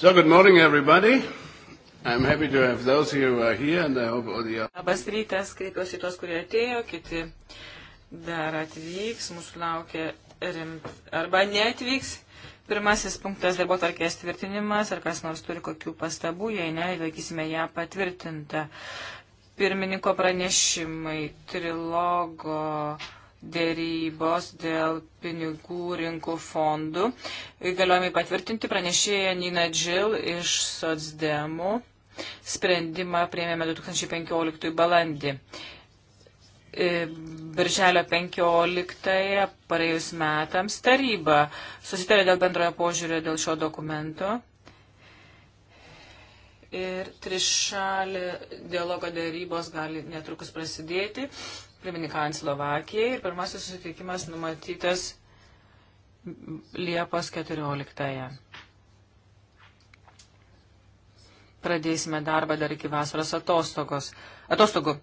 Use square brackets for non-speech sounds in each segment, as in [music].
So, good morning, everybody. I'm happy to have those who are here and I hope all the other. Labas rytas, kreipiuosi tuos, kurie atėjo, kiti dar atvyks, mūsų laukia rimt, arba neatvyks. Pirmasis punktas darbo tarkės tvirtinimas, ar kas nors turi kokių pastabų, jei ne, laikysime ją patvirtintą. Pirmininko pranešimai, trilogo dėrybos dėl pinigų rinkų fondų. Galiojami patvirtinti pranešėja Nina Džil iš Sotsdemų. Sprendimą prieėmėme 2015 balandį. E, Birželio 15-ąją pareijus metams taryba susitarė dėl bendrojo požiūrio dėl šio dokumento. Ir trišalė dialogo darybos gali netrukus prasidėti pirmininkant Slovakijai ir pirmasis susitikimas numatytas Liepos 14-ąją. Pradėsime darbą dar iki vasaros atostogos. atostogų.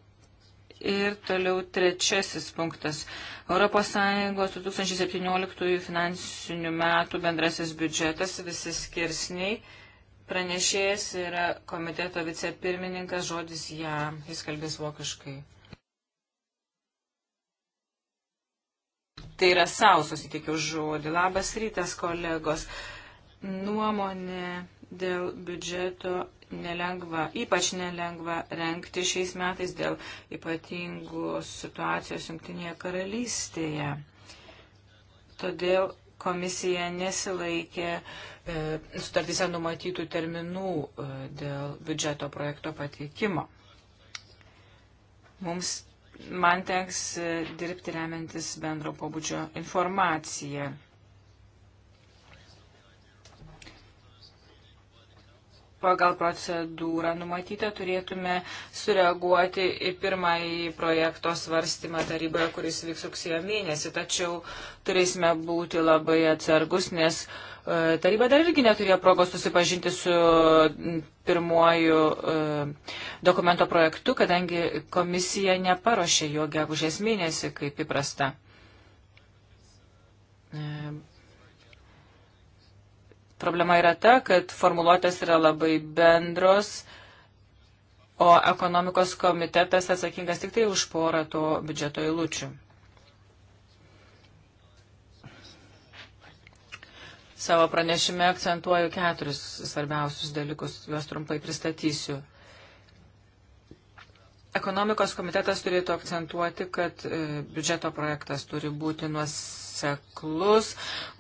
Ir toliau trečiasis punktas. ES 2017 finansinių metų bendrasis biudžetas visi skirsniai. Pranešėjas yra komiteto vicepirmininkas, žodis ją, ja, jis kalbės vokiškai. Tai yra savo susitikiu žodį. Labas rytas, kolegos. Nuomonė dėl biudžeto nelengva, ypač nelengva renkti šiais metais dėl ypatingų situacijos Junktinėje karalystėje. Todėl komisija nesilaikė e, sutartyse numatytų terminų e, dėl biudžeto projekto pateikimo. Mums man teks e, dirbti remiantis bendro pobūdžio informaciją. Pagal procedūrą numatytą turėtume sureaguoti į pirmąjį projekto svarstymą taryboje, kuris vyks rugsėjo mėnesį, tačiau turėsime būti labai atsargus, nes uh, Taryba dar irgi neturėjo progos susipažinti su pirmuoju e, dokumento projektu, kadangi komisija neparuošė jo gegužės mėnesį, kaip įprasta. E, problema yra ta, kad formuluotės yra labai bendros, o ekonomikos komitetas atsakingas tik tai už porą to biudžeto eilučių. Savo pranešime akcentuoju keturis svarbiausius dalykus, juos trumpai pristatysiu. Ekonomikos komitetas turėtų akcentuoti, kad e, biudžeto projektas turi būti nuoseklus,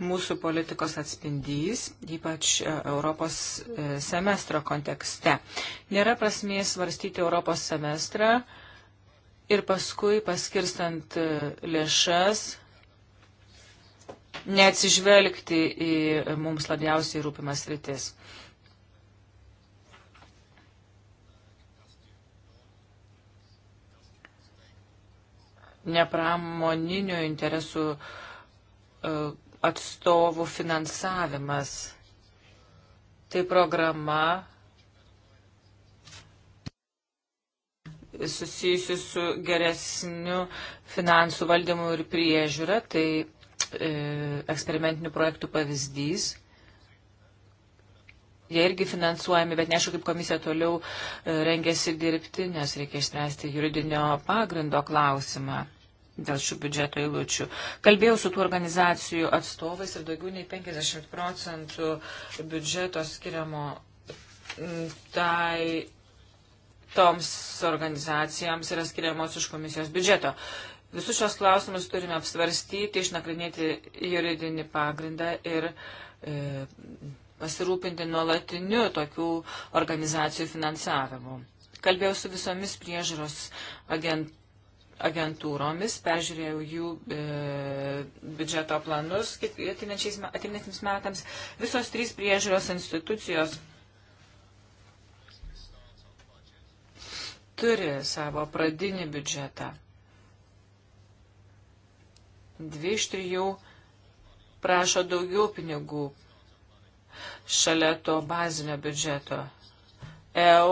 mūsų politikos atspindys, ypač e, Europos e, semestro kontekste. Nėra prasmės svarstyti Europos semestrą ir paskui paskirstant lėšas neatsižvelgti į mums labiausiai rūpimas rytis. Nepramoninių interesų e, atstovų finansavimas. Tai programa susijusi su geresniu finansų valdymu ir priežiūra, tai E, eksperimentinių projektų pavyzdys. Jie irgi finansuojami, bet neaišku, kaip komisija toliau e, rengėsi dirbti, nes reikia išspręsti juridinio pagrindo klausimą dėl šių biudžeto įlučių. Kalbėjau su tų organizacijų atstovais ir daugiau nei 50 procentų biudžeto skiriamo tai toms organizacijoms yra skiriamos iš komisijos biudžeto. Visus šios klausimus turime apsvarstyti, išnagrinėti juridinį pagrindą ir e, pasirūpinti nuolatiniu tokių organizacijų finansavimu. Kalbėjau su visomis priežiūros agent, agentūromis, peržiūrėjau jų e, biudžeto planus ateinančiams metams. Visos trys priežiūros institucijos turi savo pradinį biudžetą. Dvi iš trijų prašo daugiau pinigų šalia to bazinio biudžeto. EU,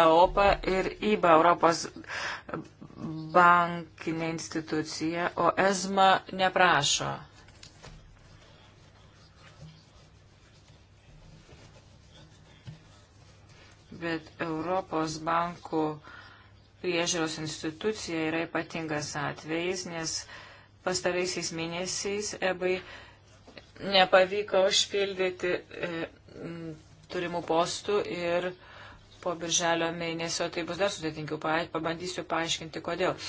EOPA ir IBA, Europos bankinė institucija, o ESMA neprašo. Bet Europos bankų priežiūros institucija yra ypatingas atvejis, nes uh, pastaraisiais mėnesiais EBAI nepavyko užpildyti e, turimų postų ir po birželio mėnesio tai bus dar sudėtingiau. Pabandysiu paaiškinti, kodėl.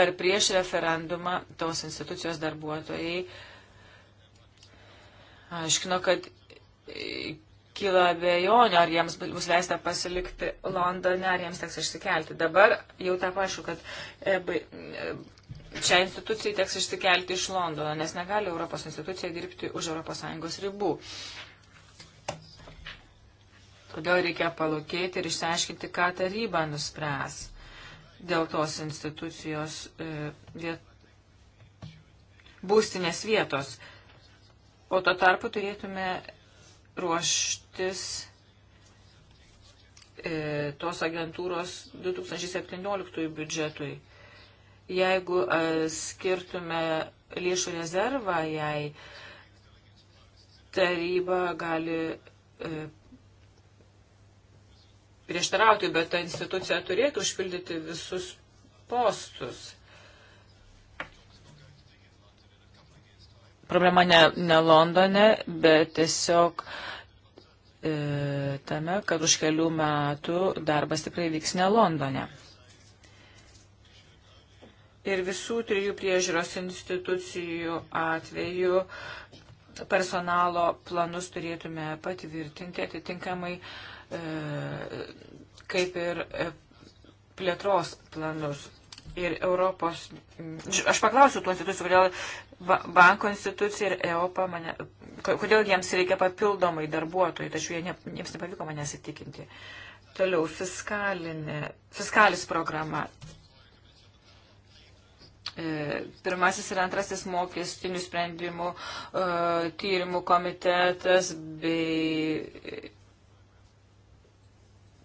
Dar prieš referendumą tos institucijos darbuotojai aiškino, kad kyla abejonių, ar jiems bus leista pasilikti Londone, ar jiems teks išsikelti. Dabar jau tą pašu, kad čia institucijai teks išsikelti iš Londono, nes negali Europos institucija dirbti už ES ribų. Todėl reikia palūkėti ir išsiaiškinti, ką taryba nuspręs dėl tos institucijos e, viet... būstinės vietos. O to tarpu turėtume ruoštis e, tos agentūros 2017 biudžetui. Jeigu e, skirtume lėšų rezervą, jei taryba gali e, prieštarauti, bet ta institucija turėtų užpildyti visus postus. Problema ne, ne Londone, bet tiesiog e, tame, kad už kelių metų darbas tikrai vyks ne Londone ir visų trijų priežiūros institucijų atveju personalo planus turėtume patvirtinti atitinkamai e, kaip ir e, plėtros planus. Ir Europos, aš paklausiu tų institucijų, kodėl banko institucija ir EOPA mane, kodėl jiems reikia papildomai darbuotojų, tačiau jie ne, jiems nepavyko manęs įtikinti. Toliau fiskalinė, fiskalis programa. E, pirmasis ir antrasis mokestinių sprendimų e, tyrimų komitetas bei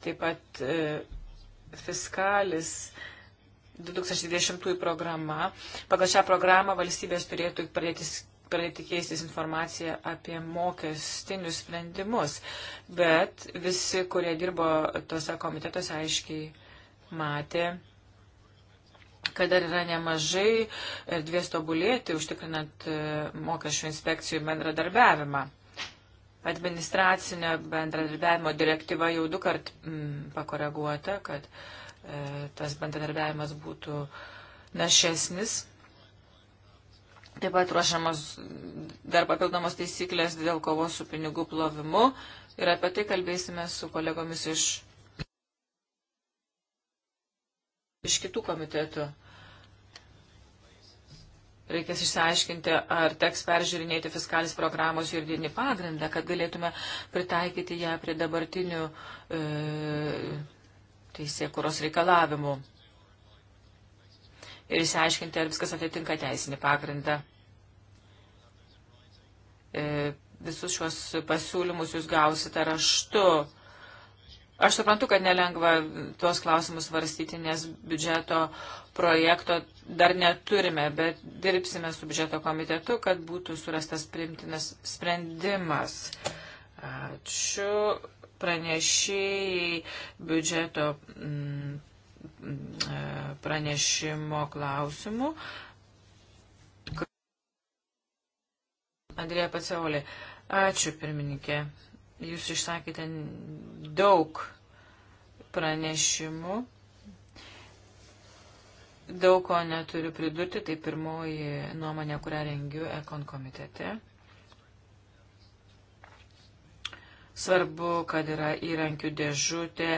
taip pat e, fiskalis 2020 programa. Pagal šią programą valstybės turėtų pradėti pradėti keistis informaciją apie mokestinius sprendimus, bet visi, kurie dirbo tose komitetuose, aiškiai matė, kad dar yra nemažai erdvės tobulėti, užtikrinant e, mokesčių inspekcijų bendradarbiavimą. Administracinio bendradarbiavimo direktyva jau du kart mm, pakoreguota, kad e, tas bendradarbiavimas būtų našesnis. Taip pat ruošiamos dar papildomos taisyklės dėl kovos su pinigų plovimu ir apie tai kalbėsime su kolegomis iš, iš kitų komitetų reikės išsiaiškinti, ar teks peržiūrinėti fiskalis programos juridinį pagrindą, kad galėtume pritaikyti ją prie dabartinių e, teisėkuros reikalavimų. Ir išsiaiškinti, ar viskas atitinka teisinį pagrindą. E, visus šios pasiūlymus jūs gausite raštu. Aš suprantu, kad nelengva tuos klausimus varstyti, nes biudžeto projekto dar neturime, bet dirbsime su biudžeto komitetu, kad būtų surastas primtinas sprendimas. Ačiū pranešėjai biudžeto mm, e, pranešimo klausimų. Andrėja Paceolė, ačiū pirmininkė. Jūs išsakėte daug pranešimų Daug ko neturiu pridurti, tai pirmoji nuomonė, kurią rengiu Ekon komitete. Svarbu, kad yra įrankių dėžutė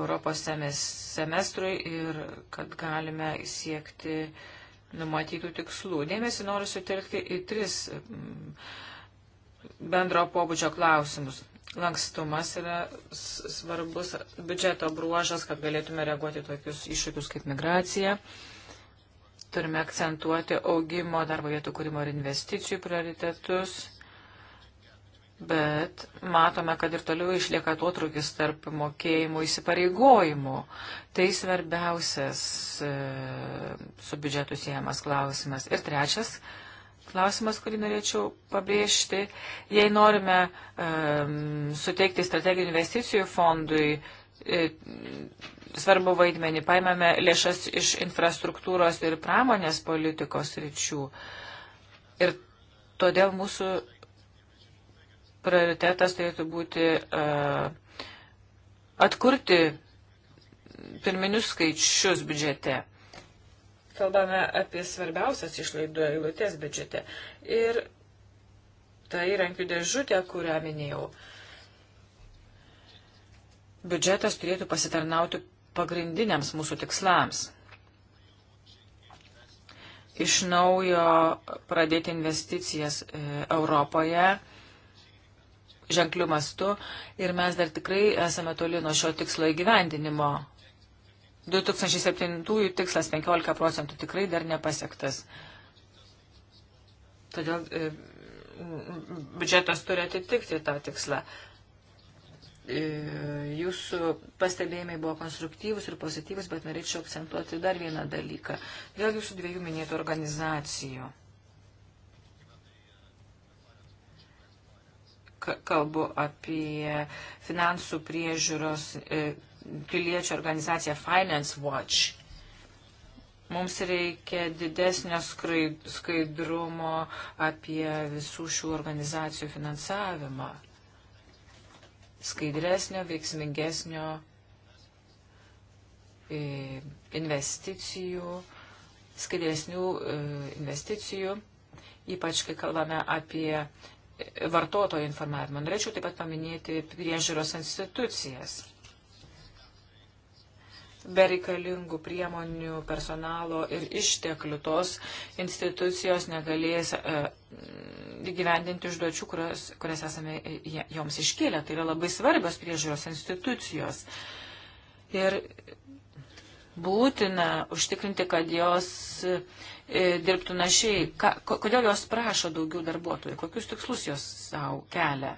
Europos semestrui ir kad galime siekti numatytų tikslų. Dėmesį noriu sutelkti į tris mm, bendro pobūdžio klausimus. Lankstumas yra svarbus biudžeto bruožas, kad galėtume reaguoti tokius iššūkius kaip migracija. Turime akcentuoti augimo, darbo vietų kūrimo ir investicijų prioritetus. Bet matome, kad ir toliau išlieka atotrukis tarp mokėjimų įsipareigojimų. Tai svarbiausias e, su biudžetu siejamas klausimas. Ir trečias klausimas, kurį norėčiau pabrėžti. Jei norime um, suteikti strateginių investicijų fondui e, svarbu vaidmenį, paimame lėšas iš infrastruktūros ir pramonės politikos ryčių. Ir todėl mūsų prioritetas turėtų būti uh, atkurti pirminius skaičius biudžete kalbame apie svarbiausias išlaidų eilutės biudžete. Ir ta įrankių dėžutė, kurią minėjau, biudžetas turėtų pasitarnauti pagrindiniams mūsų tikslams. Iš naujo pradėti investicijas e, Europoje ženkliu mastu ir mes dar tikrai esame toli nuo šio tikslo įgyvendinimo. 2007 tikslas 15 procentų tikrai dar nepasiektas. Todėl e, biudžetas turi atitikti tą tikslą. E, jūsų pastebėjimai buvo konstruktyvus ir pozityvus, bet norėčiau akcentuoti dar vieną dalyką. Dėl jūsų dviejų minėtų organizacijų. Kalbu apie finansų priežiūros e, piliečių organizacija Finance Watch. Mums reikia didesnio skaidrumo apie visų šių organizacijų finansavimą. Skaidresnio, veiksmingesnio e, investicijų, skaidresnių e, investicijų, ypač kai kalbame apie vartotojų informavimą. Norėčiau taip pat paminėti priežiūros institucijas bereikalingų priemonių, personalo ir išteklių tos institucijos negalės e, įgyvendinti užduočių, kurias, kurias esame e, joms iškėlę. Tai yra labai svarbios priežiūros institucijos. Ir būtina užtikrinti, kad jos e, dirbtų našiai. Ka, kodėl jos prašo daugiau darbuotojų? Kokius tikslus jos savo kelia?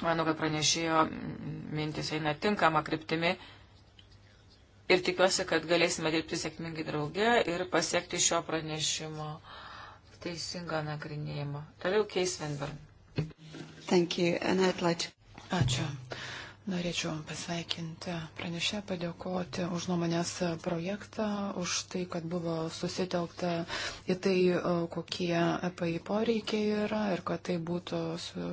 Manau, kad pranešėjo mintis eina tinkama kryptimi ir tikiuosi, kad galėsime dirbti sėkmingai drauge ir pasiekti šio pranešimo teisingą nagrinėjimą. Toliau Keis Venburn. Like to... Ačiū. Norėčiau pasveikinti pranešę, padėkoti už nuomonės projektą, už tai, kad buvo susitelkta į tai, e, kokie EPI poreikiai yra ir kad tai būtų su,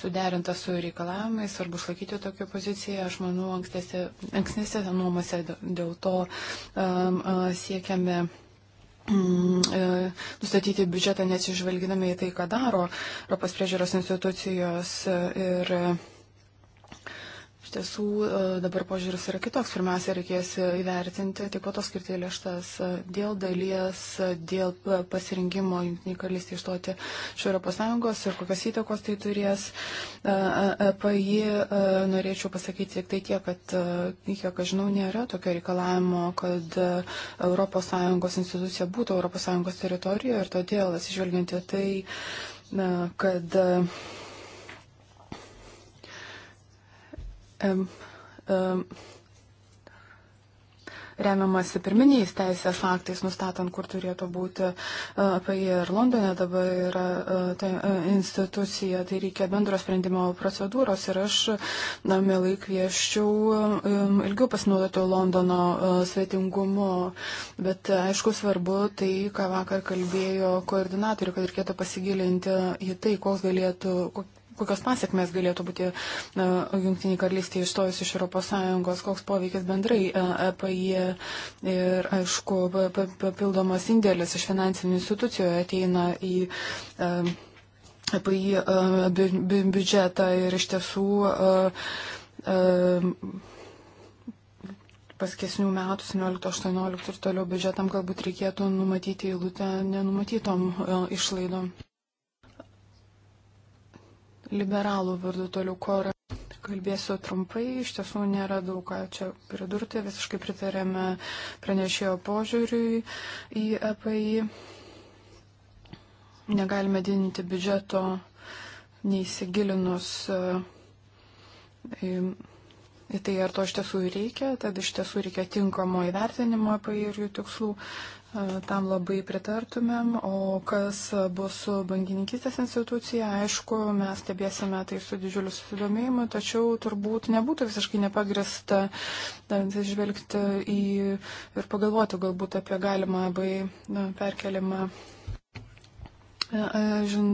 suderinta su reikalavimais. Svarbu išlaikyti tokią poziciją. Aš manau, ankstesnėse nuomose dėl to um, siekiame mm, nustatyti biudžetą nesižvelginami į tai, ką daro Europos priežiūros institucijos ir Iš tiesų e, dabar požiūris yra kitoks. Pirmiausia, reikės įvertinti tik po to skirti lėštas e, dėl dalies, e, dėl pasirinkimo jungtiniai karalystė išstoti iš ES ir kokias įtakos tai turės. PAI norėčiau pasakyti tik tai tiek, kad, kiek aš žinau, nėra tokio reikalavimo, kad ES institucija būtų ES teritorijoje ir todėl atsižvelginti tai, kad. Uh, remiamasi pirminiais teisės aktais, nustatant, kur turėtų būti apie jį ir Londone dabar yra e, ta e, institucija, tai reikia bendro sprendimo procedūros ir aš, na, mielai kvieščiau e, ilgiau pasinaudoti Londono svetingumu, bet aišku svarbu tai, ką vakar kalbėjo koordinatorių, kad reikėtų pasigilinti į tai, koks galėtų, kokia kokios pasiekmes galėtų būti Junktiniai karalystėje išstojus iš ES, koks poveikis bendrai EPI e ir, aišku, papildomas indėlis iš finansinių institucijų ateina į. EPI e e, bi, bi, biudžetą ir iš tiesų paskesnių metų, 17-18 ir toliau biudžetam galbūt reikėtų numatyti eilutę nenumatytom išlaidom liberalų vardu toliau korą. Kalbėsiu trumpai, iš tiesų nėra daug ką čia pridurti, visiškai pritarėme pranešėjo požiūriui į EPI. Negalime didinti biudžeto neįsigilinus e, į, į tai, ar to iš tiesų reikia, tad iš tiesų reikia tinkamo įvertinimo EPI ir jų tikslų Tam labai pritartumėm, o kas bus su bankininkistės institucija, aišku, mes stebėsime tai su didžiuliu susidomėjimu, tačiau turbūt nebūtų visiškai nepagrista žvelgti į ir pagalvoti galbūt apie galimą labai na, perkelimą. Žin,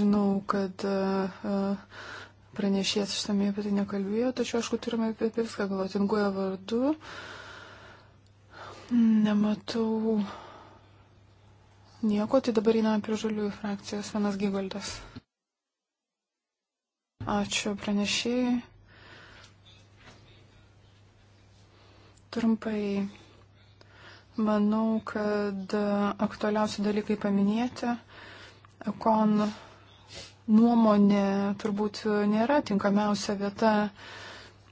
žinau, kad. A, a, Pranešėjas išsamei apie tai nekalbėjo, tačiau aišku turime apie viską galvoti. Inguoja vardu. Uh, Nematau nieko, tai dabar einame prie žaliųjų frakcijos vienas gyvaldas. Ačiū pranešėjai. Trumpai manau, kad aktualiausi dalykai paminėti. Kon nuomonė turbūt nėra tinkamiausia vieta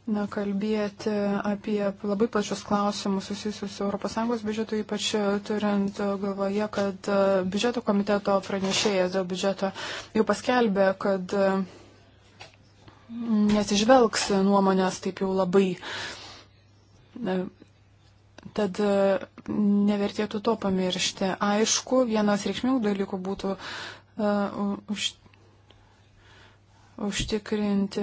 nekalbėti apie labai plačius klausimus susijusius su ES biudžetu, ypač turint galvoje, kad e, biudžeto komiteto pranešėjas dėl biudžeto jau paskelbė, kad e, nesižvelgs nuomonės taip jau labai. E, tad nevertėtų to pamiršti. Aišku, vienas reikšmingų dalykų būtų uh, už, užtikrinti,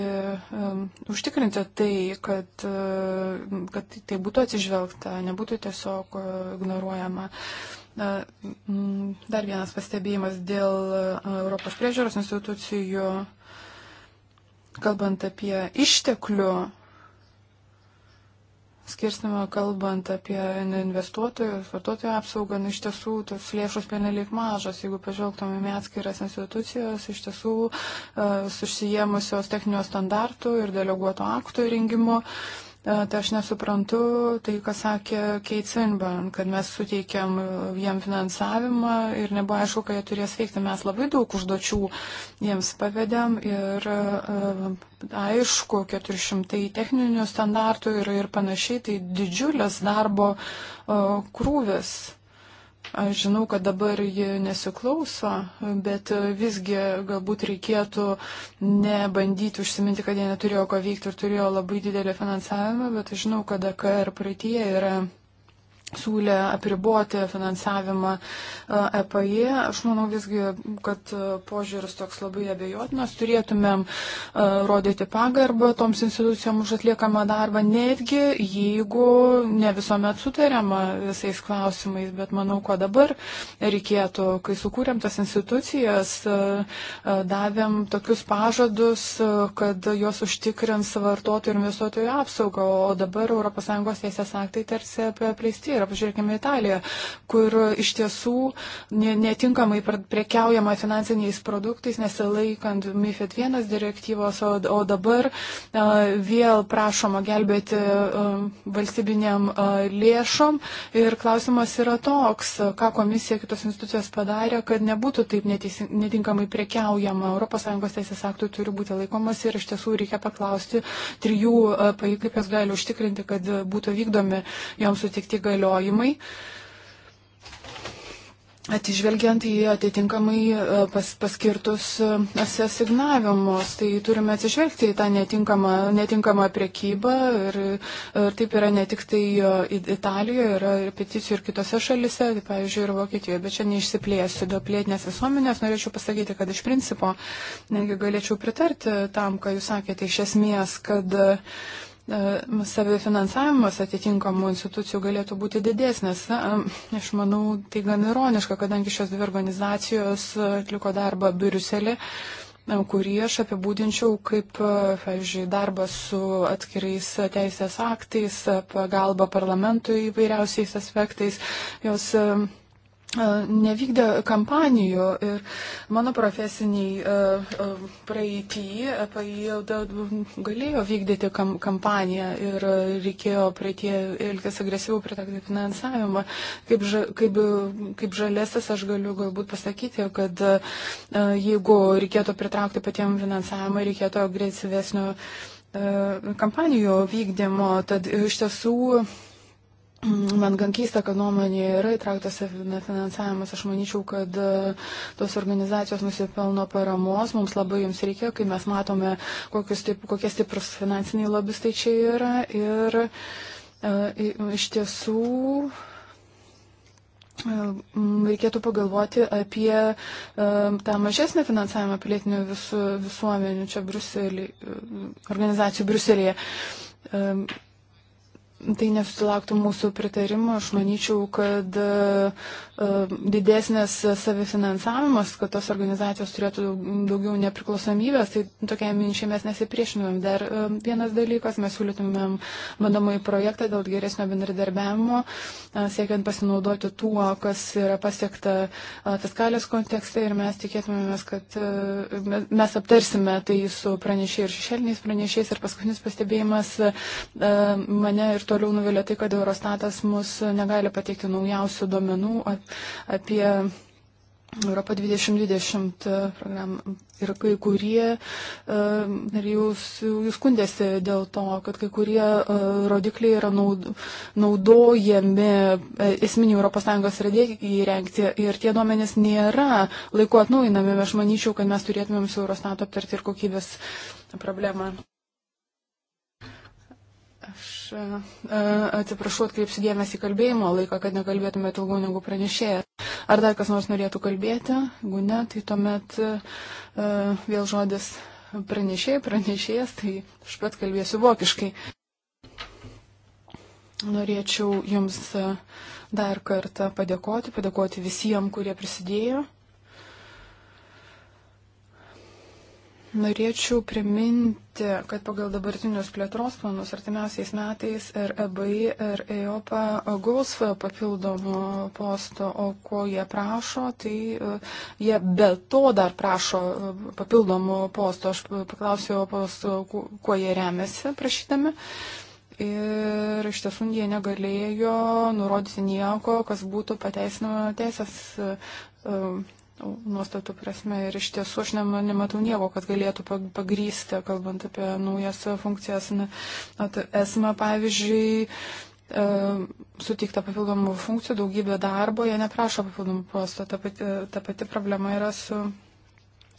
um, užtikrinti tai, kad, uh, kad tai būtų atsižvelgta, nebūtų tiesiog uh, ignoruojama. Dar vienas pastebėjimas dėl e, Europos priežiūros institucijų, kalbant apie išteklių skirstimą, kalbant apie investuotojų, vartotojų apsaugą, nu, iš tiesų tos lėšos penelik mažos. Jeigu pažvelgtumėme atskiras institucijos, iš tiesų uh, e, susijėmusios techninio standartų ir deleguoto aktų įrengimu, uh, E, tai aš nesuprantu tai, ką sakė Kate Sinburn, kad mes suteikėm e, jiem finansavimą ir nebuvo aišku, ką jie turės veikti. Mes labai daug užduočių jiems pavedėm ir e, aišku, 400 techninių standartų ir, ir panašiai, tai didžiulis darbo krūvis. Aš žinau, kad dabar ji nesiklauso, bet visgi galbūt reikėtų nebandyti užsiminti, kad jie neturėjo ko veikti ir turėjo labai didelį finansavimą, bet aš žinau, kad AKR praeitie yra siūlė apriboti finansavimą EPI. E Aš manau visgi, kad e, požiūris toks labai abejotinas. Turėtumėm e, rodyti pagarbą toms institucijoms už atliekamą darbą, netgi jeigu ne visuomet sutariama visais klausimais, bet manau, ko dabar reikėtų, kai sukūrėm tas institucijas, davėm tokius pažadus, kad jos užtikrins vartotojų ir investuotojų apsaugą, o dabar ES teisės aktai tarsi apie pleistyrą yra, pažiūrėkime, Italija, kur iš tiesų netinkamai prekiaujama finansiniais produktais, nesilaikant MIFID 1 direktyvos, o, o dabar vėl prašoma gelbėti valstybiniam lėšom. Ir klausimas yra toks, ką komisija kitos institucijos padarė, kad nebūtų taip netinkamai prekiaujama. ES teisės aktų turi būti laikomas ir iš tiesų reikia paklausti trijų, kaip jos gali užtikrinti, kad būtų vykdomi joms sutikti galiojimus vartojimai, atižvelgiant į atitinkamai e, pas, paskirtus e, asignavimus. Tai turime atsižvelgti į tą netinkamą, netinkamą priekybą ir, e, ir taip yra ne tik tai Italijoje, yra peticijų ir kitose šalise, tai, pavyzdžiui, ir Vokietijoje, bet čia neišsiplėsiu dėl plėtinės visuomenės, norėčiau pasakyti, kad iš principo netgi galėčiau pritarti tam, ką jūs sakėte, iš esmės, kad uh, E, savifinansavimas atitinkamų institucijų galėtų būti didesnis. Aš manau, tai gan ironiška, kadangi šios dvi organizacijos atliko darbą Briuselį kurį aš apibūdinčiau kaip, e, pavyzdžiui, darbas su atskirais teisės aktais, pagalba parlamentui įvairiausiais aspektais. Jos nevykdė kampanijų ir mano profesiniai e, e, praeitį galėjo vykdyti kam, kampaniją ir reikėjo praeitie elgtis agresyviau pritaikyti finansavimą. Kaip, kaip, kaip žalėsis aš galiu galbūt pasakyti, kad e, jeigu reikėtų pritraukti patiem finansavimą, reikėtų agresyvesnio kampanijų vykdymo. Tad iš tiesų Man gan keista, kad nuomonė yra įtrauktas finansavimas. Aš manyčiau, kad e, tos organizacijos nusipelno paramos. Mums labai jums reikia, kai mes matome, taip, kokie stiprus finansiniai lobistai čia yra. Ir e, iš tiesų e, reikėtų pagalvoti apie e, tą mažesnį finansavimą pilietinių visu, visuomenių čia Bruselį, organizacijų Bruselėje tai nesusilauktų mūsų pritarimo, aš manyčiau, kad e, didesnės savifinansavimas, kad tos organizacijos turėtų daugiau nepriklausomybės, tai tokia minčiai mes nesipriešinumėm. Dar e, vienas dalykas, mes siūlytumėm bandomąjį projektą dėl geresnio bendradarbiavimo, e, siekiant pasinaudoti tuo, kas yra pasiekta tas kalės kontekste ir mes tikėtumėmės, kad mes aptarsime tai su pranešiai ir šešėliniais pranešiais ir paskutinis pastebėjimas mane ir to toliau nuvilia tai, kad Eurostatas mus negali pateikti naujausių duomenų apie Europą 2020 programą. Ir kai kurie e, jūs, jūs skundėsi dėl to, kad kai kurie e, rodikliai yra naudojami e, esminių ES redėjai renkti ir tie duomenys nėra laiku atnaujinami. Aš manyčiau, kad mes turėtumėm su Eurostato aptarti ir kokybės problemą. Aš atsiprašau, atkreipsiu dėmesį kalbėjimo laiką, kad nekalbėtumėte ilgiau negu pranešėja. Ar dar kas nors norėtų kalbėti? Jeigu ne, tai tuomet vėl žodis pranešėjai, pranešėjas, tai aš pat kalbėsiu vokiškai. Norėčiau Jums dar kartą padėkoti, padėkoti visiems, kurie prisidėjo Norėčiau priminti, kad pagal dabartinius plėtros planus artimiausiais metais e ir EBI, ir EOPA gaus papildomų postų, o ko jie prašo, tai e, jie be to dar prašo e, papildomų postų. Aš paklausiau EOPOS, kuo jie remiasi prašydami. Ir iš tiesų jie negalėjo nurodyti nieko, kas būtų pateisinama teisės nuostatų prasme ir iš tiesų aš nematau nieko, kad galėtų pagrysti, kalbant apie naujas funkcijas. Na, tai esma, pavyzdžiui, e, suteikta papildomų funkcijų, daugybė darbo, jie neprašo papildomų posto. Ta pati, ta pati problema yra su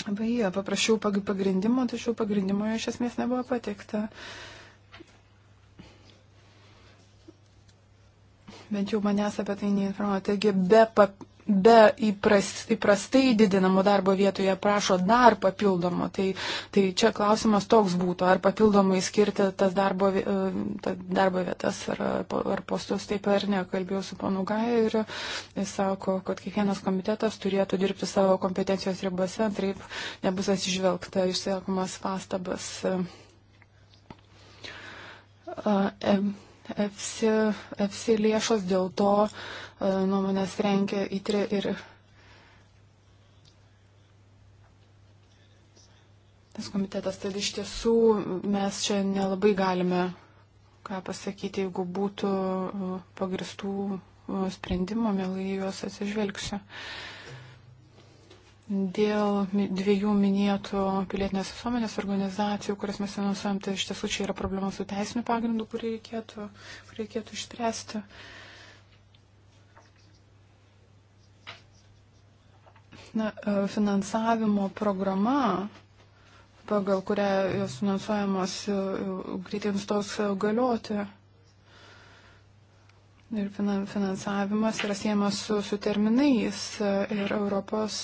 beje, paprašiau pagrindimo, tačiau pagrindimo iš esmės nebuvo pateikta. Bent jau manęs apie tai neinformuoja. Taigi be, pap, be įpras, įprastai didinamo darbo vietoje prašo dar papildomo. Tai, tai čia klausimas toks būtų, ar papildomai skirti tas darbo, e, ta darbo vietas ar, ar postus, taip ar ne. Kalbėjau su panu Gaja ir jis sako, kad kiekvienas komitetas turėtų dirbti savo kompetencijos ribose, antraip nebus atsižvelgta išsakomas pastabas. E, e, FC, FC lėšos dėl to, uh, E, nuomonės rengia įtrė ir tas komitetas. Tad iš tiesų mes čia nelabai galime ką pasakyti, jeigu būtų e, pagristų e, sprendimų, mielai juos atsižvelgsiu. Dėl dviejų minėtų pilietinės visuomenės organizacijų, kurias mes finansuojam, tai iš tiesų čia yra problema su teisiniu pagrindu, kurį reikėtų, kurį reikėtų išspręsti. Uh, E, finansavimo programa, pagal kurią jos finansuojamos e, greitai nustos e, galioti. Ir finansavimas yra siejamas su, su terminais. Ir ES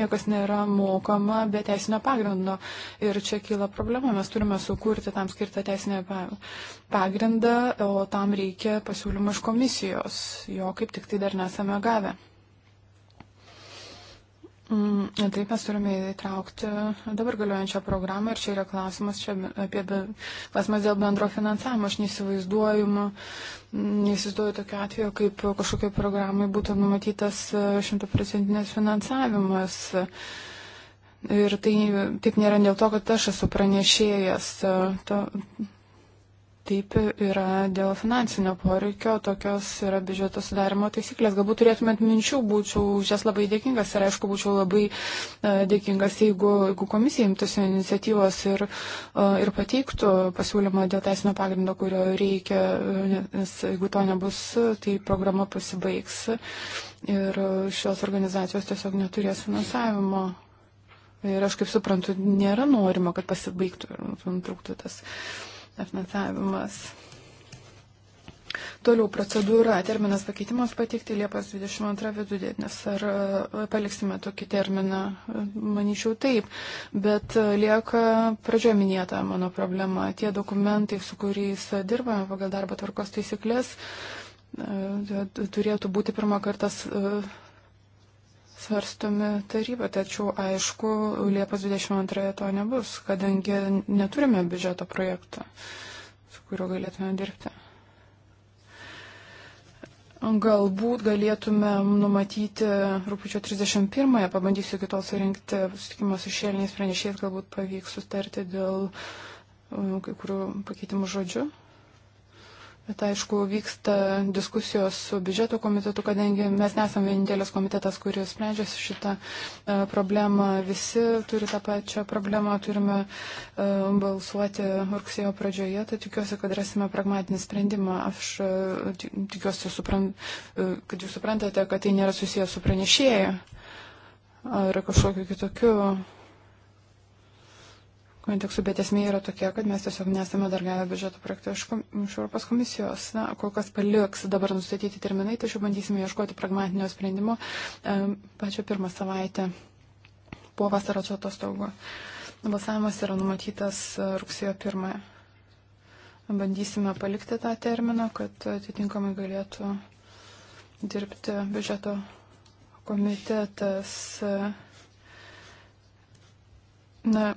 niekas nėra mokama be teisinio pagrindo. Ir čia kyla problema. Mes turime sukurti tam skirtą teisinę pagrindą, o tam reikia pasiūlymą iš komisijos. Jo kaip tik tai dar nesame gavę. Mm, taip mes turime įtraukti dabar galiojančią programą ir čia yra klausimas čia apie be, klausimas dėl bendro finansavimo. Aš neįsivaizduoju, neįsivaizduoju tokio atveju, kaip kažkokiai programai būtų numatytas e, šimtaprocentinės finansavimas. Ir tai taip nėra dėl to, kad aš esu pranešėjas. E, to, Taip yra dėl finansinio poreikio, tokios yra biudžeto sudarimo taisyklės. Galbūt turėtumėt minčių, būčiau už jas labai dėkingas ir aišku, būčiau labai e, dėkingas, jeigu, jeigu komisija imtųsi iniciatyvos ir, e, ir pateiktų pasiūlymą dėl teisinio pagrindo, kurio reikia, e, nes jeigu to nebus, tai programa pasibaigs ir šios organizacijos tiesiog neturės finansavimo. Ir aš kaip suprantu, nėra norima, kad pasibaigtų ir nutrūktų tas. Uh, finansavimas. Toliau procedūra, terminas pakeitimams pateikti Liepos 22 vidudienis. Ar e, paliksime tokį terminą? Manyčiau taip, bet e, lieka pradžioje minėta mano problema. Tie dokumentai, su kuriais dirbame pagal darbo tvarkos taisyklės, e, turėtų būti pirmą kartą svarstomi taryba, tačiau aišku, Liepos 22 to nebus, kadangi neturime biudžeto projekto, su kuriuo galėtume dirbti. Galbūt galėtume numatyti rūpiučio 31-ąją, pabandysiu kitol surinkti susitikimą su šėliniais pranešėjais, galbūt pavyks sustarti dėl um, kai kurių pakeitimų žodžių. Bet aišku, vyksta diskusijos su biudžeto komitetu, kadangi mes nesame vienintelis komitetas, kuris sprendžia šitą e, problemą. Visi turi tą pačią problemą, turime e, balsuoti rugsėjo pradžioje, tai tikiuosi, kad rasime pragmatinį sprendimą. Aš e, tikiuosi, suprant, e, kad jūs suprantate, kad tai nėra susijęs su pranešėju ar kažkokiu kitokiu kontekstu, bet esmė yra tokia, kad mes tiesiog nesame dar gavę biudžeto projektą iš, iš Europos komisijos. Na, kol kas paliks dabar nustatyti terminai, tačiau bandysime ieškoti pragmatinio sprendimo um, pačią pirmą savaitę po vasaros atostogų. Balsavimas yra numatytas e, rugsėjo pirmąją. Bandysime palikti tą terminą, kad atitinkamai galėtų dirbti biudžeto komitetas. E, na,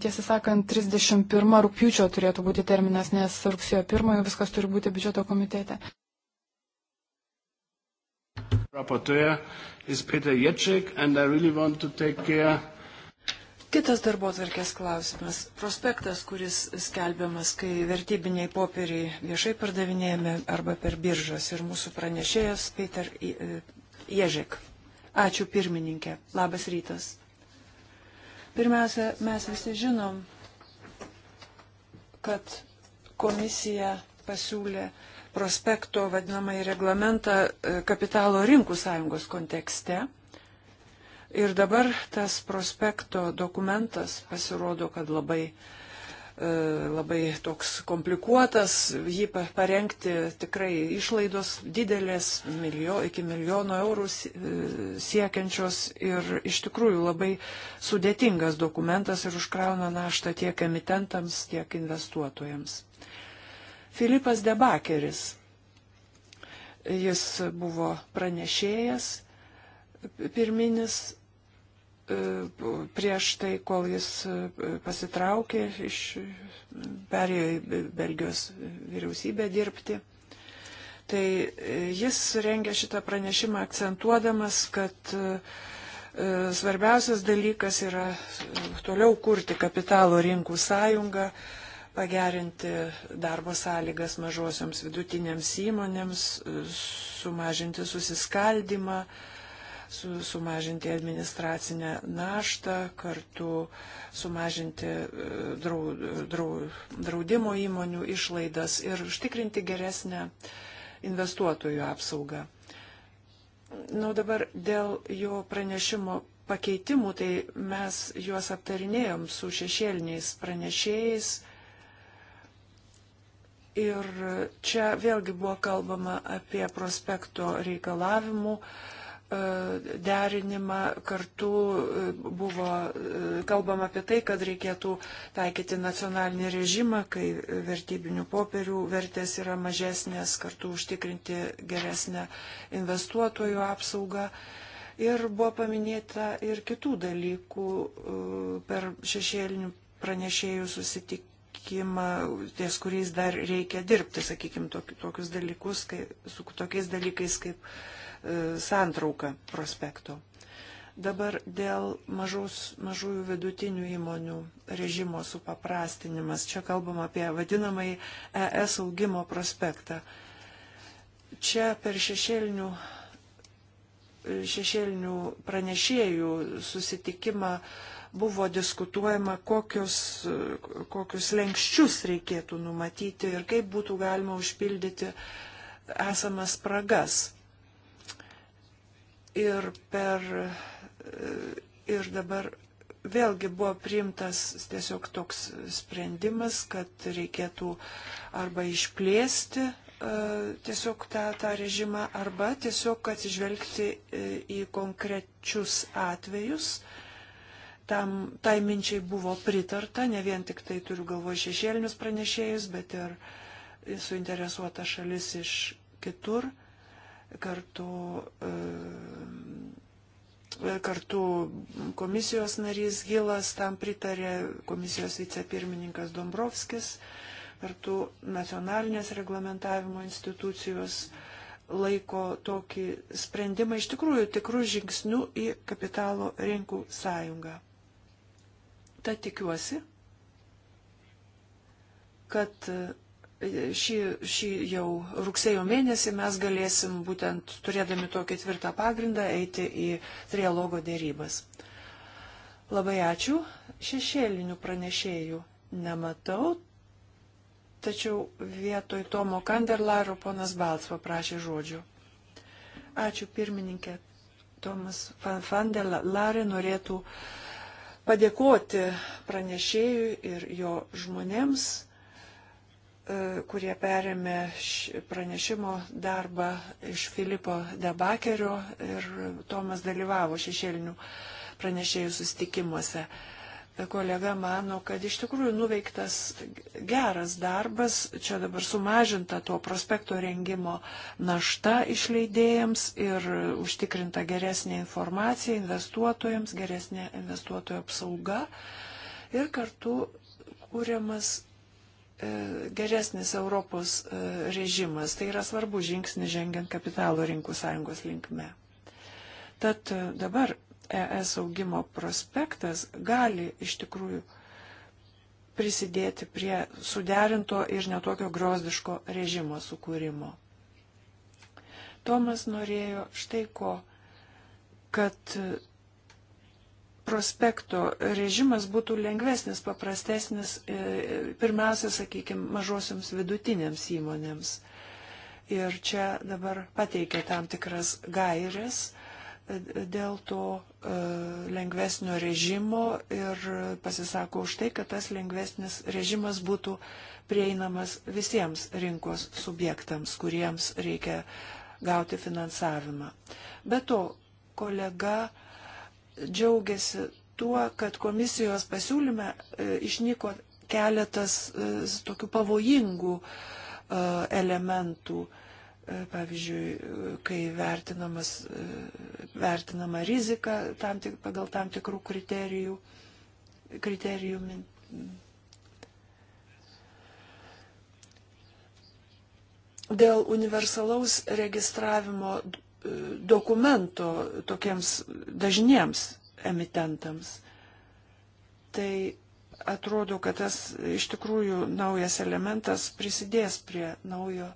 Tiesą sakant, 31 rūpiučio turėtų būti terminas, nes rugsėjo 1 viskas turi būti biudžeto komitete. Kitas darbo atvarkės klausimas. Prospektas, kuris skelbiamas, kai vertybiniai popieriai viešai pardavinėjami arba per biržas ir mūsų pranešėjas Peter e, Ježek. Ačiū pirmininkė. Labas rytas. Pirmiausia, mes visi žinom, kad komisija pasiūlė prospekto vadinamąjį reglamentą e, kapitalo rinkų sąjungos kontekste. Ir dabar tas prospekto dokumentas pasirodo, kad labai uh, E, labai toks komplikuotas, jį parengti tikrai išlaidos didelės, milijo, iki milijono eurų e, siekiančios ir iš tikrųjų labai sudėtingas dokumentas ir užkrauna naštą tiek emitentams, tiek investuotojams. Filipas Debakeris, jis buvo pranešėjas pirminis prieš tai, kol jis e, pasitraukė iš, perėjo į Belgijos vyriausybę dirbti. Tai e, jis rengia šitą pranešimą akcentuodamas, kad e, svarbiausias dalykas yra toliau kurti kapitalo rinkų sąjungą, pagerinti darbo sąlygas mažosioms vidutinėms įmonėms, sumažinti susiskaldimą, uh, su, sumažinti administracinę naštą, kartu sumažinti draud, e, draud, draudimo įmonių išlaidas ir užtikrinti geresnę investuotojų apsaugą. Na, nu, dabar dėl jo pranešimo pakeitimų, tai mes juos aptarinėjom su šešėliniais pranešėjais. Ir čia vėlgi buvo kalbama apie prospekto reikalavimų uh, derinimą kartu e, buvo e, kalbama apie tai, kad reikėtų taikyti nacionalinį režimą, kai vertybinių popierių vertės yra mažesnės, kartu užtikrinti geresnę investuotojų apsaugą. Ir buvo paminėta ir kitų dalykų e, per šešėlinių pranešėjų susitikimą, ties kuriais dar reikia dirbti, sakykime, tokius dalykus, kai, su tokiais dalykais kaip uh, E, santrauką prospektų. Dabar dėl mažos, mažųjų vidutinių įmonių režimo supaprastinimas. Čia kalbam apie vadinamąjį ES augimo prospektą. Čia per šešėlinių, šešėlinių pranešėjų susitikimą buvo diskutuojama, kokius, kokius lenkščius reikėtų numatyti ir kaip būtų galima užpildyti esamas spragas ir per ir dabar vėlgi buvo priimtas tiesiog toks sprendimas, kad reikėtų arba išplėsti e, tiesiog tą, tą režimą, arba tiesiog atsižvelgti e, į konkrečius atvejus. Tam, tai minčiai buvo pritarta, ne vien tik tai turiu galvoje šešėlinius pranešėjus, bet ir suinteresuota šalis iš kitur kartu, e, kartu komisijos narys Gilas tam pritarė, komisijos vicepirmininkas Dombrovskis, kartu nacionalinės reglamentavimo institucijos laiko tokį sprendimą iš tikrųjų tikrų žingsnių į kapitalo rinkų sąjungą. Ta tikiuosi, kad šį, šį jau rugsėjo mėnesį mes galėsim, būtent turėdami tokį tvirtą pagrindą, eiti į trialogo dėrybas. Labai ačiū. Šešėlinių pranešėjų nematau, tačiau vietoj Tomo Kanderlaro ponas Balts paprašė žodžių. Ačiū pirmininkė. Tomas Fandelare norėtų padėkoti pranešėjui ir jo žmonėms E, kurie perėmė pranešimo darbą iš Filipo Debakerio ir Tomas dalyvavo šešėlinių pranešėjų sustikimuose. E, kolega mano, kad iš tikrųjų nuveiktas geras darbas, čia dabar sumažinta to prospekto rengimo našta išleidėjams ir užtikrinta geresnė informacija investuotojams, geresnė investuotojų apsauga ir kartu kūriamas E, geresnis Europos e, režimas. Tai yra svarbu žingsnis žengiant kapitalo rinkų sąjungos linkme. Tad e, dabar ES augimo prospektas gali iš tikrųjų prisidėti prie suderinto ir netokio grozdiško režimo sukūrimo. Tomas norėjo štai ko, kad prospekto režimas būtų lengvesnis, paprastesnis, e, pirmiausia, sakykime, mažosiams vidutinėms įmonėms. Ir čia dabar pateikia tam tikras gairės e, dėl to e, lengvesnio režimo ir pasisako už tai, kad tas lengvesnis režimas būtų prieinamas visiems rinkos subjektams, kuriems reikia gauti finansavimą. Be to, kolega džiaugiasi tuo, kad komisijos pasiūlyme e, išnyko keletas e, tokių pavojingų e, elementų, pavyzdžiui, kai vertinama rizika tam tik, pagal tam tikrų kriterijų, kriterijų. Dėl universalaus registravimo dokumento tokiems dažniems emitentams. Tai atrodo, kad tas iš tikrųjų naujas elementas prisidės prie naujo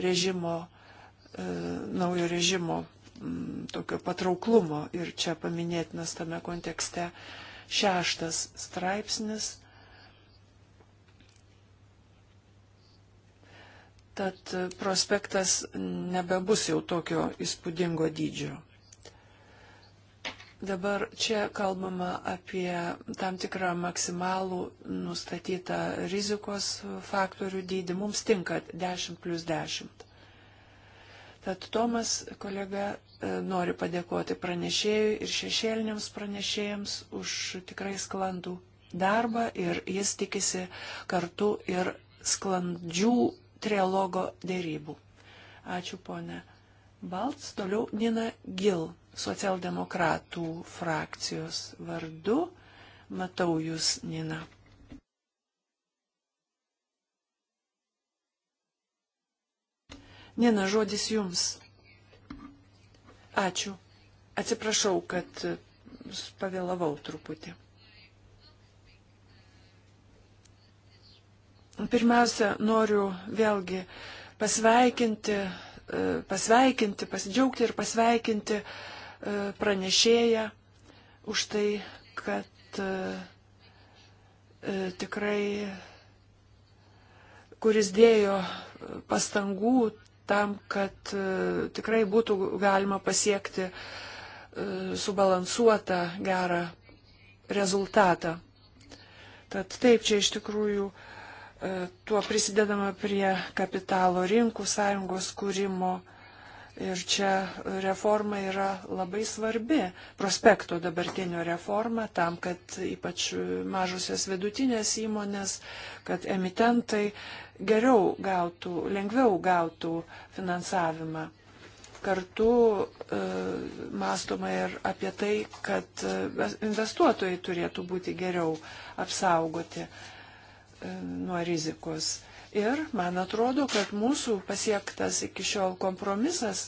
režimo, e, naujo režimo m, mm, tokio patrauklumo. Ir čia paminėtinas tame kontekste šeštas straipsnis Tad prospektas nebebus jau tokio įspūdingo dydžio. Dabar čia kalbama apie tam tikrą maksimalų nustatytą rizikos faktorių dydį. Mums tinka 10 plus 10. Tad Tomas, kolega, e, nori padėkoti pranešėjui ir šešėliniams pranešėjams už tikrai sklandų darbą ir jis tikisi kartu ir sklandžių trialogo dėrybų. Ačiū, ponė Balts. Toliau Nina Gil, socialdemokratų frakcijos vardu. Matau jūs, Nina. Nina, žodis jums. Ačiū. Atsiprašau, kad pavėlavau truputį. Pirmiausia, noriu vėlgi pasveikinti, e, pasveikinti, pasidžiaugti ir pasveikinti e, pranešėją už tai, kad e, tikrai, kuris dėjo pastangų tam, kad tikrai būtų galima pasiekti subalansuotą gerą rezultatą. Tad taip, čia iš tikrųjų uh, E, tuo prisidedama prie kapitalo rinkų sąjungos kūrimo. Ir čia reforma yra labai svarbi, prospekto dabartinio reforma, tam, kad ypač mažusios vidutinės įmonės, kad emitentai geriau gautų, lengviau gautų finansavimą. Kartu e, mastoma ir apie tai, kad e, investuotojai turėtų būti geriau apsaugoti. E, nuo rizikos. Ir man atrodo, kad mūsų pasiektas iki šiol kompromisas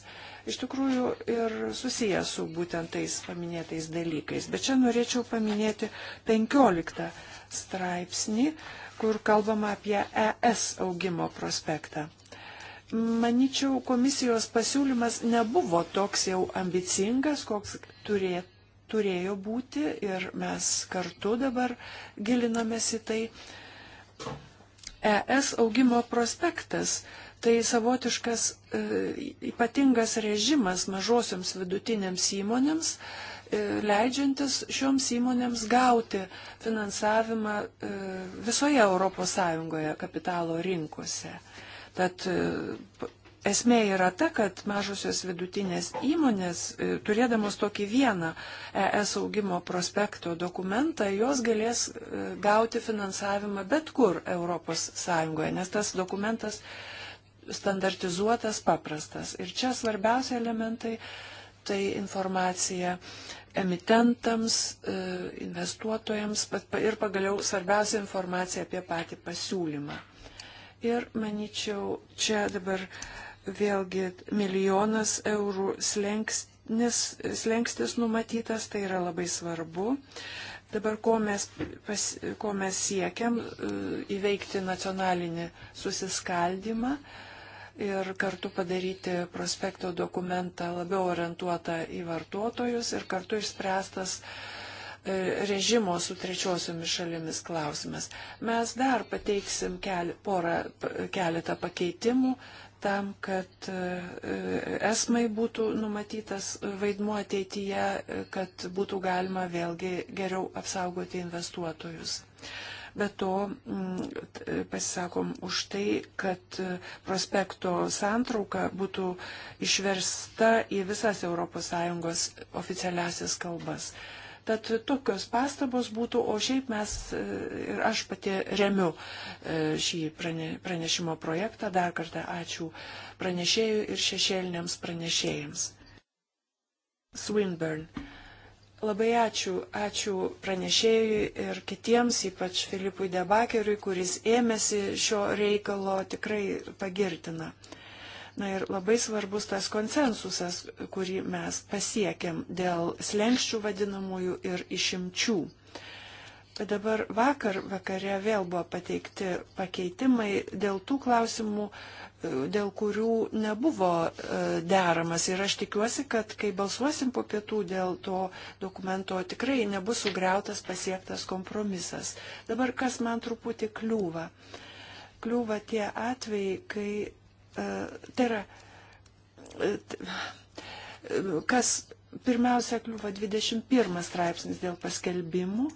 iš tikrųjų ir susijęs su būtent tais paminėtais dalykais. Bet čia norėčiau paminėti 15 straipsnį, kur kalbama apie ES augimo prospektą. Maničiau, komisijos pasiūlymas nebuvo toks jau ambicingas, koks turėtų turėjo būti ir mes kartu dabar gilinomės į tai. Uh, ES augimo prospektas tai savotiškas e, ypatingas režimas mažosioms vidutinėms įmonėms, e, leidžiantis šioms įmonėms gauti finansavimą e, visoje ES kapitalo rinkose. Tad e, esmė yra ta, kad mažosios vidutinės įmonės, e, turėdamos tokį vieną ES augimo prospekto dokumentą, jos galės e, gauti finansavimą bet kur ES, nes tas dokumentas standartizuotas, paprastas. Ir čia svarbiausia elementai - tai informacija emitentams, e, investuotojams ir pagaliau svarbiausia informacija apie patį pasiūlymą. Ir manyčiau, čia dabar uh, vėlgi milijonas eurų slengstis, slengstis numatytas, tai yra labai svarbu. Dabar ko mes, pas, ko mes siekiam e, įveikti nacionalinį susiskaldimą ir kartu padaryti prospekto dokumentą labiau orientuotą į vartotojus ir kartu išspręstas e, režimo su trečiosiomis šalimis klausimas. Mes dar pateiksim keli, porą, keletą pakeitimų tam, kad e, esmai būtų numatytas vaidmuo ateityje, kad būtų galima vėlgi geriau apsaugoti investuotojus. Be to e, pasisakom už tai, kad e, prospekto santrauka būtų išversta į visas ES oficialiasis kalbas. Tad tokios pastabos būtų, o šiaip mes e, ir aš pati remiu e, šį pranešimo projektą. Dar kartą ačiū pranešėjui ir šešėliniams pranešėjams. Swinburne. Labai ačiū, ačiū pranešėjui ir kitiems, ypač Filipui Debakeriui, kuris ėmėsi šio reikalo tikrai pagirtina. Uh, Na ir labai svarbus tas konsensusas, kurį mes pasiekėm dėl slengščių vadinamųjų ir išimčių. Bet dabar vakar vakare vėl buvo pateikti pakeitimai dėl tų klausimų, dėl kurių nebuvo e, deramas. Ir aš tikiuosi, kad kai balsuosim po pietų dėl to dokumento, tikrai nebus sugriautas pasiektas kompromisas. Dabar kas man truputį kliūva? Kliūva tie atvejai, kai E, tai yra, e, kas pirmiausia kliūva 21 straipsnis dėl paskelbimų,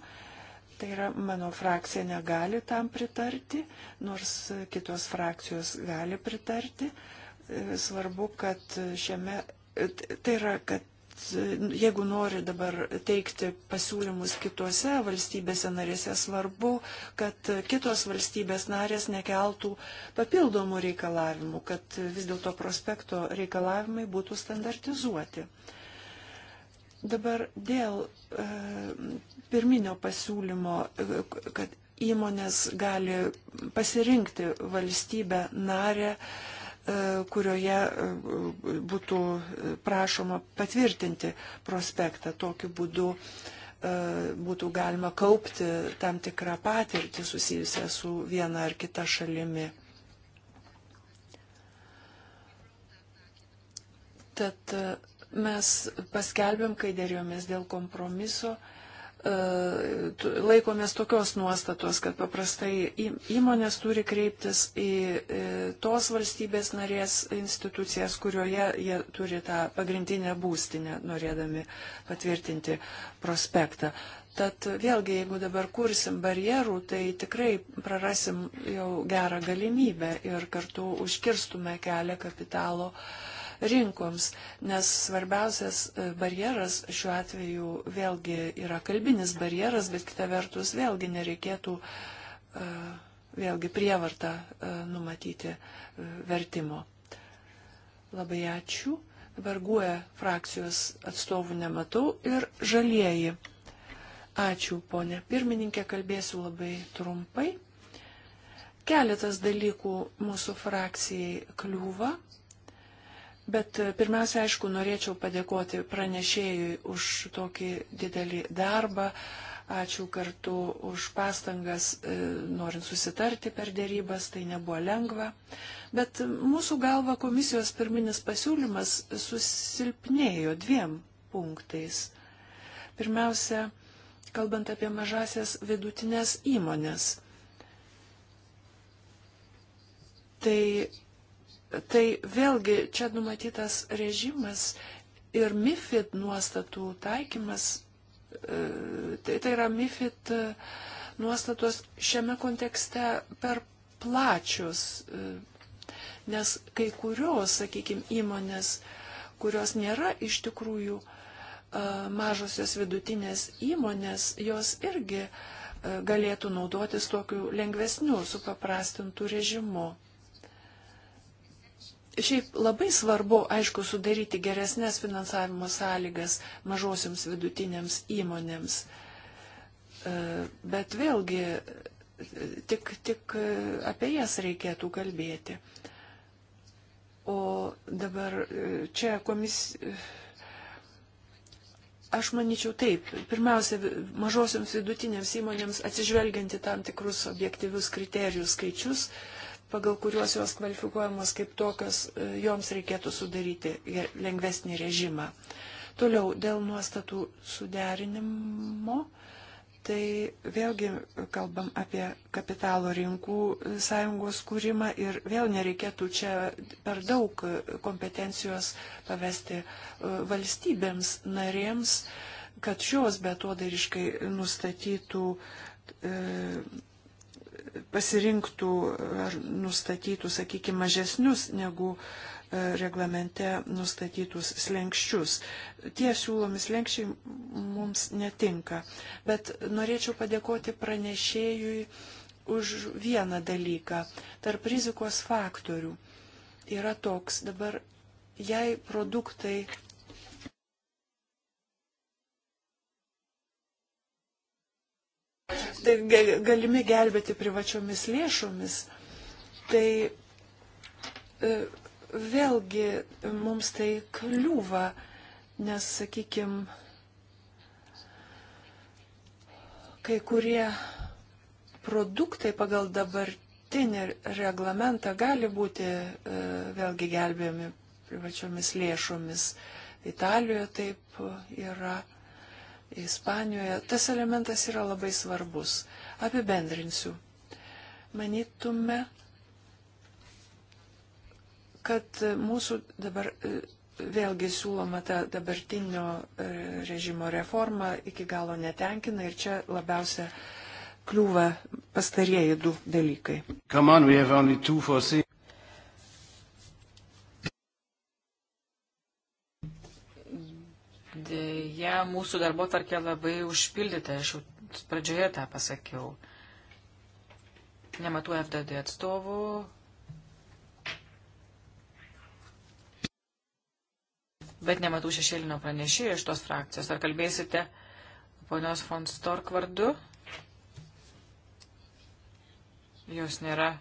tai yra mano frakcija negali tam pritarti, nors kitos frakcijos gali pritarti. E, svarbu, kad šiame, tai yra, kad E, jeigu nori dabar teikti pasiūlymus kitose valstybėse narėse, svarbu, kad kitos valstybės narės nekeltų papildomų reikalavimų, kad vis dėlto prospekto reikalavimai būtų standartizuoti. Dabar dėl e, pirminio pasiūlymo, e, kad įmonės gali pasirinkti valstybę narę, e, E, kurioje e, būtų prašoma patvirtinti prospektą. Tokiu būdu e, būtų galima kaupti tam tikrą patirtį susijusią su viena ar kita šalimi. Tad mes paskelbėm, kai dėrėjomės dėl kompromiso, laikomės tokios nuostatos, kad paprastai įmonės turi kreiptis į tos valstybės narės institucijas, kurioje jie turi tą pagrindinę būstinę, norėdami patvirtinti prospektą. Tad vėlgi, jeigu dabar kursim barjerų, tai tikrai prarasim jau gerą galimybę ir kartu užkirstume kelią kapitalo uh, rinkoms, nes svarbiausias e, barjeras šiuo atveju vėlgi yra kalbinis barjeras, bet kita vertus vėlgi nereikėtų e, vėlgi prievartą e, numatyti vertimo. Labai ačiū. Dabar guoja frakcijos atstovų nematau ir žalieji. Ačiū, ponė pirmininkė, kalbėsiu labai trumpai. Keletas dalykų mūsų frakcijai kliūva. Bet e, pirmiausia, aišku, norėčiau padėkoti pranešėjui už tokį didelį darbą. Ačiū kartu už pastangas, e, norint susitarti per dėrybas, tai nebuvo lengva. Bet mūsų galva komisijos pirminis pasiūlymas susilpnėjo dviem punktais. Pirmiausia, kalbant apie mažasias vidutinės įmonės. Tai Tai vėlgi čia numatytas režimas ir MIFID nuostatų taikymas, e, tai, tai yra MIFID e, nuostatos šiame kontekste per plačius, e, nes kai kurios, sakykime, įmonės, kurios nėra iš tikrųjų mažosios vidutinės įmonės, jos irgi galėtų naudotis tokiu lengvesniu, supaprastintu režimu. Šiaip labai svarbu, aišku, sudaryti geresnės finansavimo sąlygas mažosiams vidutiniams įmonėms. E, bet vėlgi tik, tik apie jas reikėtų kalbėti. O dabar e, čia komisija. Aš manyčiau taip. Pirmiausia, mažosiams vidutinėms įmonėms atsižvelgianti tam tikrus objektyvius kriterijus skaičius, uh, pagal kuriuos jos kvalifikuojamos kaip tokios, e, joms reikėtų sudaryti lengvesnį režimą. Toliau, dėl nuostatų suderinimo, tai vėlgi kalbam apie kapitalo rinkų sąjungos kūrimą ir vėl nereikėtų čia per daug kompetencijos pavesti e, valstybėms narėms, kad šios betodariškai nustatytų e, pasirinktų ar nustatytų, sakykime, mažesnius negu e, reglamente nustatytus slengščius. Tie siūlomi slengščiai mums netinka. Bet norėčiau padėkoti pranešėjui už vieną dalyką. Tarp rizikos faktorių yra toks dabar, jei produktai tai galimi gelbėti privačiomis lėšomis, tai e, vėlgi mums tai kliūva, nes, sakykime, kai kurie produktai pagal dabartinį reglamentą gali būti e, vėlgi gelbėjami privačiomis lėšomis. Italijoje taip yra. Ispanijoje, tas elementas yra labai svarbus. Apibendrinsiu. Manytume, kad mūsų dabar e, vėlgi siūloma ta dabartinio e, režimo reforma iki galo netenkina ir čia labiausia kliūva pastarieji du dalykai. On, dėja mūsų darbo tarkė labai užpildyta, aš jau pradžioje tą pasakiau. Nematau FDD atstovų. Bet nematau šešėlinio pranešėjo iš tos frakcijos. Ar kalbėsite ponios von Stork vardu? Jos nėra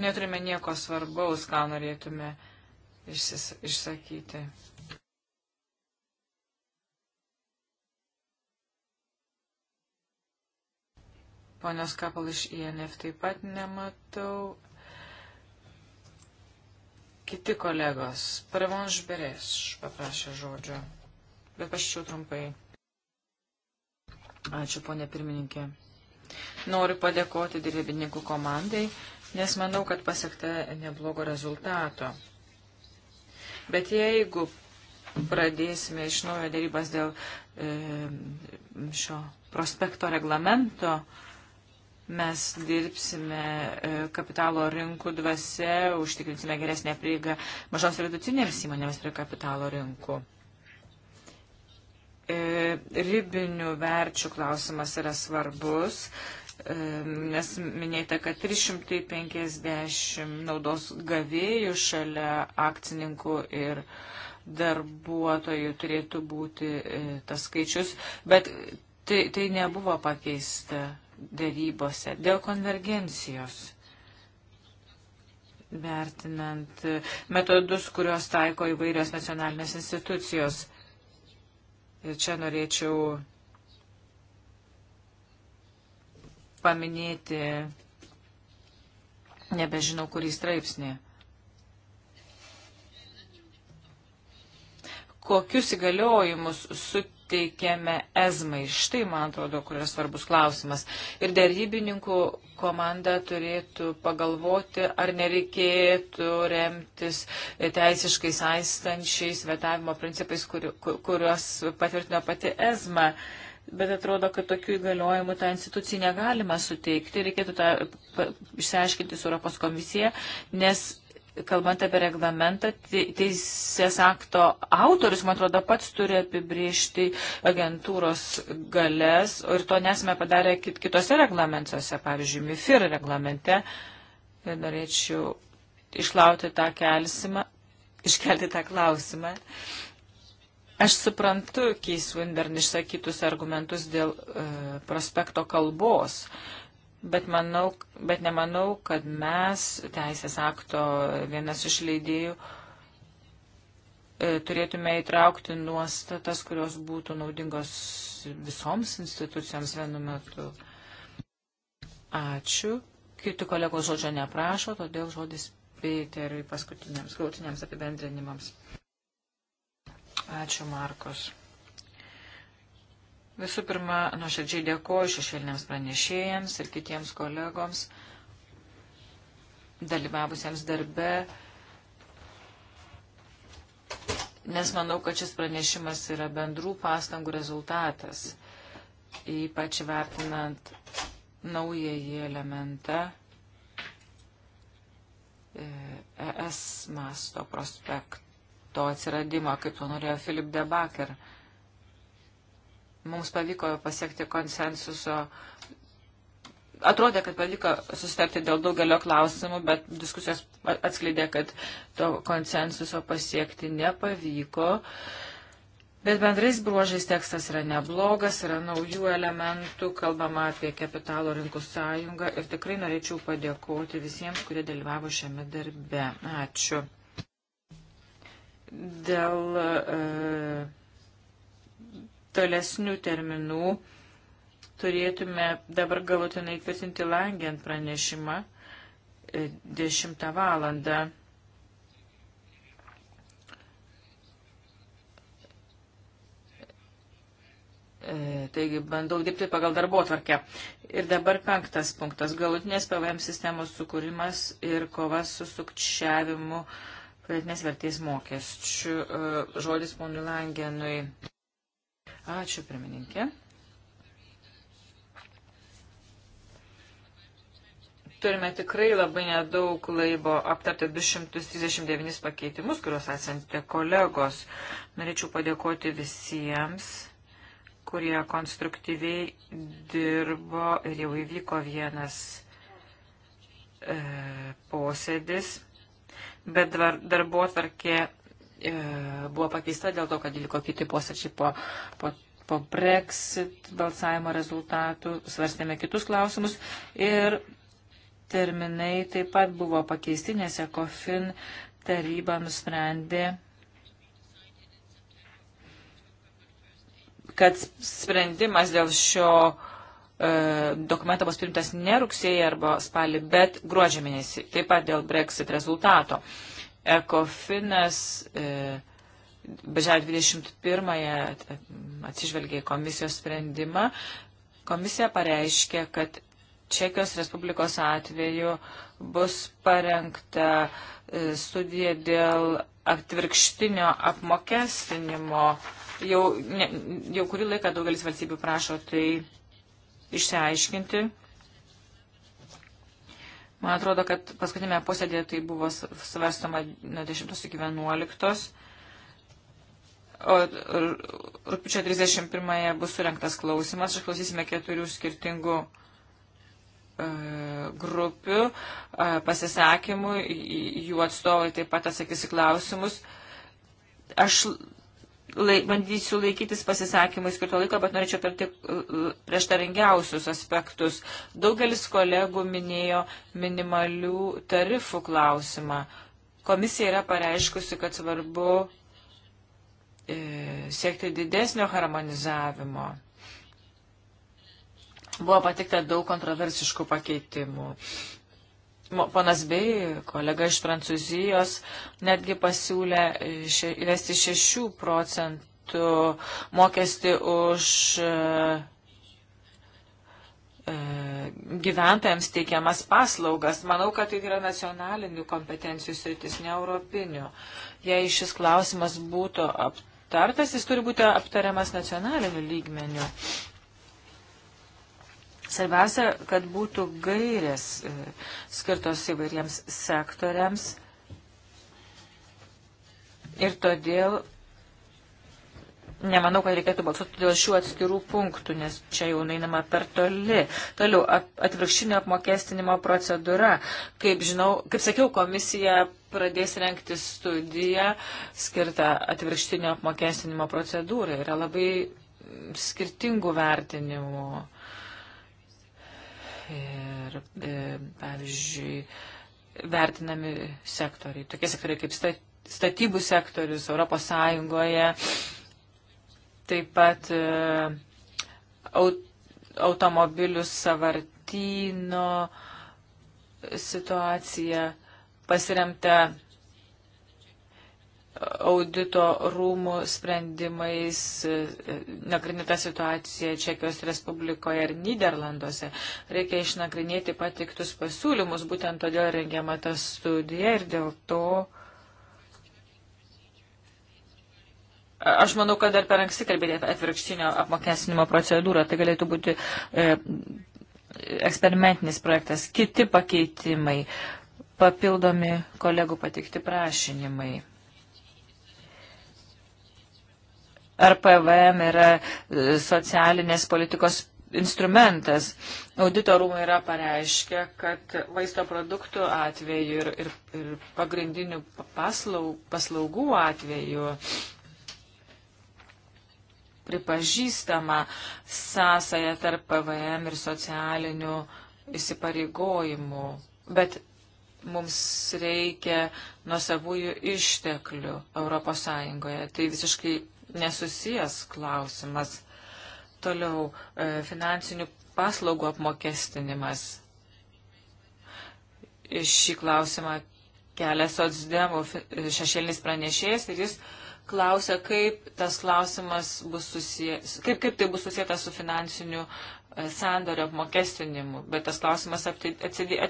neturime nieko svarbaus, ką norėtume išsis, išsakyti. Ponios Kapal iš INF taip pat nematau. Kiti kolegos. Parevonš Berės paprašė žodžio. Bet paščiau trumpai. Ačiū, ponė pirmininkė. Noriu padėkoti dirbininkų komandai nes manau, kad pasiekta neblogo rezultato. Bet jeigu pradėsime iš naujo dėrybas dėl e, šio prospekto reglamento, mes dirbsime e, kapitalo rinkų dvasia, užtikrinsime geresnę prieigą mažos ir vidutinėms įmonėms prie kapitalo rinkų. E, ribinių verčių klausimas yra svarbus. E, nes minėta, kad 350 naudos gavėjų šalia akcininkų ir darbuotojų turėtų būti e, tas skaičius, bet tai, tai nebuvo pakeista darybose dėl konvergencijos. Vertinant e, metodus, kuriuos taiko įvairios nacionalinės institucijos. Ir čia norėčiau paminėti, nebežinau, kurį straipsnį. Kokius įgaliojimus suteikėme ezmai? Štai, man atrodo, kur yra svarbus klausimas. Ir dėrybininkų komanda turėtų pagalvoti, ar nereikėtų remtis teisiškai saistančiais vetavimo principais, kur, kuriuos patvirtino pati ezma. Uh, bet atrodo, kad tokių įgaliojimų tą instituciją negalima suteikti, reikėtų tą išsiaiškinti su Europos komisija, nes kalbant apie reglamentą, teisės akto autorius, man atrodo, pats turi apibriežti agentūros galės ir to nesame padarę kitose reglamentuose, pavyzdžiui, MIFIR reglamente. Norėčiau išlauti tą kelsimą, iškelti tą klausimą. Aš suprantu Keis Windern išsakytus argumentus dėl e, prospekto kalbos, bet, manau, bet nemanau, kad mes, teisės akto vienas iš leidėjų, e, turėtume įtraukti nuostatas, kurios būtų naudingos visoms institucijoms vienu metu. Ačiū. Kiti kolegos žodžio neprašo, todėl žodis Peteriui paskutiniams gautiniams apibendrinimams. Ačiū, Markus. Visų pirma, nuoširdžiai dėkoju šešėliniams pranešėjams ir kitiems kolegoms dalyvavusiems darbe, nes manau, kad šis pranešimas yra bendrų pastangų rezultatas, ypač vertinant naująjį elementą ES e masto prospektą to atsiradimą, kaip to norėjo Filip de Baker. Mums pavyko pasiekti konsensuso. Atrodė, kad pavyko susitarti dėl daugelio klausimų, bet diskusijos atskleidė, kad to konsensuso pasiekti nepavyko. Bet bendrais bruožais tekstas yra neblogas, yra naujų elementų, kalbama apie kapitalo rinkų sąjungą ir tikrai norėčiau padėkoti visiems, kurie dalyvavo šiame darbe. Ačiū dėl e, tolesnių terminų turėtume dabar galutinai tvirtinti langiant pranešimą 10 e, valandą. E, taigi bandau dirbti pagal darbo tvarkę. Ir dabar penktas punktas - galutinės PVM sistemos sukūrimas ir kova su sukčiavimu uh, pridėtinės vertės mokesčių. E, žodis ponui Langenui. Ačiū, pirmininkė. Turime tikrai labai nedaug laibo aptarti 239 pakeitimus, kuriuos atsintė kolegos. Norėčiau padėkoti visiems, kurie konstruktyviai dirbo ir jau įvyko vienas e, posėdis bet darbo atvarkė e, buvo pakeista dėl to, kad liko kiti posėdžiai po, po, po Brexit balsavimo rezultatų, svarstėme kitus klausimus ir terminai taip pat buvo pakeisti, nes ECOFIN taryba nusprendė, kad sprendimas dėl šio E, dokumentą bus primtas ne rugsėjai arba spalį, bet gruodžio mėnesį, taip pat dėl Brexit rezultato. Ekofinas e, beželio 21-ąją atsižvelgė į komisijos sprendimą. Komisija pareiškė, kad Čekijos Respublikos atveju bus parengta e, studija dėl atvirkštinio apmokestinimo. Jau, ne, jau kurį laiką daugelis valstybių prašo tai išsiaiškinti. Man atrodo, kad paskutinėme posėdėje tai buvo svarstama nuo 10 iki 11. O rūpiučio 31 bus surinktas klausimas. Išklausysime keturių skirtingų e, grupių e, pasisakymų. Jų atstovai taip pat atsakys į klausimus. Aš lai, bandysiu laikytis pasisakymui skirto laiko, bet norėčiau per tik uh, uh, prieštaringiausius aspektus. Daugelis kolegų minėjo minimalių tarifų klausimą. Komisija yra pareiškusi, kad svarbu e, siekti didesnio harmonizavimo. Buvo patikta daug kontroversiškų pakeitimų. E, Ponas Bei, kolega iš Prancūzijos, netgi pasiūlė įvesti 6 procentų mokestį už e, e, gyventojams teikiamas paslaugas. Manau, kad tai yra nacionalinių kompetencijų sritis, ne europinių. Jei šis klausimas būtų aptartas, jis turi būti aptariamas nacionaliniu lygmeniu. Svarbiausia, kad būtų gairės e, skirtos įvairiems sektoriams ir todėl nemanau, kad reikėtų balsuoti dėl šių atskirų punktų, nes čia jau einama per toli. Toliau, atvirkštinio apmokestinimo procedūra. Kaip žinau, kaip sakiau, komisija pradės renkti studiją skirtą atvirkštinio apmokestinimo procedūrai. Yra labai skirtingų vertinimų ir, e, pavyzdžiui, vertinami sektoriai, tokie sektoriai kaip statybų sektorius Europos Sąjungoje, taip pat e, automobilių savartyno situacija pasiremta audito rūmų sprendimais e, e, nagrinėta situacija Čekijos Respublikoje ir Niderlanduose. Reikia išnagrinėti patiktus pasiūlymus, būtent todėl rengiama ta studija ir dėl to. Aš manau, kad dar per anksti kalbėti apie atvirkštinio apmokestinimo procedūrą. Tai galėtų būti e, eksperimentinis projektas. Kiti pakeitimai, papildomi kolegų patikti prašinimai. ar PVM yra e, socialinės politikos instrumentas. Audito rūmai yra pareiškę, kad vaisto produktų atveju ir, ir, ir pagrindinių paslaug, paslaugų atveju pripažįstama sąsaja tarp PVM ir socialinių įsipareigojimų. Bet mums reikia nuosavųjų išteklių ES. Tai visiškai nesusijęs klausimas. Toliau e, finansinių paslaugų apmokestinimas. Šį klausimą kelia socdemų šešėlinis pranešėjas ir jis klausia, kaip tas klausimas bus susijęs, kaip, kaip tai bus susijęta su finansiniu e, sandorio apmokestinimu. Bet tas klausimas atsidė.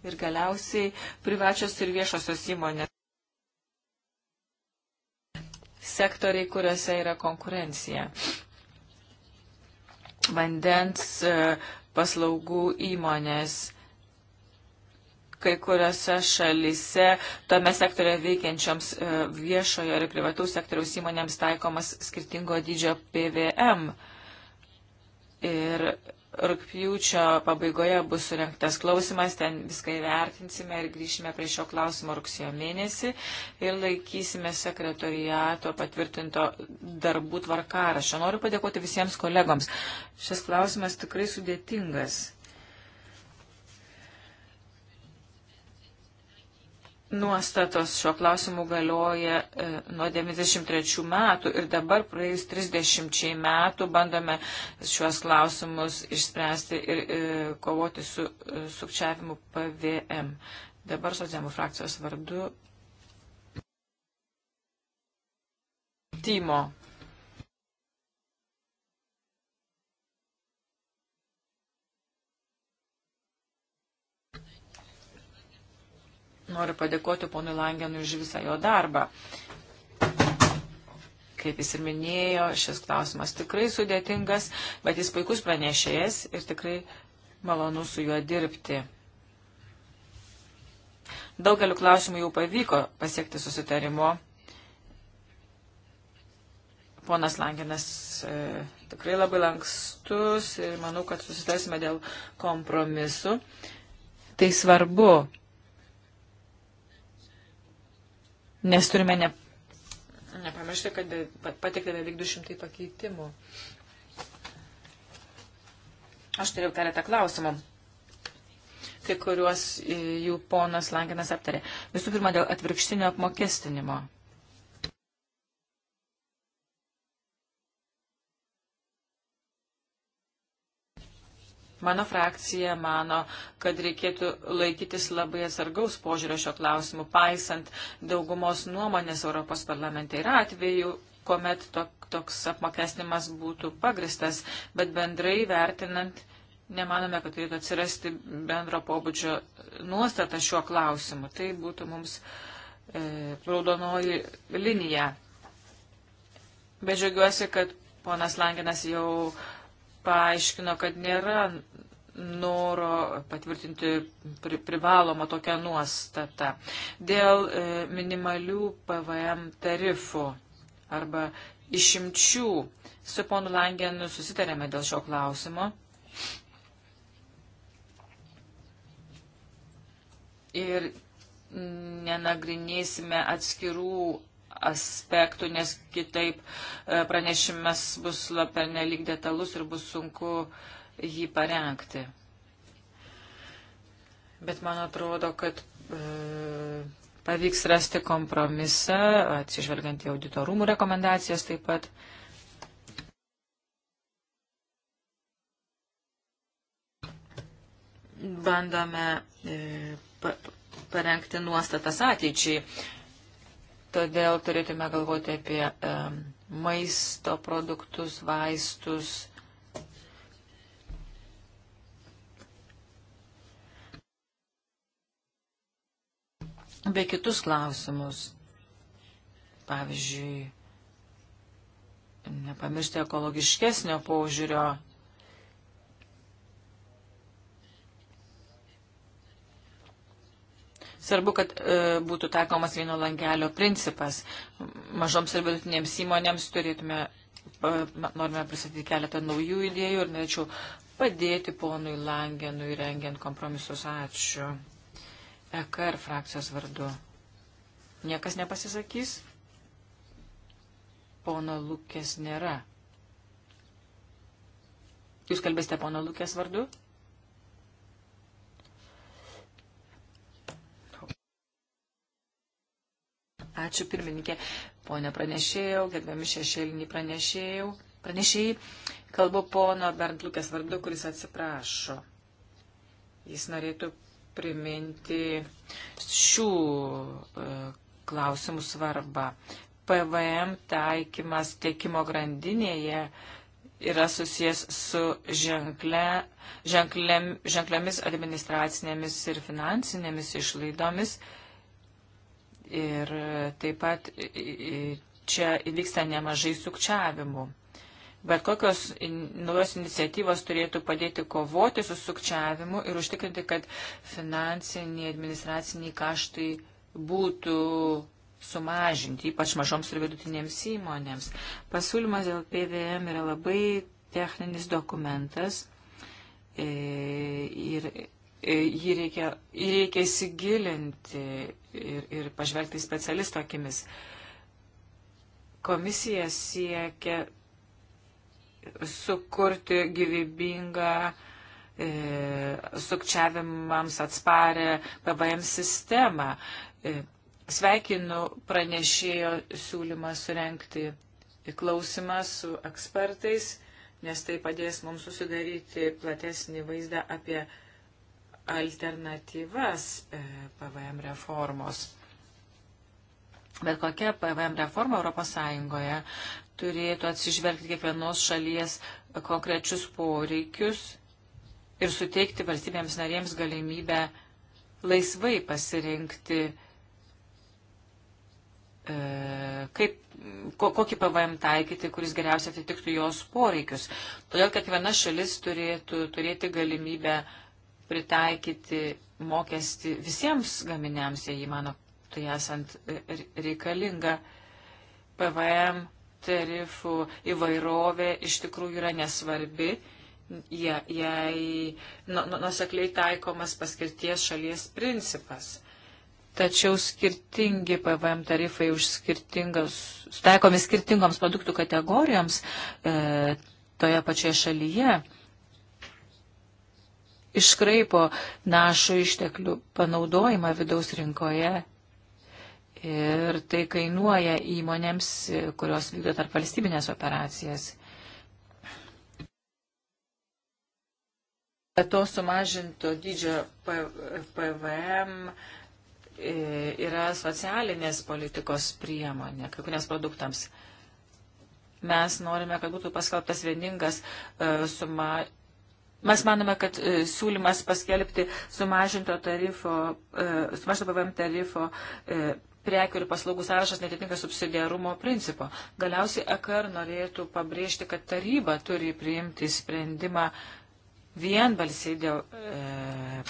Ir galiausiai privačios ir viešosios įmonės sektoriai, kuriuose yra konkurencija. Vandens e, paslaugų įmonės kai kuriuose šalise tame sektorioje veikiančioms e, viešojo ir privataus sektoriaus įmonėms taikomas skirtingo dydžio PVM. Ir Rūpjūčio pabaigoje bus surinktas klausimas, ten viską įvertinsime ir grįšime prie šio klausimo rugsėjo mėnesį ir laikysime sekretoriato patvirtinto darbų tvarkarašio. Noriu padėkoti visiems kolegoms. Šis klausimas tikrai sudėtingas. nuostatos šio klausimu galioja e, nuo 93 metų ir dabar praėjus 30 metų bandome šiuos klausimus išspręsti ir e, kovoti su e, sukčiavimu PVM. Dabar socialų frakcijos vardu. Timo. Noriu padėkoti ponui Langenui už visą jo darbą. Kaip jis ir minėjo, šis klausimas tikrai sudėtingas, bet jis puikus pranešėjas ir tikrai malonu su juo dirbti. Daugeliu klausimų jau pavyko pasiekti susitarimo. Ponas Langinas e, tikrai labai lankstus ir manau, kad susitarsime dėl kompromisu. Tai svarbu, nes turime ne, nepamiršti, kad patikta beveik 200 pakeitimų. Aš turėjau keletą klausimų, kai kuriuos e, jų ponas Langinas aptarė. Visų pirma, dėl atvirkštinio apmokestinimo. Mano frakcija mano, kad reikėtų laikytis labai atsargaus požiūrio šio klausimu, paisant daugumos nuomonės Europos parlamente yra atvejų, kuomet toks apmokestinimas būtų pagristas, bet bendrai vertinant nemanome, kad turėtų atsirasti bendro pobūdžio nuostata šiuo klausimu. Tai būtų mums e, raudonoji linija. Bet žiūriuosi, kad ponas Langinas jau paaiškino, kad nėra noro patvirtinti pri, privalomą tokią nuostatą dėl e, minimalių PVM tarifų arba išimčių. Su ponu Langenu susitarėme dėl šio klausimo. Ir nenagrinėsime atskirų aspektų, nes kitaip e, pranešimas bus pernelik detalus ir bus sunku jį parengti. Bet man atrodo, kad e, pavyks rasti kompromisą, atsižvelgiant į auditorumų rekomendacijas taip pat. Bandome e, pa, parengti nuostatas ateičiai. Todėl turėtume galvoti apie e, maisto produktus, vaistus. Be kitus klausimus. Pavyzdžiui, nepamiršti ekologiškesnio paužiūrio Svarbu, kad e, būtų taikomas vieno langelio principas. Mažoms ir vidutinėms įmonėms turėtume, e, norime pristatyti keletą naujų idėjų ir norėčiau padėti ponui Langenui rengiant kompromisus. Ačiū. EKR frakcijos vardu. Niekas nepasisakys? Pono Lukės nėra. Jūs kalbėsite pono Lukės vardu? Ačiū pirmininkė, ponė pranešėjau, gerbiami šešėlinį pranešėjau. Pranešėjai, kalbu pono Bernd Lukės vardu, kuris atsiprašo. Jis norėtų priminti šių e, klausimų svarbą. PVM taikymas tiekimo grandinėje yra susijęs su ženklė, ženklėm, ženklėmis administracinėmis ir finansinėmis išlaidomis Ir taip pat čia vyksta nemažai sukčiavimų. Bet kokios naujos iniciatyvos turėtų padėti kovoti su sukčiavimu ir užtikrinti, kad finansiniai, administraciniai kaštai būtų sumažinti, ypač mažoms ir vidutinėms įmonėms. Pasiūlymas dėl PVM yra labai techninis dokumentas e, ir e, jį reikia, jį reikia įsigilinti ir, ir pažvelgti specialisto akimis. Komisija siekia sukurti gyvybingą e, sukčiavimams atsparę PVM sistemą. E, sveikinu pranešėjo siūlymą surenkti klausimą su ekspertais, nes tai padės mums susidaryti platesnį vaizdą apie alternatyvas e, PVM reformos. Bet kokia PVM reforma ES turėtų atsižvelgti kiekvienos šalies konkrečius poreikius ir suteikti valstybėms narėms galimybę laisvai pasirinkti, e, kaip, kokį PVM taikyti, kuris geriausiai atitiktų jos poreikius. Todėl kiekviena šalis turėtų turėti galimybę uh, pritaikyti mokestį visiems gaminiams, jei mano tai esant e, reikalinga. PVM tarifų įvairovė iš tikrųjų yra nesvarbi, jei nusekliai nu, taikomas paskirties šalies principas. Tačiau skirtingi PVM tarifai už skirtingas, taikomi skirtingoms produktų kategorijoms e, toje pačioje šalyje iškraipo našų išteklių panaudojimą vidaus rinkoje. Ir tai kainuoja įmonėms, kurios vykdo tarp valstybinės operacijas. To sumažinto dydžio PVM e, yra socialinės politikos priemonė, kai kurias produktams. Mes norime, kad būtų paskelbtas vieningas e, suma, Mes manome, kad e, siūlymas paskelbti sumažinto tarifo, e, sumažinto PVM tarifo e, prekių ir paslaugų sąrašas netitinka subsidiarumo principo. Galiausiai EKR norėtų pabrėžti, kad taryba turi priimti sprendimą vienbalsiai dėl e,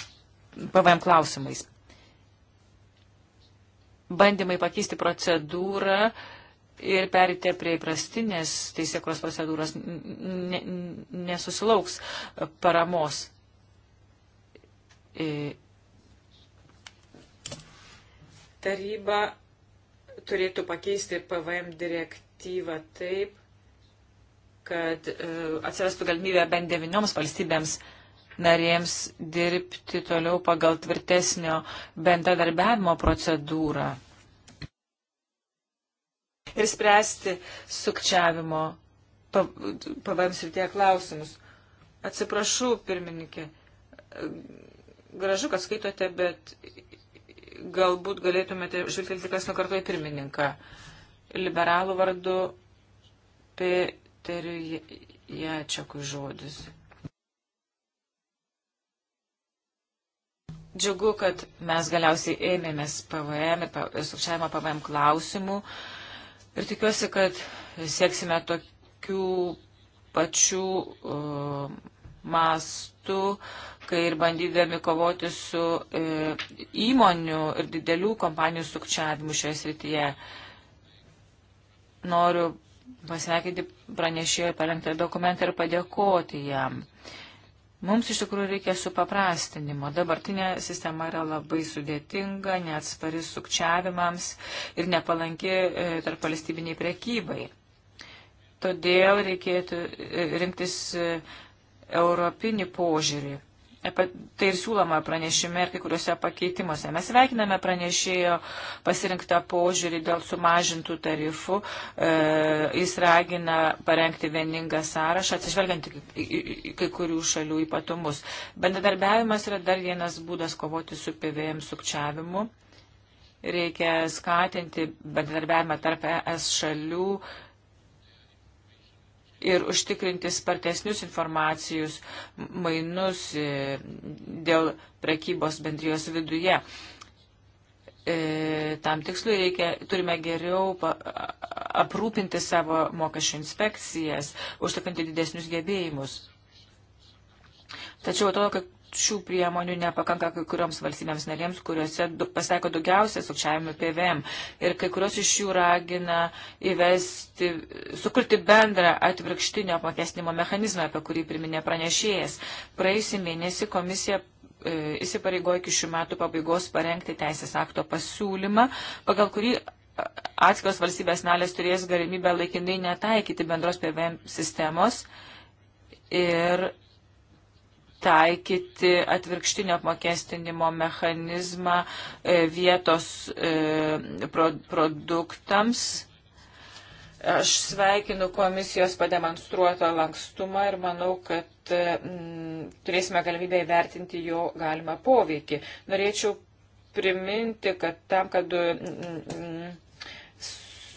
PVM klausimais. Bandymai pakeisti procedūrą e, ir perite prie įprastinės teisėkros procedūros nesusilauks e, paramos. E, taryba turėtų pakeisti PVM direktyvą taip, kad e, atsirastų galimybė bent devinioms valstybėms narėms dirbti toliau pagal tvirtesnio bendradarbiavimo procedūrą ir spręsti sukčiavimo PVM srityje klausimus. Atsiprašau, pirmininkė, gražu, kad skaitote, bet galbūt galėtumėte žvilgti kas nukarto į pirmininką. Liberalų vardu Peteriu Jačiakui žodis. Džiugu, kad mes galiausiai ėmėmės PVM ir sukčiavimo PVM klausimų. Uh, Ir tikiuosi, kad sieksime tokių pačių uh, mastų, kai ir bandydami kovoti su uh, įmonių ir didelių kompanijų sukčiavimu šioje srityje. Noriu pasveikinti pranešėjo parengtą dokumentą ir padėkoti jam. Mums iš tikrųjų reikia supaprastinimo. Dabartinė sistema yra labai sudėtinga, neatspari sukčiavimams ir nepalanki e, tarp valstybiniai prekybai. Todėl reikėtų e, rinktis e, europinį požiūrį Tai ir siūloma pranešime ir kai kuriuose pakeitimuose. Mes sveikiname pranešėjo pasirinktą požiūrį dėl sumažintų tarifų. E, jis ragina parengti vieningą sąrašą, atsižvelgiant į kai kurių šalių ypatumus. Bendradarbiavimas yra dar vienas būdas kovoti su PVM sukčiavimu. Reikia skatinti bendradarbiavimą tarp ES šalių ir užtikrinti spartesnius informacijus mainus e, dėl prekybos bendrijos viduje. E, tam tikslui reikia, turime geriau aprūpinti savo mokesčių inspekcijas, užtikrinti didesnius gebėjimus. Tačiau atrodo, kad šių priemonių nepakanka kai kurioms valstybėms narėms, kuriuose pasako daugiausia sukčiavimų PVM. Ir kai kurios iš jų ragina įvesti, sukurti bendrą atvirkštinio apmokestinimo mechanizmą, apie kurį priminė pranešėjas. Praėjusį mėnesį komisija e, įsipareigojo iki šių metų pabaigos parengti teisės akto pasiūlymą, pagal kurį atskiros valstybės narės turės galimybę laikinai netaikyti bendros PVM sistemos ir taikyti atvirkštinio apmokestinimo mechanizmą e, vietos e, produktams. Aš sveikinu komisijos pademonstruotą lankstumą ir manau, kad e, turėsime galimybę įvertinti jo galimą poveikį. Norėčiau priminti, kad tam, kad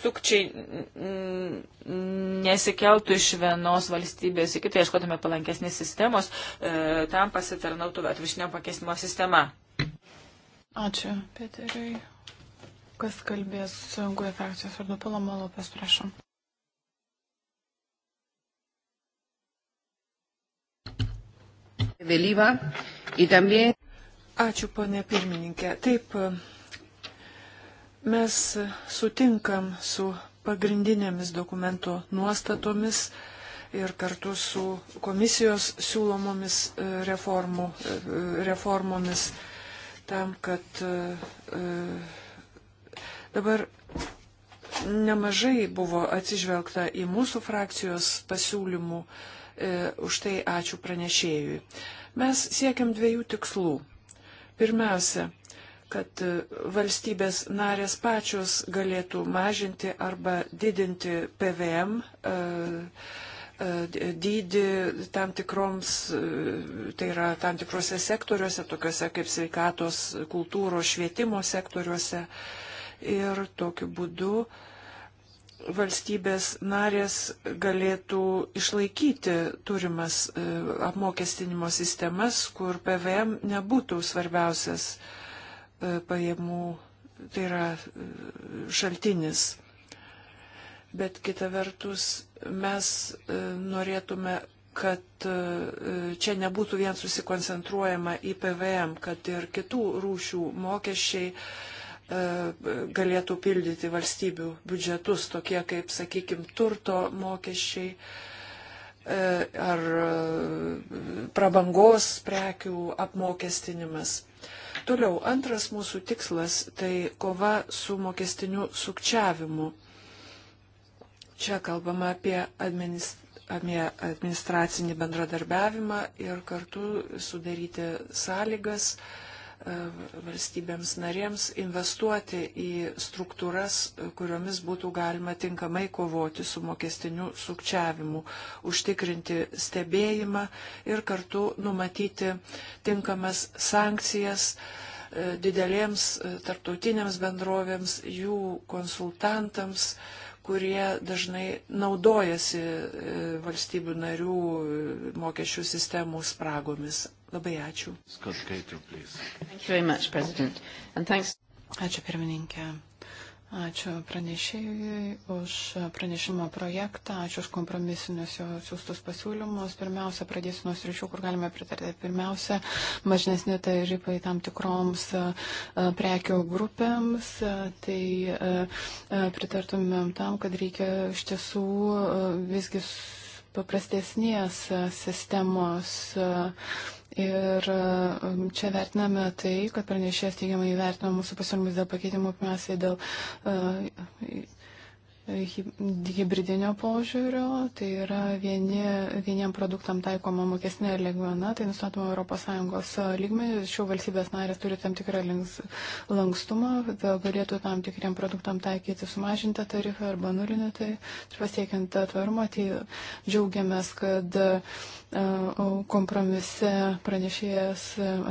sukčiai nesikeltų iš vienos valstybės į kitą, ieškotume palankesnės sistemos, e, tam pasitarnautų atvišinio pakėsimo sistema. Ačiū, Peteriui. Kas kalbės GUE frakcijos vardu Paloma Lopės, prašom. Vėlyva, įtambė. Ačiū, ponė pirmininkė. Taip, Mes sutinkam su pagrindinėmis dokumento nuostatomis ir kartu su komisijos siūlomomis e, reformų, e, reformomis tam, kad e, dabar nemažai buvo atsižvelgta į mūsų frakcijos pasiūlymų, už tai ačiū pranešėjui. Mes siekiam dviejų tikslų. Pirmiausia, kad e, valstybės narės pačios galėtų mažinti arba didinti PVM e, e, dydį tam tikroms, tai yra tam tikrose sektoriuose, tokiuose kaip sveikatos, kultūros, švietimo sektoriuose. Ir tokiu būdu valstybės narės galėtų išlaikyti turimas apmokestinimo sistemas, kur PVM nebūtų svarbiausias uh, E, pajamų, tai yra e, šaltinis. Bet kita vertus, mes e, norėtume, kad čia nebūtų vien susikoncentruojama į PVM, kad ir kitų rūšių mokesčiai galėtų pildyti valstybių biudžetus, tokie kaip, sakykime, turto mokesčiai ar prabangos prekių apmokestinimas. Toliau, antras mūsų tikslas - tai kova su mokestiniu sukčiavimu. Čia kalbama apie, administ, apie administracinį bendradarbiavimą ir kartu sudaryti sąlygas uh, E, valstybėms narėms investuoti į struktūras, e, kuriomis būtų galima tinkamai kovoti su mokestiniu sukčiavimu, užtikrinti stebėjimą ir kartu numatyti tinkamas sankcijas e, didelėms tarptautinėms bendrovėms, jų konsultantams, kurie dažnai naudojasi valstybių narių mokesčių sistemų spragomis. Labai ačiū. Much, ačiū pirmininkė. Ačiū pranešėjui už pranešimo projektą, ačiū už kompromisinius jo siūstus pasiūlymus. Pirmiausia, pradėsiu nuo sričių, kur galime pritarti. Pirmiausia, mažnesni tarifai tam tikroms e, prekių grupėms. Tai e, e, pritartumėm tam, kad reikia iš tiesų visgi paprastesnės sistemos Ir um, čia vertiname tai, kad pranešėjas teigiamai įvertino mūsų pasiūlymus dėl pakeitimų, pirmiausiai dėl uh, hybridinio požiūrio, tai yra vieni, vieniem produktam taikoma mokesnė lygmena, tai nustatoma ES lygmenį, šių valstybės narės turi tam tikrą links, lankstumą, galėtų tam tikriem produktam taikyti sumažintą tarifą arba nulinį, tai pasiekiant tvarumą, tai džiaugiamės, kad uh, kompromise pranešėjas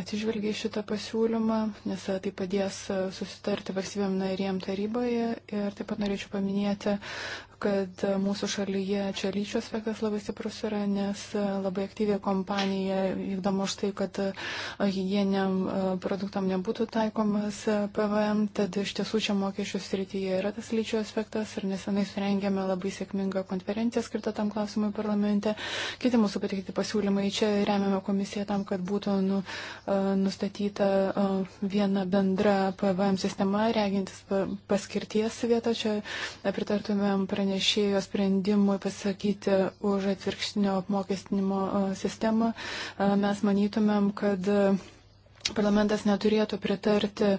atsižvelgia šitą pasiūlymą, nes tai padės susitarti valstybėm narėm taryboje. Ir taip pat norėčiau paminėti kad mūsų šalyje čia lyčių aspektas labai stiprus yra, nes labai aktyviai kompanija vykdoma už tai, kad hygieniam e, produktam nebūtų taikomas e, PVM, tad iš tiesų čia mokesčių srityje yra tas lyčių aspektas ir nesenai surengėme labai sėkmingą konferenciją skirtą tam klausimui parlamente. Kiti mūsų pateikti pasiūlymai čia remiame komisiją tam, kad būtų nu, e, nustatyta viena bendra PVM sistema, regintis paskirties vietą. Čia pritartumėm pranešimą pranešėjo sprendimui pasakyti už atvirkštinio apmokestinimo e, sistemą, e, mes manytumėm, kad e, parlamentas neturėtų pritarti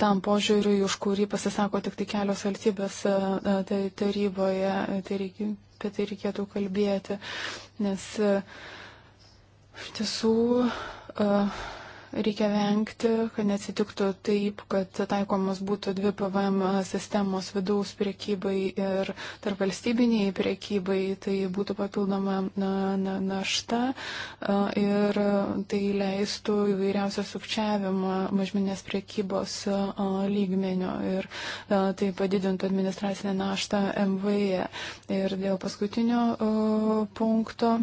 tam požiūriui, už kurį pasisako tik tai kelios valstybės tai taryboje, tai reikia, apie tai reikėtų kalbėti, nes iš tiesų reikia vengti, kad neatsitiktų taip, kad taikomas būtų dvi PVM sistemos vidaus priekybai ir tarp valstybiniai priekybai, tai būtų papildoma na, na, našta ir tai leistų įvairiausią sukčiavimą mažminės priekybos lygmenio ir tai padidintų administracinę naštą MVE. Ir dėl paskutinio punkto.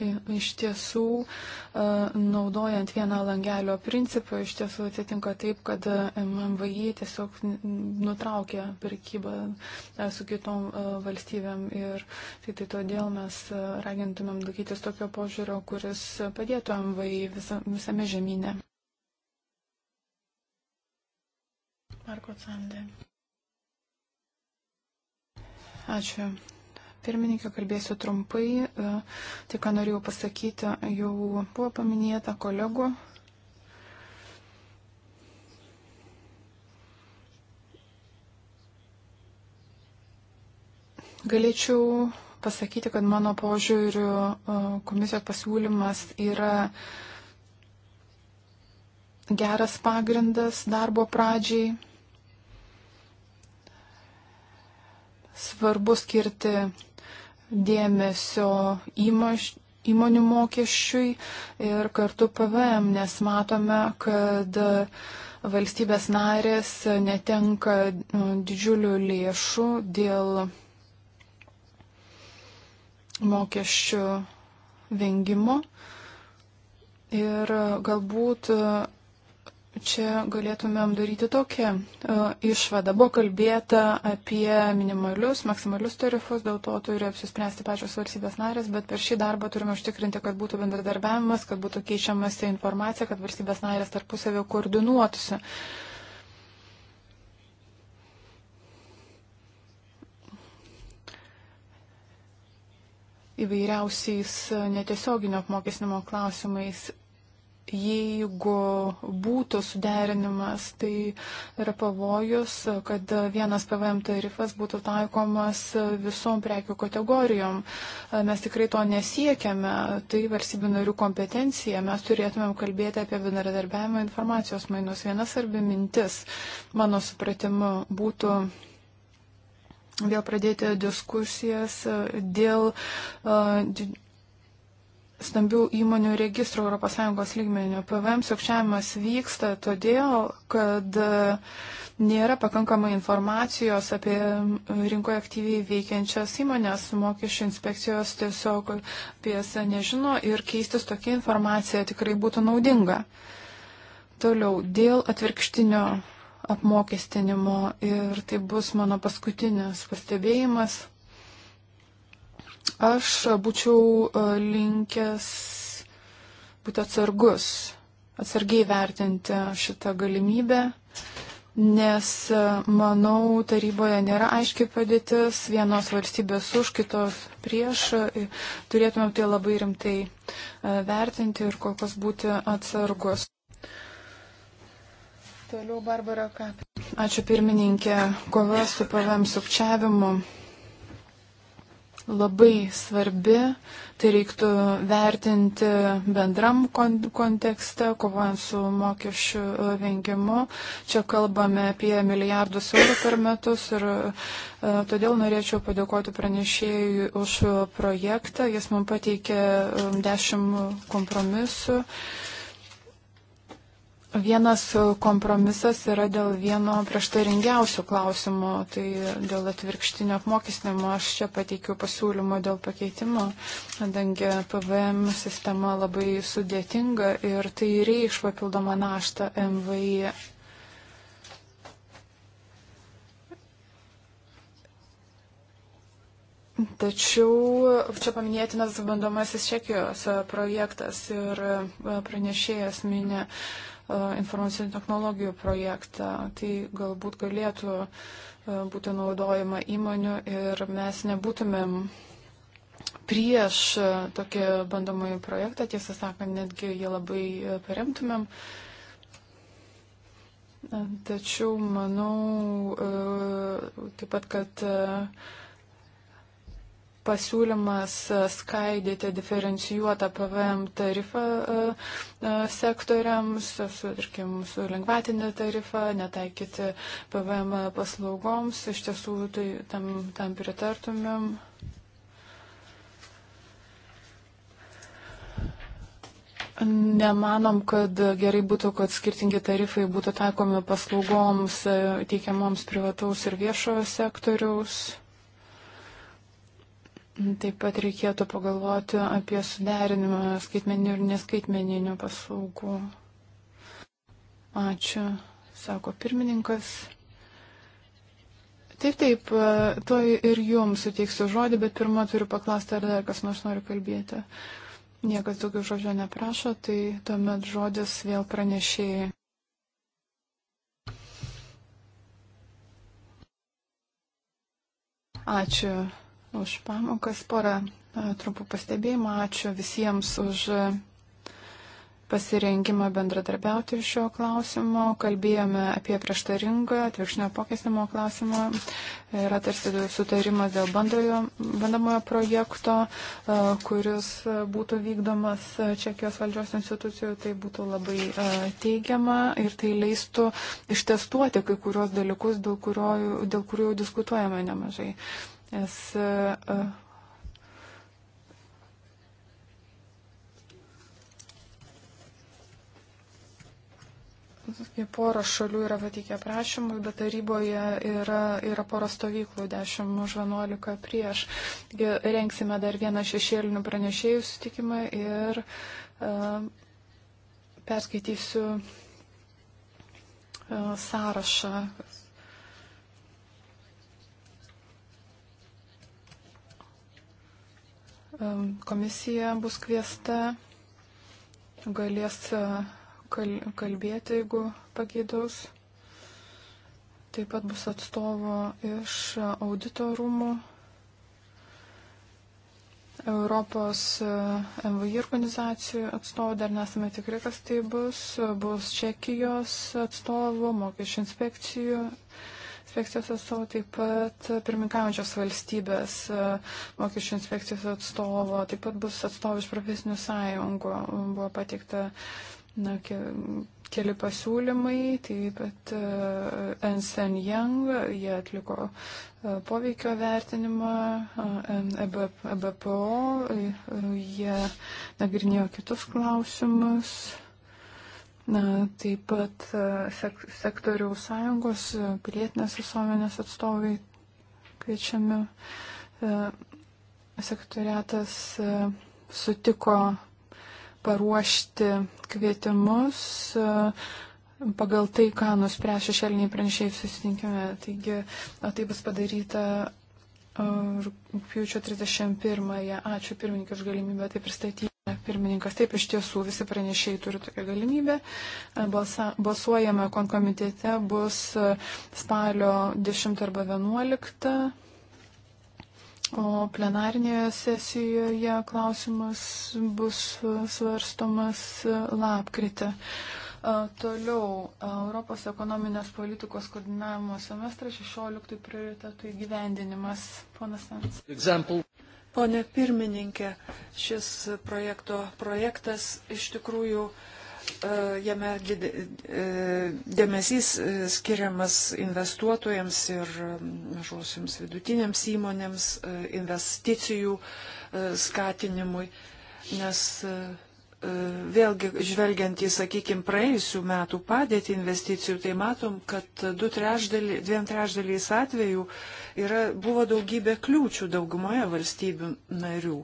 E, iš tiesų, e, naudojant vieną langelio principą, iš tiesų atsitinka taip, kad e, MVI tiesiog nutraukia prekybą su kitom valstybėm ir tai, tai todėl mes ragintumėm laikytis tokio požiūrio, kuris padėtų MVI visa, visame žemynė. Marko Sandė. Ačiū pirmininkė, kalbėsiu trumpai. E, tai, ką norėjau pasakyti, jau buvo paminėta kolegų. Galėčiau pasakyti, kad mano požiūriu e, komisijos pasiūlymas yra geras pagrindas darbo pradžiai. Svarbu skirti dėmesio įmaš, įmonių mokesčiui ir kartu PVM, nes matome, kad valstybės narės netenka nu, didžiulių lėšų dėl mokesčių vengimo. Ir galbūt čia galėtumėm daryti tokią e, išvadą. Buvo kalbėta apie minimalius, maksimalius tarifus, dėl to turi apsispręsti pačios valstybės narės, bet per šį darbą turime užtikrinti, kad būtų bendradarbiavimas, kad būtų keičiamasi informacija, kad valstybės narės tarpusavio koordinuotųsi. įvairiausiais netiesioginio apmokesnimo klausimais jeigu būtų suderinimas, tai yra pavojus, kad vienas PVM tarifas būtų taikomas visom prekių kategorijom. Mes tikrai to nesiekėme, tai valstybių narių kompetencija, mes turėtumėm kalbėti apie bendradarbiavimą informacijos mainus. Vienas arba mintis, mano supratimu, būtų vėl pradėti diskusijas dėl stambių įmonių registro ES lygmenio. PVM sukčiavimas vyksta todėl, kad e, nėra pakankamai informacijos apie rinkoje aktyviai veikiančias įmonės. Mokesčių inspekcijos tiesiog apie jas nežino ir keistis tokia informacija tikrai būtų naudinga. Toliau, dėl atvirkštinio apmokestinimo ir tai bus mano paskutinis pastebėjimas. Aš būčiau e, linkęs būti atsargus, atsargiai vertinti šitą galimybę, nes e, manau taryboje nėra aiški padėtis, vienos valstybės už, kitos prieš. E, turėtumėm tai labai rimtai vertinti ir kol kas būti atsargus. Toliau Barbara Kapė. Ačiū pirmininkė, kova su pavėm sukčiavimu labai svarbi, tai reiktų vertinti bendram kontekste, kovojant su mokesčių e, vengimu. Čia kalbame apie milijardus eurų per metus ir e, todėl norėčiau padėkoti pranešėjui už projektą. Jis man pateikė e, dešimt kompromisų. Uh, Vienas kompromisas yra dėl vieno prieštaringiausių klausimų, tai dėl atvirkštinio apmokestinimo. Aš čia pateikiu pasiūlymą dėl pakeitimo, kadangi PVM sistema labai sudėtinga ir tai reikš papildomą naštą MVI. Tačiau čia paminėtinas bandomasis Čekijos projektas ir pranešėjas minė E, informacinių technologijų projektą. Tai galbūt galėtų e, būti naudojama įmonių ir mes nebūtumėm prieš e, tokį bandomąjį projektą, tiesą sakant, netgi jį labai paremtumėm. Tačiau manau taip pat, kad pasiūlymas skaidyti diferencijuotą PVM tarifą e, e, sektoriams, su, tarkim, su lengvatinė tarifa, netaikyti PVM paslaugoms, iš tiesų tai tam, tam pritartumėm. Nemanom, kad gerai būtų, kad skirtingi tarifai būtų taikomi paslaugoms e, teikiamoms privataus ir viešojo sektoriaus. Taip pat reikėtų pagalvoti apie suderinimą skaitmeninių ir neskaitmeninių paslaugų. Ačiū, sako pirmininkas. Taip, taip, tuoj ir jums suteiksiu žodį, bet pirmą turiu paklausti, ar dar kas nors nori kalbėti. Niekas daugiau žodžio neprašo, tai tuomet žodis vėl pranešėjai. Ačiū už pamokas. Porą e, trumpų pastebėjimų. Ačiū visiems už pasirengimą bendradarbiauti šio klausimo. Kalbėjome apie prieštaringą atvirkšnio apokesnimo klausimą. Yra tarsi sutarimas dėl bandojo, bandamojo projekto, e, kuris būtų vykdomas Čekijos valdžios institucijų. Tai būtų labai e, teigiama ir tai leistų ištestuoti kai kurios dalykus, dėl, kurio, dėl kurių diskutuojame nemažai. Ez e, e, Apie porą šalių yra pateikę prašymus, bet taryboje yra, yra pora stovyklų 10 už 11 prieš. Taigi, rengsime dar vieną šešėlinių pranešėjų sutikimą ir uh, perskaitysiu uh, sąrašą, Komisija bus kviesta, galės e, kalbėti, jeigu pageidaus. Taip pat bus atstovo iš audito rūmų, Europos e, MVI organizacijų atstovų, dar nesame tikri, kas tai bus. Bus Čekijos atstovų, mokesčių inspekcijų inspekcijos atstovo, taip pat pirmininkaujančios valstybės e, mokesčių inspekcijos atstovo, taip pat bus atstovai iš profesinių sąjungų. Buvo pateikta na, keli pasiūlymai, taip pat Ernst Young, jie atliko e, poveikio vertinimą, EBPO, e jie nagrinėjo kitus klausimus taip pat e, sek sektorių sąjungos, e, pilietinės visuomenės atstovai kviečiami. E, sektoriatas sutiko paruošti kvietimus pagal tai, ką nuspręs šešėliniai pranešėjai susitinkime. Taigi, o tai bus padaryta Rūpiučio 31-ąją. Ačiū pirmininkai už galimybę tai pristatyti. Pirmininkas, taip iš tiesų visi pranešėjai turi tokią galimybę. Balsa, balsuojame konkomitete bus spalio 10 arba 11. O plenarinėje sesijoje klausimas bus svarstomas lapkritį. Toliau, Europos ekonominės politikos koordinavimo semestras 16 prioritetų įgyvendinimas. Ponas Sams. Pone pirmininkė, šis projekto projektas iš tikrųjų e, jame e, dėmesys e, skiriamas investuotojams ir mažosiams vidutinėms įmonėms, investicijų skatinimui, nes vėlgi žvelgiant į, sakykime, praėjusių metų padėtį investicijų, tai matom, kad trešdalį, dviem trešdaliais atvejų yra, buvo daugybė kliūčių daugumoje valstybių narių.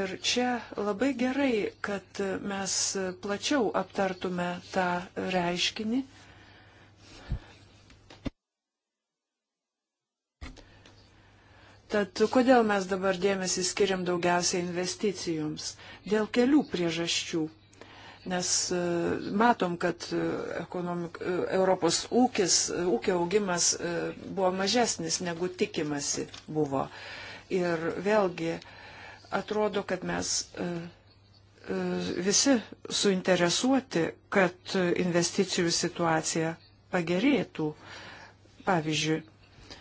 Ir čia labai gerai, kad mes plačiau aptartume tą reiškinį Tad kodėl mes dabar dėmesį skiriam daugiausiai investicijoms? Dėl kelių priežasčių. Nes e, matom, kad e, ekonomik, e, Europos ūkis, ūkio augimas buvo mažesnis negu tikimasi buvo. Ir vėlgi atrodo, kad mes visi suinteresuoti, kad investicijų situacija pagerėtų. Pavyzdžiui,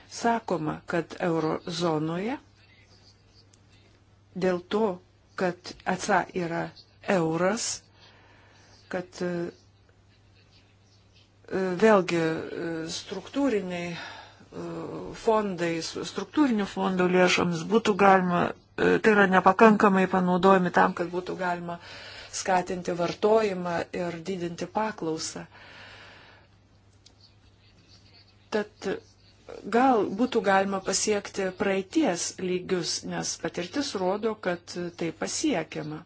Sakoma, kad eurozonoje dėl to, kad atsa yra euras, kad e, e, vėlgi e, struktūriniai fondai, struktūrinių fondų lėšoms būtų galima, tai yra nepakankamai panaudojami tam, kad būtų galima skatinti vartojimą ir didinti paklausą. Tad gal būtų galima pasiekti praeities lygius, nes patirtis rodo, kad tai pasiekiama.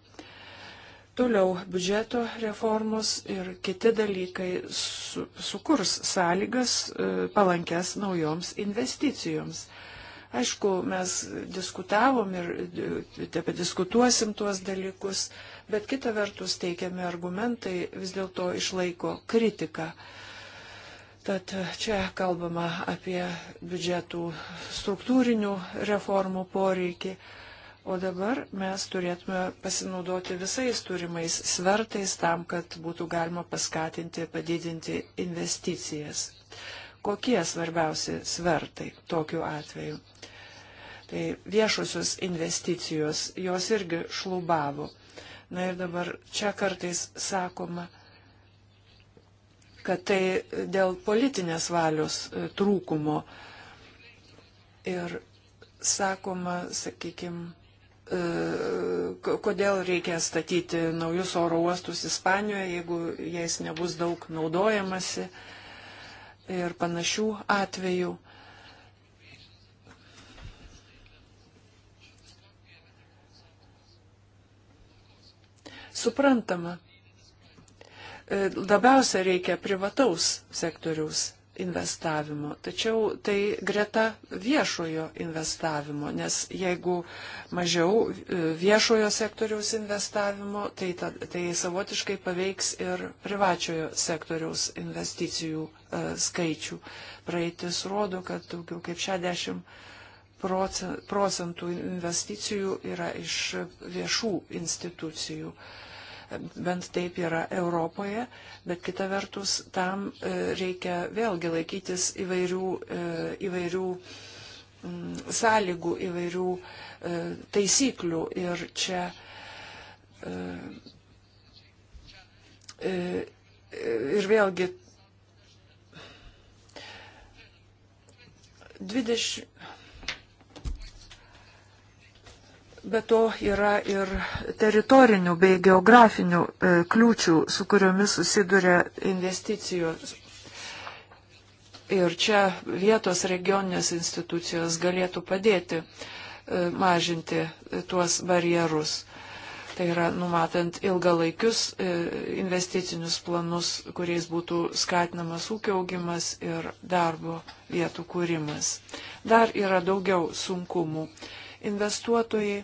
Toliau biudžeto reformos ir kiti dalykai su, sukurs sąlygas e, palankes naujoms investicijoms. Aišku, mes diskutavom ir apie diskutuosim tuos dalykus, bet kita vertus teikiami argumentai vis dėlto išlaiko kritiką. Uh, Tad čia kalbama apie biudžetų struktūrinių reformų poreikį. O dabar mes turėtume pasinaudoti visais turimais svertais tam, kad būtų galima paskatinti, padidinti investicijas. Kokie svarbiausi svertai tokiu atveju? Tai viešusios investicijos, jos irgi šlubavo. Na ir dabar čia kartais sakoma, kad tai dėl politinės valios e, trūkumo. Ir sakoma, sakykime, kodėl reikia statyti naujus oro uostus Ispanijoje, jeigu jais nebus daug naudojamasi ir panašių atvejų. Suprantama, E, labiausia reikia privataus sektoriaus investavimo. Tačiau tai greta viešojo investavimo, nes jeigu mažiau e, viešojo sektoriaus investavimo, tai, ta, tai savotiškai paveiks ir privačiojo sektoriaus investicijų e, skaičių. Praeitis rodo, kad daugiau kaip 60 procentų investicijų yra iš viešų institucijų. E, bent taip yra Europoje, bet kita vertus tam e, reikia vėlgi laikytis įvairių, e, įvairių mm, sąlygų, įvairių e, taisyklių ir čia ir vėlgi 20 Be to yra ir teritorinių bei geografinių e, kliūčių, su kuriomis susiduria investicijos. Ir čia vietos regioninės institucijos galėtų padėti e, mažinti tuos barjerus. Tai yra numatant ilgalaikius e, investicinius planus, kuriais būtų skatinamas ūkio augimas ir darbo vietų kūrimas. Dar yra daugiau sunkumų investuotojai e,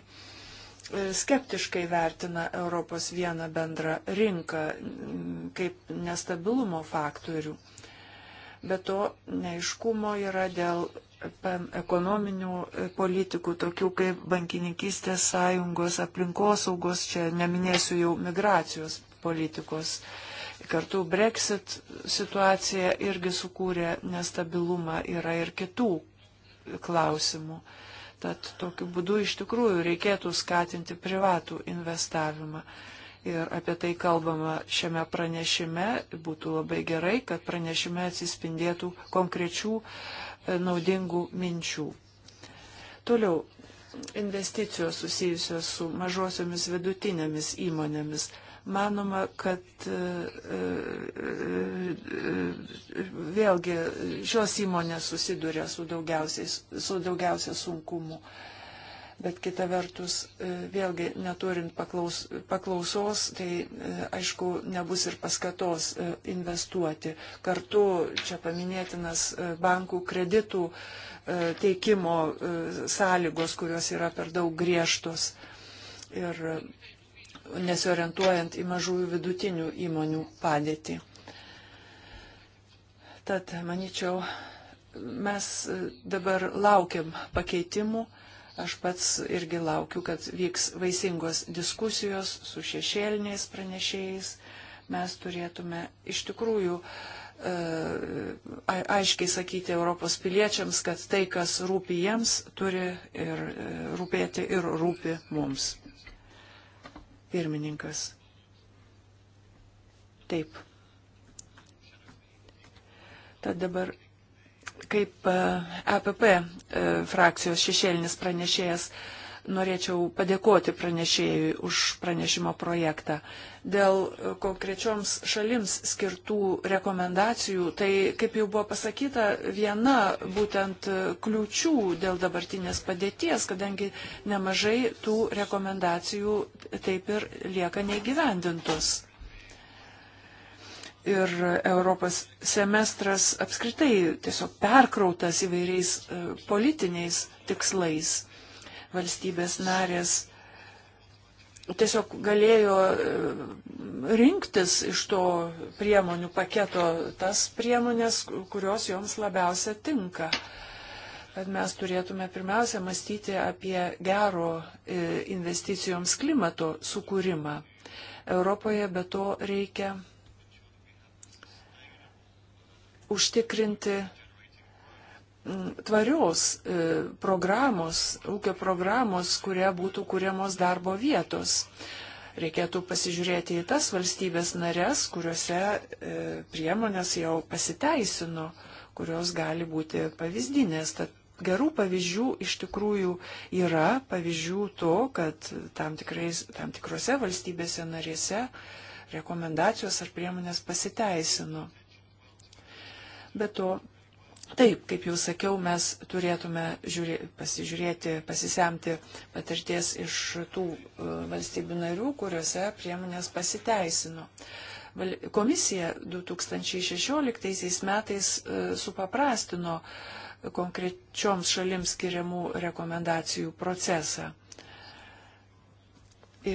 skeptiškai vertina Europos vieną bendrą rinką kaip nestabilumo faktorių. Be to, neiškumo yra dėl ekonominių e, politikų, tokių kaip bankininkystės sąjungos, aplinkosaugos, čia neminėsiu jau migracijos politikos. Kartu Brexit situacija irgi sukūrė nestabilumą, yra ir kitų klausimų. Uh, Tad tokiu būdu iš tikrųjų reikėtų skatinti privatų investavimą. Ir apie tai kalbama šiame pranešime. Būtų labai gerai, kad pranešime atsispindėtų konkrečių e, naudingų minčių. Toliau investicijos susijusios su mažosiomis vidutinėmis įmonėmis manoma, kad e, e, e, vėlgi šios įmonės susiduria su, su daugiausia sunkumu. Bet kita vertus, vėlgi neturint paklaus, paklausos, tai aišku, nebus ir paskatos investuoti. Kartu čia paminėtinas bankų kreditų teikimo sąlygos, kurios yra per daug griežtos. Ir nesiorientuojant į mažųjų vidutinių įmonių padėtį. Tad, manyčiau, mes dabar laukiam pakeitimų. Aš pats irgi laukiu, kad vyks vaisingos diskusijos su šešėliniais pranešėjais. Mes turėtume iš tikrųjų e, aiškiai sakyti Europos piliečiams, kad tai, kas rūpi jiems, turi ir e, rūpėti ir rūpi mums. Pirmininkas. Taip. Tad dabar, kaip EPP e e, frakcijos šešėlinis pranešėjas, uh, norėčiau padėkoti pranešėjui už pranešimo projektą. Dėl e, konkrečioms šalims skirtų rekomendacijų, tai kaip jau buvo pasakyta, viena būtent e, kliučių dėl dabartinės padėties, kadangi nemažai tų rekomendacijų taip ir lieka neįgyvendintos. Ir Europos semestras apskritai tiesiog perkrautas įvairiais e, politiniais tikslais valstybės narės tiesiog galėjo e, rinktis iš to priemonių paketo tas priemonės, kurios joms labiausia tinka. Kad mes turėtume pirmiausia mąstyti apie gero e, investicijoms klimato sukūrimą. Europoje be to reikia užtikrinti tvarios e, programos, ūkio programos, kurie būtų kūriamos darbo vietos. Reikėtų pasižiūrėti į tas valstybės narės, kuriuose e, priemonės jau pasiteisino, kurios gali būti pavyzdinės. Tad gerų pavyzdžių iš tikrųjų yra, pavyzdžių to, kad tam, tikrais, tam tikrose valstybėse narėse rekomendacijos ar priemonės pasiteisino. Be to, Taip, kaip jau sakiau, mes turėtume žiūrė, pasižiūrėti, pasisemti patirties iš tų e, valstybių narių, kuriuose priemonės pasiteisino. Komisija 2016 metais e, supaprastino konkrečioms šalims skiriamų rekomendacijų procesą.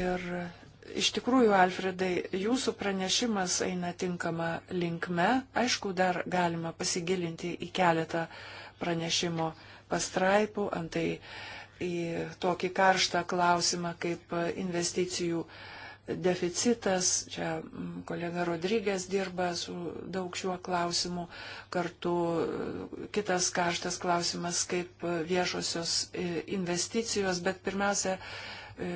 Ir Iš tikrųjų, Alfredai, jūsų pranešimas eina tinkama linkme. Aišku, dar galima pasigilinti į keletą pranešimo pastraipų, antai į tokį karštą klausimą kaip investicijų deficitas. Čia mm, kolega Rodrygės dirba su daug šiuo klausimu. Kartu mm, kitas karštas klausimas kaip viešosios investicijos, bet pirmiausia, e,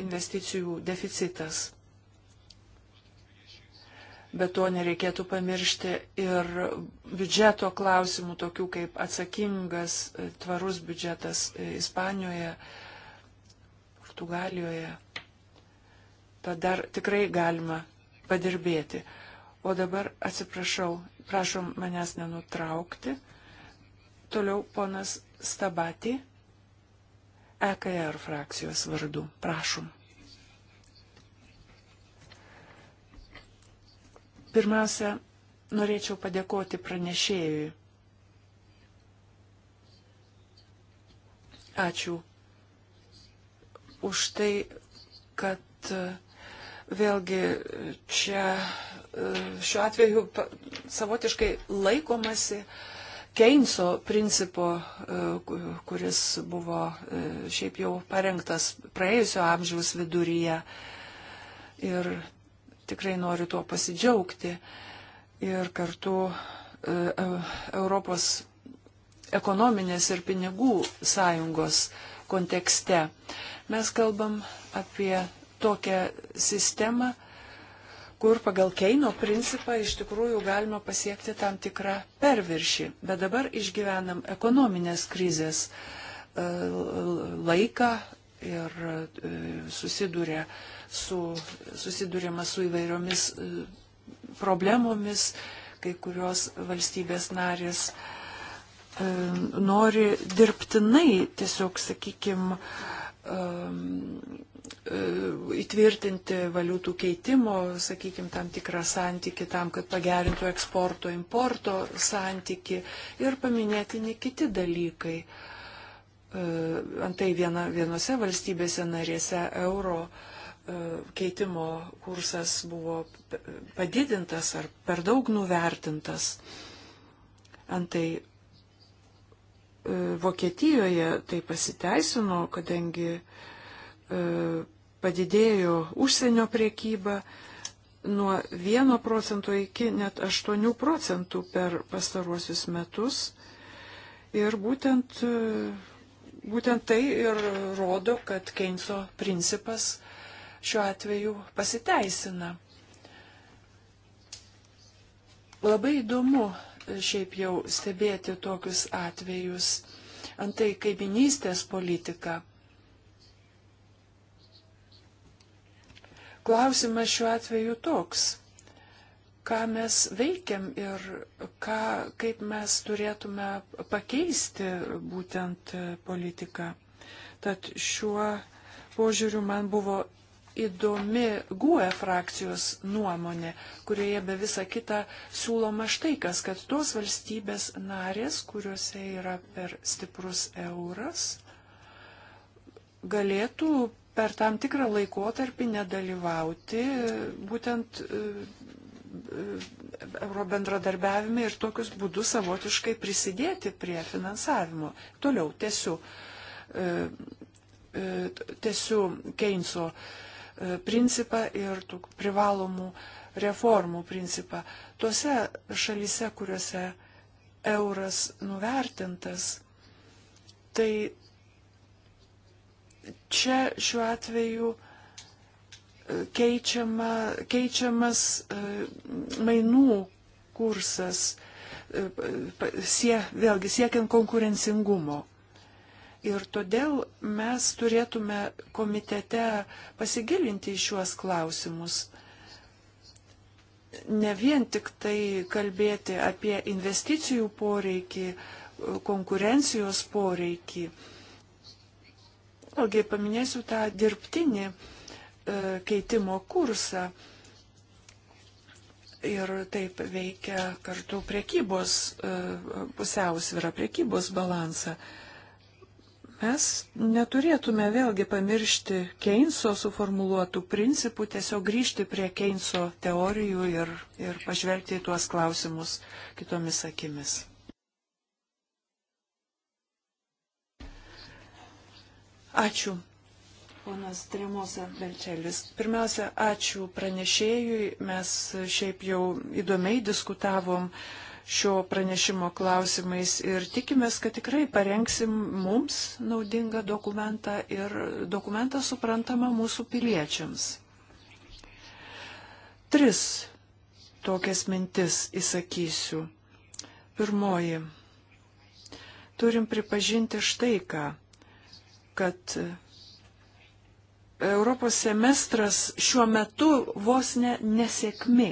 investicijų deficitas. Bet to nereikėtų pamiršti ir biudžeto klausimų, tokių kaip atsakingas, e, tvarus biudžetas e, Ispanijoje, Portugalijoje. Tad dar tikrai galima padirbėti. O dabar atsiprašau, prašom manęs nenutraukti. Toliau ponas Stabati. EKR er frakcijos vardu. Prašom. Pirmiausia, norėčiau padėkoti pranešėjui. Ačiū už tai, kad e, vėlgi čia e, šiuo atveju savotiškai laikomasi uh, Keinso principo, e, kuris buvo e, šiaip jau parengtas praėjusio amžiaus viduryje. Ir tikrai noriu tuo pasidžiaugti. Ir kartu e, Europos ekonominės ir pinigų sąjungos kontekste. Mes kalbam apie tokią sistemą, kur pagal Keino principą iš tikrųjų galima pasiekti tam tikrą perviršį. Bet dabar išgyvenam ekonominės krizės e, laiką ir e, susidūrė su, susidūrėma su įvairiomis e, problemomis, kai kurios valstybės narės nori dirbtinai tiesiog, sakykime, E, įtvirtinti valiutų keitimo, sakykime, tam tikrą santyki tam, kad pagerintų eksporto, importo santyki ir paminėtini kiti dalykai. E, antai viena, vienose valstybėse narėse euro e, keitimo kursas buvo padidintas ar per daug nuvertintas. Antai Vokietijoje tai pasiteisino, kadangi uh, E, padidėjo užsienio priekyba nuo 1 procento iki net 8 procentų per pastaruosius metus. Ir būtent, e, būtent tai ir rodo, kad Keinso principas šiuo atveju pasiteisina. Labai įdomu šiaip jau stebėti tokius atvejus. Antai kaiminystės politika Klausimas šiuo atveju toks, ką mes veikiam ir ką, kaip mes turėtume pakeisti būtent politiką. Tad šiuo požiūriu man buvo įdomi GUE frakcijos nuomonė, kurioje be visa kita siūloma štai kas, kad tos valstybės narės, kuriuose yra per stiprus euras, galėtų per tam tikrą laikotarpį nedalyvauti e, būtent e, e, euro bendradarbiavime ir tokius būdus savotiškai prisidėti prie finansavimo. Toliau tesiu, tesiu Keinso principą ir tų privalomų reformų principą. Tuose šalise, kuriuose euras nuvertintas, tai čia šiuo atveju e, keičiama, keičiamas e, mainų kursas, e, sie, vėlgi siekiant konkurencingumo. Ir todėl mes turėtume komitete pasigilinti į šiuos klausimus. Ne vien tik tai kalbėti apie investicijų poreikį, konkurencijos poreikį, Vėlgi paminėsiu tą dirbtinį e, keitimo kursą. Ir taip veikia kartu priekybos e, pusiausvyrą, priekybos balansą. Mes neturėtume vėlgi pamiršti Keinso suformuluotų principų, tiesiog grįžti prie Keinso teorijų ir, ir pažvelgti į tuos klausimus kitomis akimis. Ačiū, ponas Tremosa Belčelis. Pirmiausia, ačiū pranešėjui. Mes šiaip jau įdomiai diskutavom šio pranešimo klausimais ir tikimės, kad tikrai parengsim mums naudingą dokumentą ir dokumentą suprantamą mūsų piliečiams. Tris tokias mintis įsakysiu. Pirmoji. Turim pripažinti štai ką kad Europos semestras šiuo metu vos ne nesėkmė.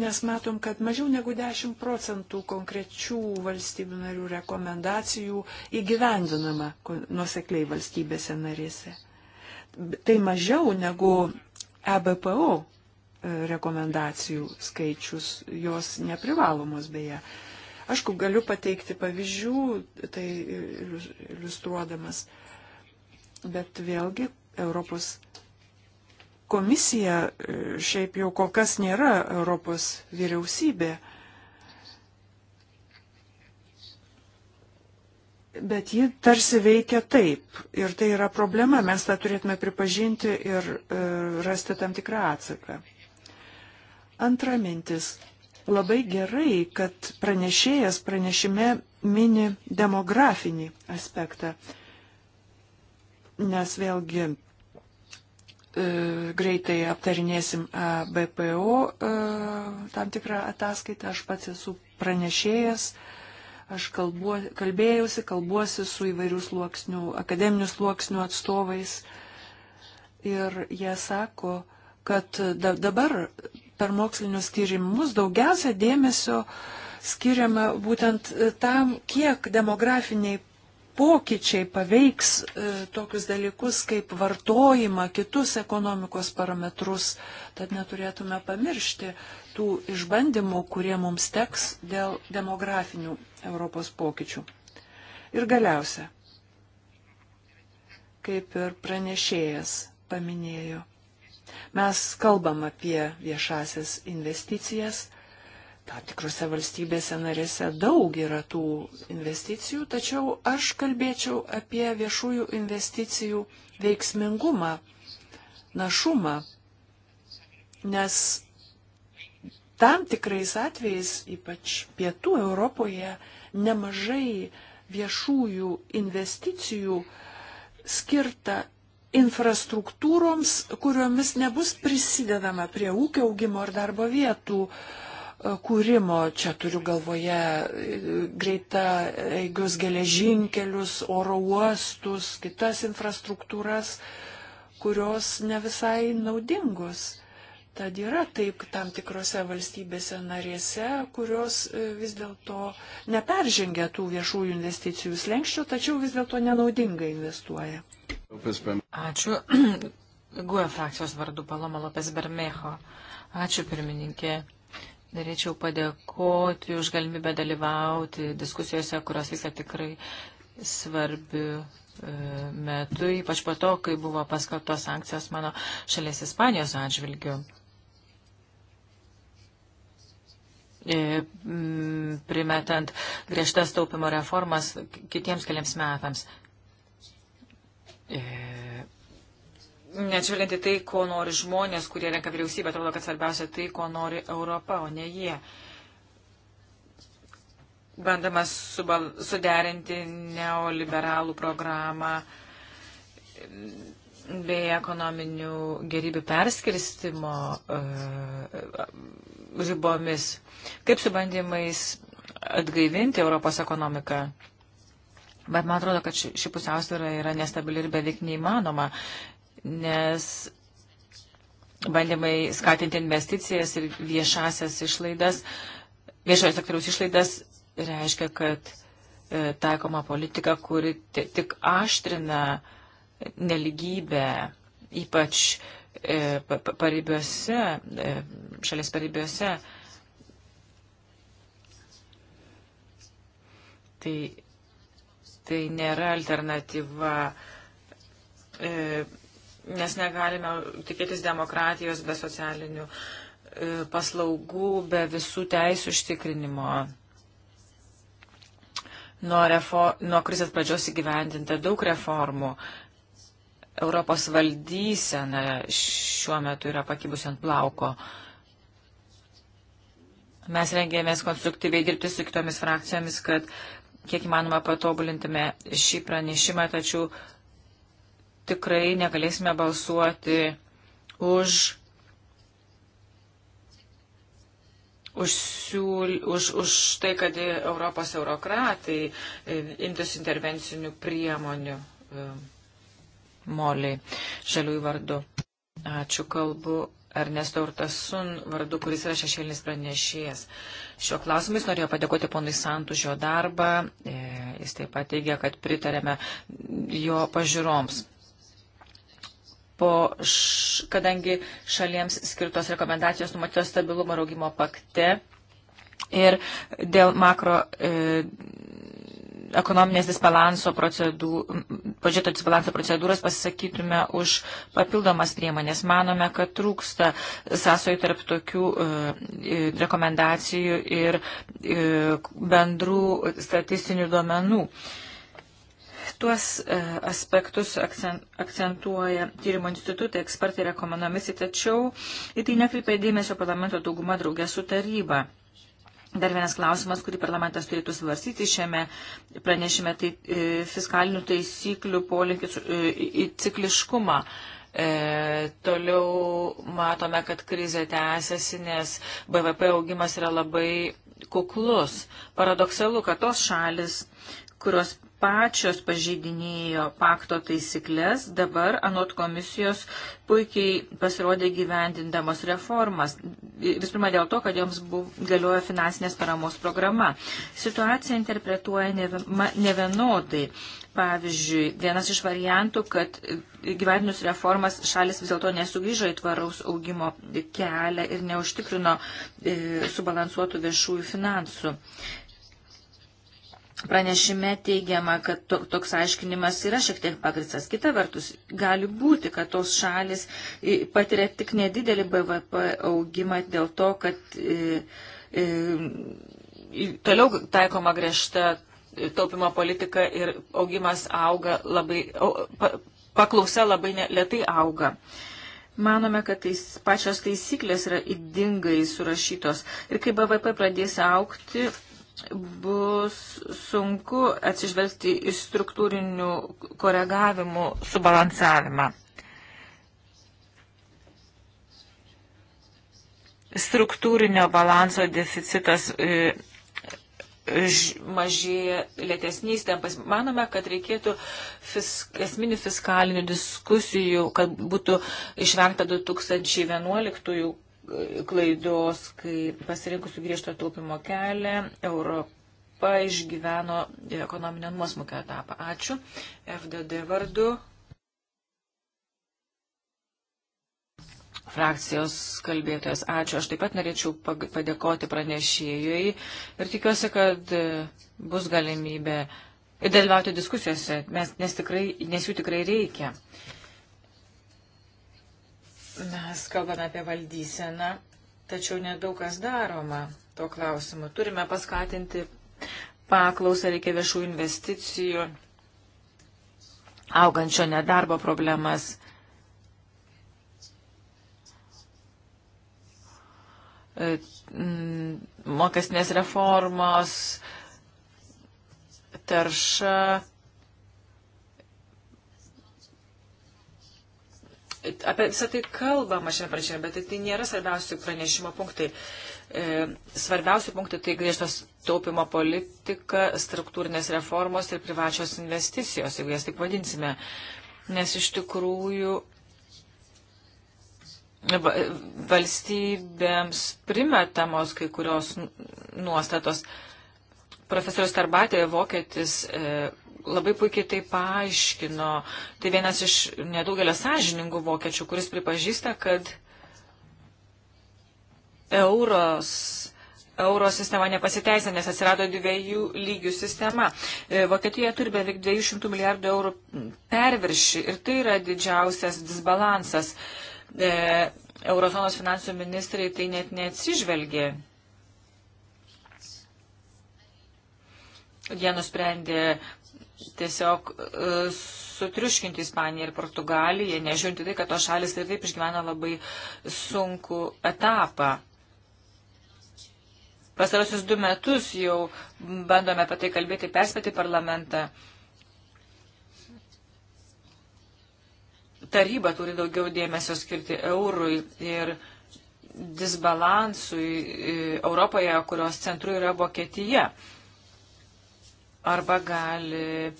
Nes matom, kad mažiau negu 10 procentų konkrečių valstybių narių rekomendacijų įgyvendinama nuosekliai valstybėse narėse. Tai mažiau negu EBPO e, rekomendacijų skaičius, jos neprivalomos beje. Aišku, galiu pateikti pavyzdžių, tai iliustruodamas. Uh, Bet vėlgi Europos komisija e, šiaip jau kol kas nėra Europos vyriausybė. Bet ji tarsi veikia taip ir tai yra problema, mes tą turėtume pripažinti ir e, rasti tam tikrą atsaką. Antra mintis. Labai gerai, kad pranešėjas pranešime mini demografinį aspektą. E, nes vėlgi e, greitai aptarinėsim BPO e, tam tikrą ataskaitą. Aš pats esu pranešėjas, aš kalbu, kalbėjausi, kalbuosi su įvairių sluoksnių, akademinių sluoksnių atstovais. Ir jie sako, kad dabar per mokslinius tyrimus daugiausia dėmesio skiriama būtent tam, kiek demografiniai pokyčiai paveiks e, tokius dalykus kaip vartojimą, kitus ekonomikos parametrus. Tad neturėtume pamiršti tų išbandymų, kurie mums teks dėl demografinių Europos pokyčių. Ir galiausia, kaip ir pranešėjas paminėjo, mes kalbam apie viešasias investicijas Tam tikrose valstybėse narėse daug yra tų investicijų, tačiau aš kalbėčiau apie viešųjų investicijų veiksmingumą, našumą, nes tam tikrais atvejais, ypač pietų Europoje, nemažai viešųjų investicijų skirta infrastruktūroms, kuriomis nebus prisidedama prie ūkio augimo ir darbo vietų uh, kūrimo. Čia turiu galvoje e, greitą eigius geležinkelius, oro uostus, kitas infrastruktūras, kurios ne visai naudingos. Tad yra taip tam tikrose valstybėse narėse, kurios e, vis dėlto neperžengia tų viešųjų investicijų slengščio, tačiau vis dėlto nenaudingai investuoja. Ačiū. [clears throat] Guoja e frakcijos vardu Paloma Lopes Bermejo. Ačiū pirmininkė. Norėčiau padėkoti už galimybę dalyvauti diskusijose, kurios vyksta tikrai svarbių e, metų, ypač po to, kai buvo paskaltos sankcijos mano šalies Ispanijos atžvilgiu. E, primetant griežtas taupimo reformas kitiems keliams metams. E, nečiūrint į tai, ko nori žmonės, kurie renka vyriausybę, atrodo, kad svarbiausia tai, ko nori Europa, o ne jie. Bandamas subal, suderinti neoliberalų programą bei ekonominių gerybių perskirstimo uh, ribomis. Kaip su bandymais atgaivinti Europos ekonomiką? Bet man atrodo, kad ši, ši pusiausvyrą yra nestabili ir beveik neįmanoma nes bandymai skatinti investicijas ir viešasias išlaidas, viešojo sektoriaus išlaidas reiškia, kad e, taikoma politika, kuri tik aštrina neligybę, ypač e, paribiuose, e, šalies paribiuose. Tai, tai nėra alternatyva e, nes negalime tikėtis demokratijos be socialinių e, paslaugų, be visų teisų užtikrinimo. Nuo, refo, nuo krizės pradžios įgyvendinta daug reformų. Europos valdysena šiuo metu yra pakibusi ant plauko. Mes rengėmės konstruktyviai dirbti su kitomis frakcijomis, kad kiek įmanoma patobulintume šį pranešimą, tačiau uh, tikrai negalėsime balsuoti už, už, siūl, už, už tai, kad Europos eurokratai e, imtųsi intervencinių priemonių e, moliai žaliųjų vardu. Ačiū kalbu Ernesto Urtasun vardu, kuris yra šešėlinis pranešėjas. Šio klausimais norėjau padėkoti ponui Santu už jo darbą. E, jis taip pat teigia, kad pritarėme jo pažiūroms po, š, kadangi šaliems skirtos rekomendacijos numatytos stabilumo ir augimo pakte ir dėl makro e, ekonominės disbalanso procedūrų, pažiūrėto disbalanso procedūros pasisakytume už papildomas priemonės. Manome, kad trūksta sąsojų tarp tokių e, rekomendacijų ir e, bendrų statistinių duomenų. E, tuos e, aspektus akcentuoja tyrimo institutai, ekspertai ir ekonomistai, tačiau į tai nekreipia dėmesio parlamento dauguma draugė su taryba. Dar vienas klausimas, kurį parlamentas turėtų svarstyti šiame pranešime, tai e, fiskalinių taisyklių polinkis e, į cikliškumą. E, toliau matome, kad krizė tęsiasi, nes BVP augimas yra labai kuklus. Paradoksalu, kad tos šalis, kurios pačios pažeidinėjo pakto taisyklės, dabar anot komisijos puikiai pasirodė gyvendindamos reformas. Vis pirma dėl to, kad joms buvo, galiojo finansinės paramos programa. Situaciją interpretuoja nevienodai. Pavyzdžiui, vienas iš variantų, kad gyvendinus reformas šalis vis dėlto nesugrįžo į tvaraus augimo kelią ir neužtikrino e, subalansuotų viešųjų finansų. Pranešime teigiama, kad to, toks aiškinimas yra šiek tiek pagristas. Kita vertus, gali būti, kad tos šalis patiria tik nedidelį BVP augimą dėl to, kad e, e, toliau taikoma griežta taupimo politika ir augimas auga labai, au, pa, paklausa labai ne, lietai auga. Manome, kad tais, pačios taisyklės yra įdingai surašytos ir kai BVP pradės aukti, bus sunku atsižvelgti į struktūrinių koregavimų subalansavimą. Struktūrinio balanso deficitas e, e, mažėja lėtesniais tempais. Manome, kad reikėtų fisk, esminių fiskalinių diskusijų, kad būtų išvengta 2011 klaidos, kai pasirinkusių griežto taupimo kelią Europa išgyveno ekonominio nuosmukio etapą. Ačiū. FDD vardu. Frakcijos kalbėtojas, ačiū. Aš taip pat norėčiau padėkoti pranešėjui ir tikiuosi, kad e, bus galimybė dalyvauti diskusijose, mes, nes, tikrai, nes jų tikrai reikia. Uh, Mes kalbame apie valdyseną, tačiau nedaug kas daroma tuo klausimu. Turime paskatinti paklausą, reikia viešų investicijų, augančio nedarbo problemas. E, mokesnės reformos, tarša, apie visą tai kalbama šiame pranešime, bet tai nėra svarbiausi pranešimo punktai. E, svarbiausi punktai tai griežtas taupimo politika, struktūrinės reformos ir privačios investicijos, jeigu jas taip vadinsime. Nes iš tikrųjų valstybėms primetamos kai kurios nuostatos. Profesorius Tarbatė, vokietis, e, labai puikiai tai paaiškino. Tai vienas iš nedaugelio sąžiningų vokiečių, kuris pripažįsta, kad euros euro sistema nepasiteisė, nes atsirado dviejų lygių sistema. E, Vokietija turi beveik 200 milijardų eurų perviršį ir tai yra didžiausias disbalansas. E, Eurozonos finansų ministrai tai net neatsižvelgė. Jie nusprendė tiesiog e, sutriuškinti Ispaniją ir Portugaliją, nežiūrinti tai, kad to šalis ir tai taip išgyvena labai sunku etapą. Pastarosius du metus jau bandome apie tai kalbėti, perspėti parlamentą. Taryba turi daugiau dėmesio skirti eurui ir disbalansui e, Europoje, kurios centru yra Vokietija arba gali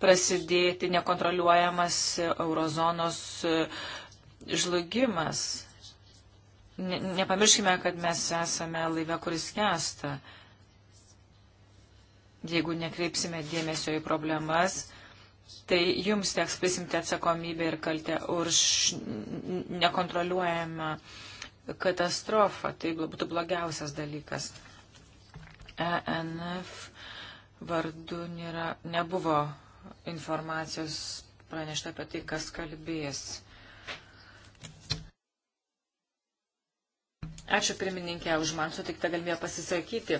prasidėti nekontroliuojamas eurozonos e, žlugimas. Ne, nepamirškime, kad mes esame laive, kuris kesta. Jeigu nekreipsime dėmesio į problemas, tai jums teks prisimti atsakomybę ir kaltę už nekontroliuojamą katastrofą. Tai būtų blogiausias dalykas. ENF vardu nėra, nebuvo informacijos pranešta apie tai, kas kalbės. Ačiū pirmininkė už man sutiktą galimybę pasisakyti.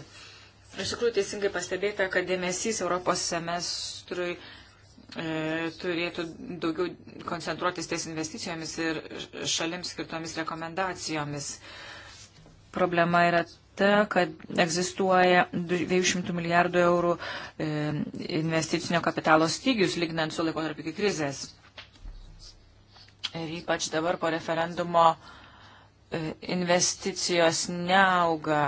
Iš tikrųjų teisingai pastebėta, kad dėmesys Europos semestrui e, turėtų daugiau koncentruotis ties investicijomis ir šalims skirtomis rekomendacijomis. Problema yra ta, kad egzistuoja 200 milijardų eurų e, investicinio kapitalo stygius, lygnant su laikotarpiu iki krizės. Ir ypač dabar po referendumo e, investicijos neauga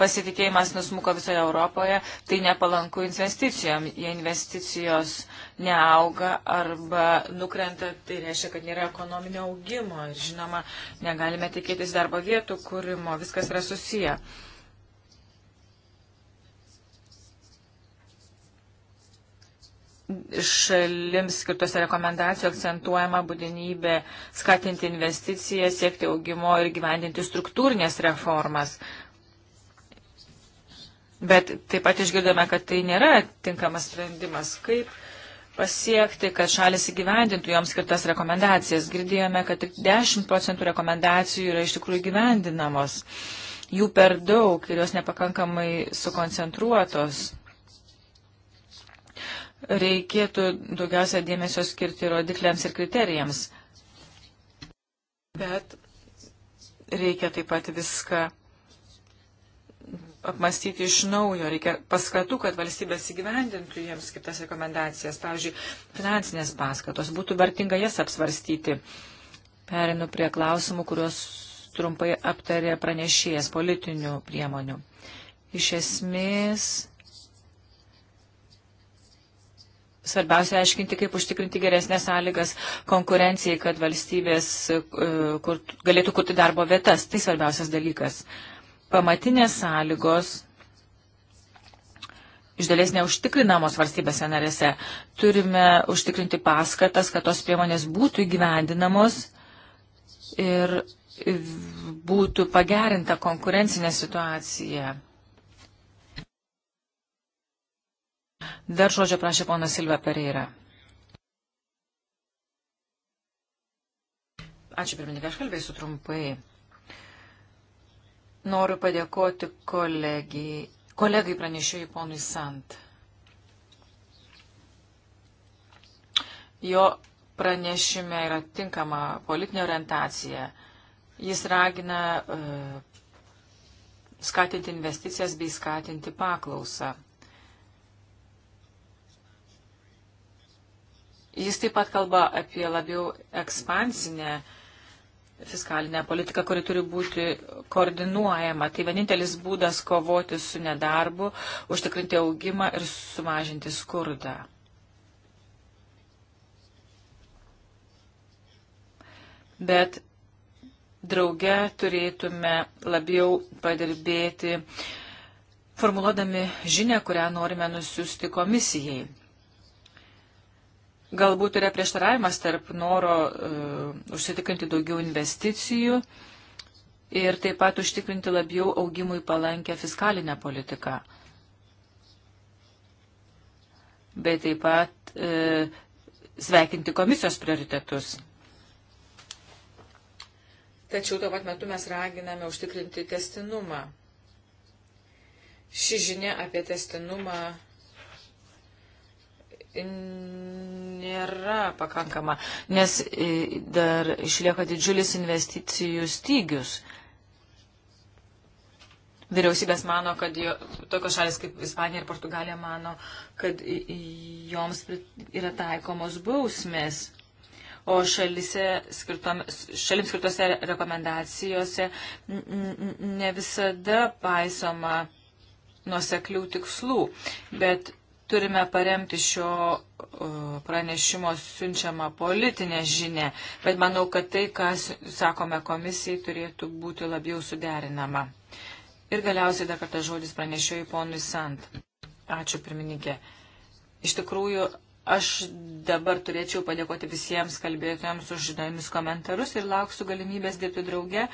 pasitikėjimas nusmuko visoje Europoje, tai nepalanku investicijom. Jei investicijos neauga arba nukrenta, tai reiškia, kad nėra ekonominio augimo. Ir žinoma, negalime tikėtis darbo vietų kūrimo, viskas yra susiję. šalims skirtose rekomendacijų akcentuojama būdinybė skatinti investicijas, siekti augimo ir gyvendinti struktūrinės reformas. Bet taip pat išgirdome, kad tai nėra tinkamas sprendimas. Kaip pasiekti, kad šalis įgyvendintų joms skirtas rekomendacijas? Girdėjome, kad tik 10 procentų rekomendacijų yra iš tikrųjų gyvendinamos. Jų per daug ir jos nepakankamai sukoncentruotos. Reikėtų daugiausia dėmesio skirti rodikliams ir kriterijams. Bet reikia taip pat viską apmastyti iš naujo, reikia paskatų, kad valstybės įgyvendintų jiems kitas rekomendacijas, pavyzdžiui, finansinės paskatos, būtų vertinga jas apsvarstyti. Perinu prie klausimų, kuriuos trumpai aptarė pranešėjas politinių priemonių. Iš esmės, svarbiausia aiškinti, kaip užtikrinti geresnės sąlygas konkurencijai, kad valstybės e, kur, galėtų kurti darbo vietas. Tai svarbiausias dalykas. Uh, pamatinės sąlygos iš dalies neužtikrinamos valstybėse narėse. Turime užtikrinti paskatas, kad tos priemonės būtų įgyvendinamos ir būtų pagerinta konkurencinė situacija. Dar žodžio prašė ponas Silva Pereira. Ačiū pirmininkai, aš kalbėsiu trumpai. Noriu padėkoti kolegijai, kolegai pranešėjai ponui Sant. Jo pranešime yra tinkama politinė orientacija. Jis ragina uh, skatinti investicijas bei skatinti paklausą. Jis taip pat kalba apie labiau ekspansinę uh, fiskalinę politiką, kuri turi būti koordinuojama. Tai vienintelis būdas kovoti su nedarbu, užtikrinti augimą ir sumažinti skurdą. Bet drauge turėtume labiau padirbėti, formuluodami žinę, kurią norime nusiųsti komisijai. Galbūt yra prieštaravimas tarp noro uh, užsitikrinti daugiau investicijų ir taip pat užtikrinti labiau augimui palankę fiskalinę politiką. Bet taip pat uh, sveikinti komisijos prioritetus. Tačiau tuo pat metu mes raginame užtikrinti testinumą. Ši žinia apie testinumą nėra pakankama, nes e, dar išlieka didžiulis investicijų stygius. Vyriausybės mano, kad jo, tokios šalis kaip Ispanija ir Portugalija mano, kad joms yra taikomos bausmės. O šalise skirtom, šalims skirtose rekomendacijose ne visada paisoma nuoseklių tikslų, bet turime paremti šio pranešimo siunčiamą politinę žinę, bet manau, kad tai, ką sakome komisijai, turėtų būti labiau suderinama. Ir galiausiai dar kartą žodis pranešėjai ponui Sant. Ačiū, pirmininkė. Iš tikrųjų, aš dabar turėčiau padėkoti visiems kalbėtojams už žinomis komentarus ir lauksiu galimybės dirbti drauge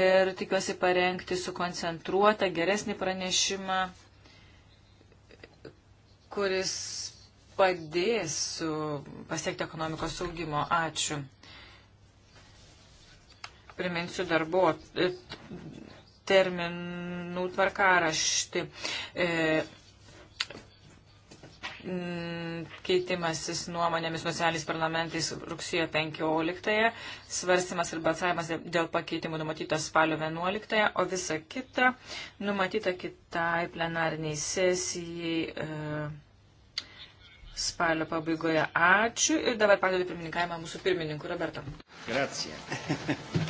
ir tikiuosi parengti sukoncentruotą, geresnį pranešimą kuris padės pasiekti ekonomikos augimo. Ačiū. Priminsiu darbo e, terminų tvarkaraštį. E, Mm, keitimasis nuomonėmis nacionaliais parlamentais rugsėjo 15-ąją, svarstymas ir balsavimas dėl pakeitimų numatytas spalio 11-ąją, o visa kita numatyta kitai plenariniai sesijai e, spalio pabaigoje. Ačiū ir dabar padedu pirmininkavimą mūsų pirmininkui Robertam. Grazie. [laughs]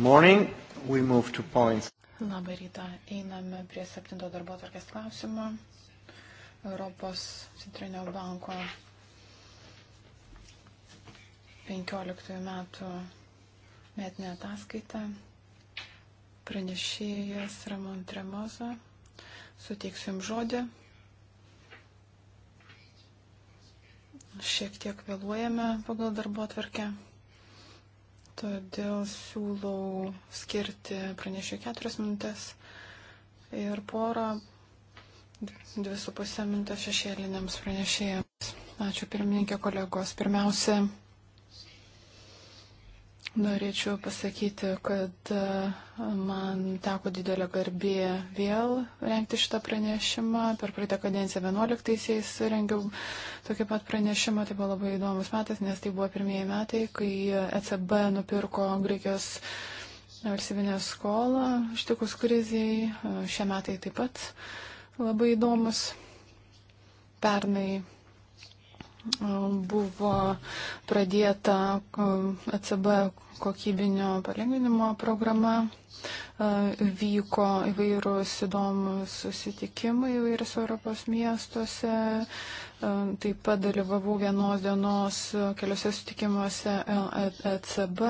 morning. We move to points. Labą rytą. Einame prie septinto darbo tvarkės klausimo. Europos centrinio banko 15 metų metinė ataskaita. Pranešėjas Ramon Tremoza. Suteiksiu jums žodį. Šiek tiek vėluojame pagal darbo tvarkę. Todėl siūlau skirti pranešio keturias minutės ir porą, dvi su pusę minutės šešėliniams pranešėjams. Ačiū pirmininkė kolegos. Pirmiausia, Norėčiau pasakyti, kad e, man teko didelė garbė vėl renkti šitą pranešimą. Per praeitą kadenciją 11-aisiais rengiau tokį pat pranešimą. Tai buvo labai įdomus metas, nes tai buvo pirmieji metai, kai ECB nupirko Graikijos valstybinę skolą ištikus kriziai. E, šie metai taip pat labai įdomus. Pernai buvo pradėta ECB e kokybinio palengvinimo programa, e, vyko įvairūs įdomus susitikimai įvairius Europos miestuose, e, taip pat dalyvavau vienos dienos keliose sutikimuose ECB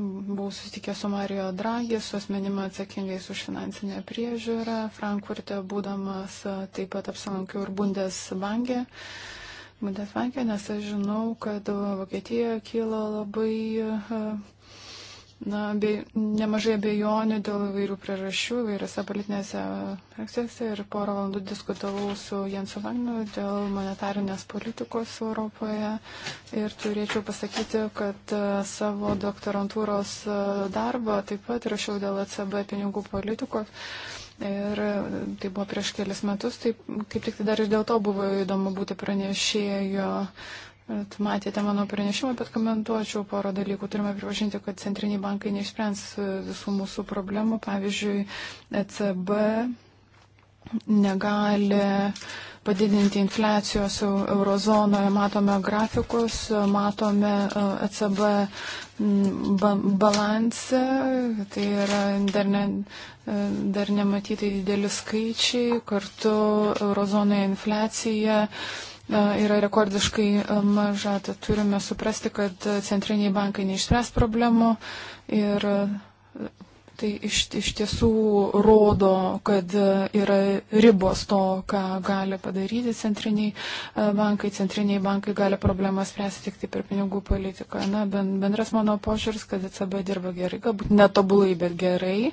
Buvau susitikęs su Mario Draghi, su asmenimi atsakingais už finansinę priežiūrą. Frankfurte būdamas taip pat apsilankiau ir Bundesbanke. Bundesbanke, nes aš žinau, kad Vokietijoje kilo labai na, bei, nemažai abejonių dėl įvairių priežasčių, įvairiose politinėse akcijose ir porą valandų diskutavau su Jensu Vagnu dėl monetarinės politikos Europoje ir turėčiau pasakyti, kad e, savo doktorantūros e, darbą taip pat rašiau dėl ECB pinigų politikos. Ir e, tai buvo prieš kelis metus, tai kaip tik tai dar ir dėl to buvo įdomu būti pranešėjo Matėte mano pranešimą, bet komentuočiau porą dalykų. Turime pripažinti, kad centriniai bankai neišspręs e, visų mūsų problemų. Pavyzdžiui, ECB negali padidinti infliacijos eurozonoje. Matome grafikus, matome ECB e balansą. Tai yra dar, ne, e, dar nematytai dideli skaičiai. Kartu eurozonoje infliacija yra rekordiškai e, maža, tad turime suprasti, kad centriniai bankai neišspręs problemų ir Tai iš, iš tiesų rodo, kad yra ribos to, ką gali padaryti centriniai e, bankai. Centriniai bankai gali problemas spręsti tik tai per pinigų politiką. Na, ben, bendras mano požiūris, kad ECB dirba gerai, galbūt netobulai, bet gerai.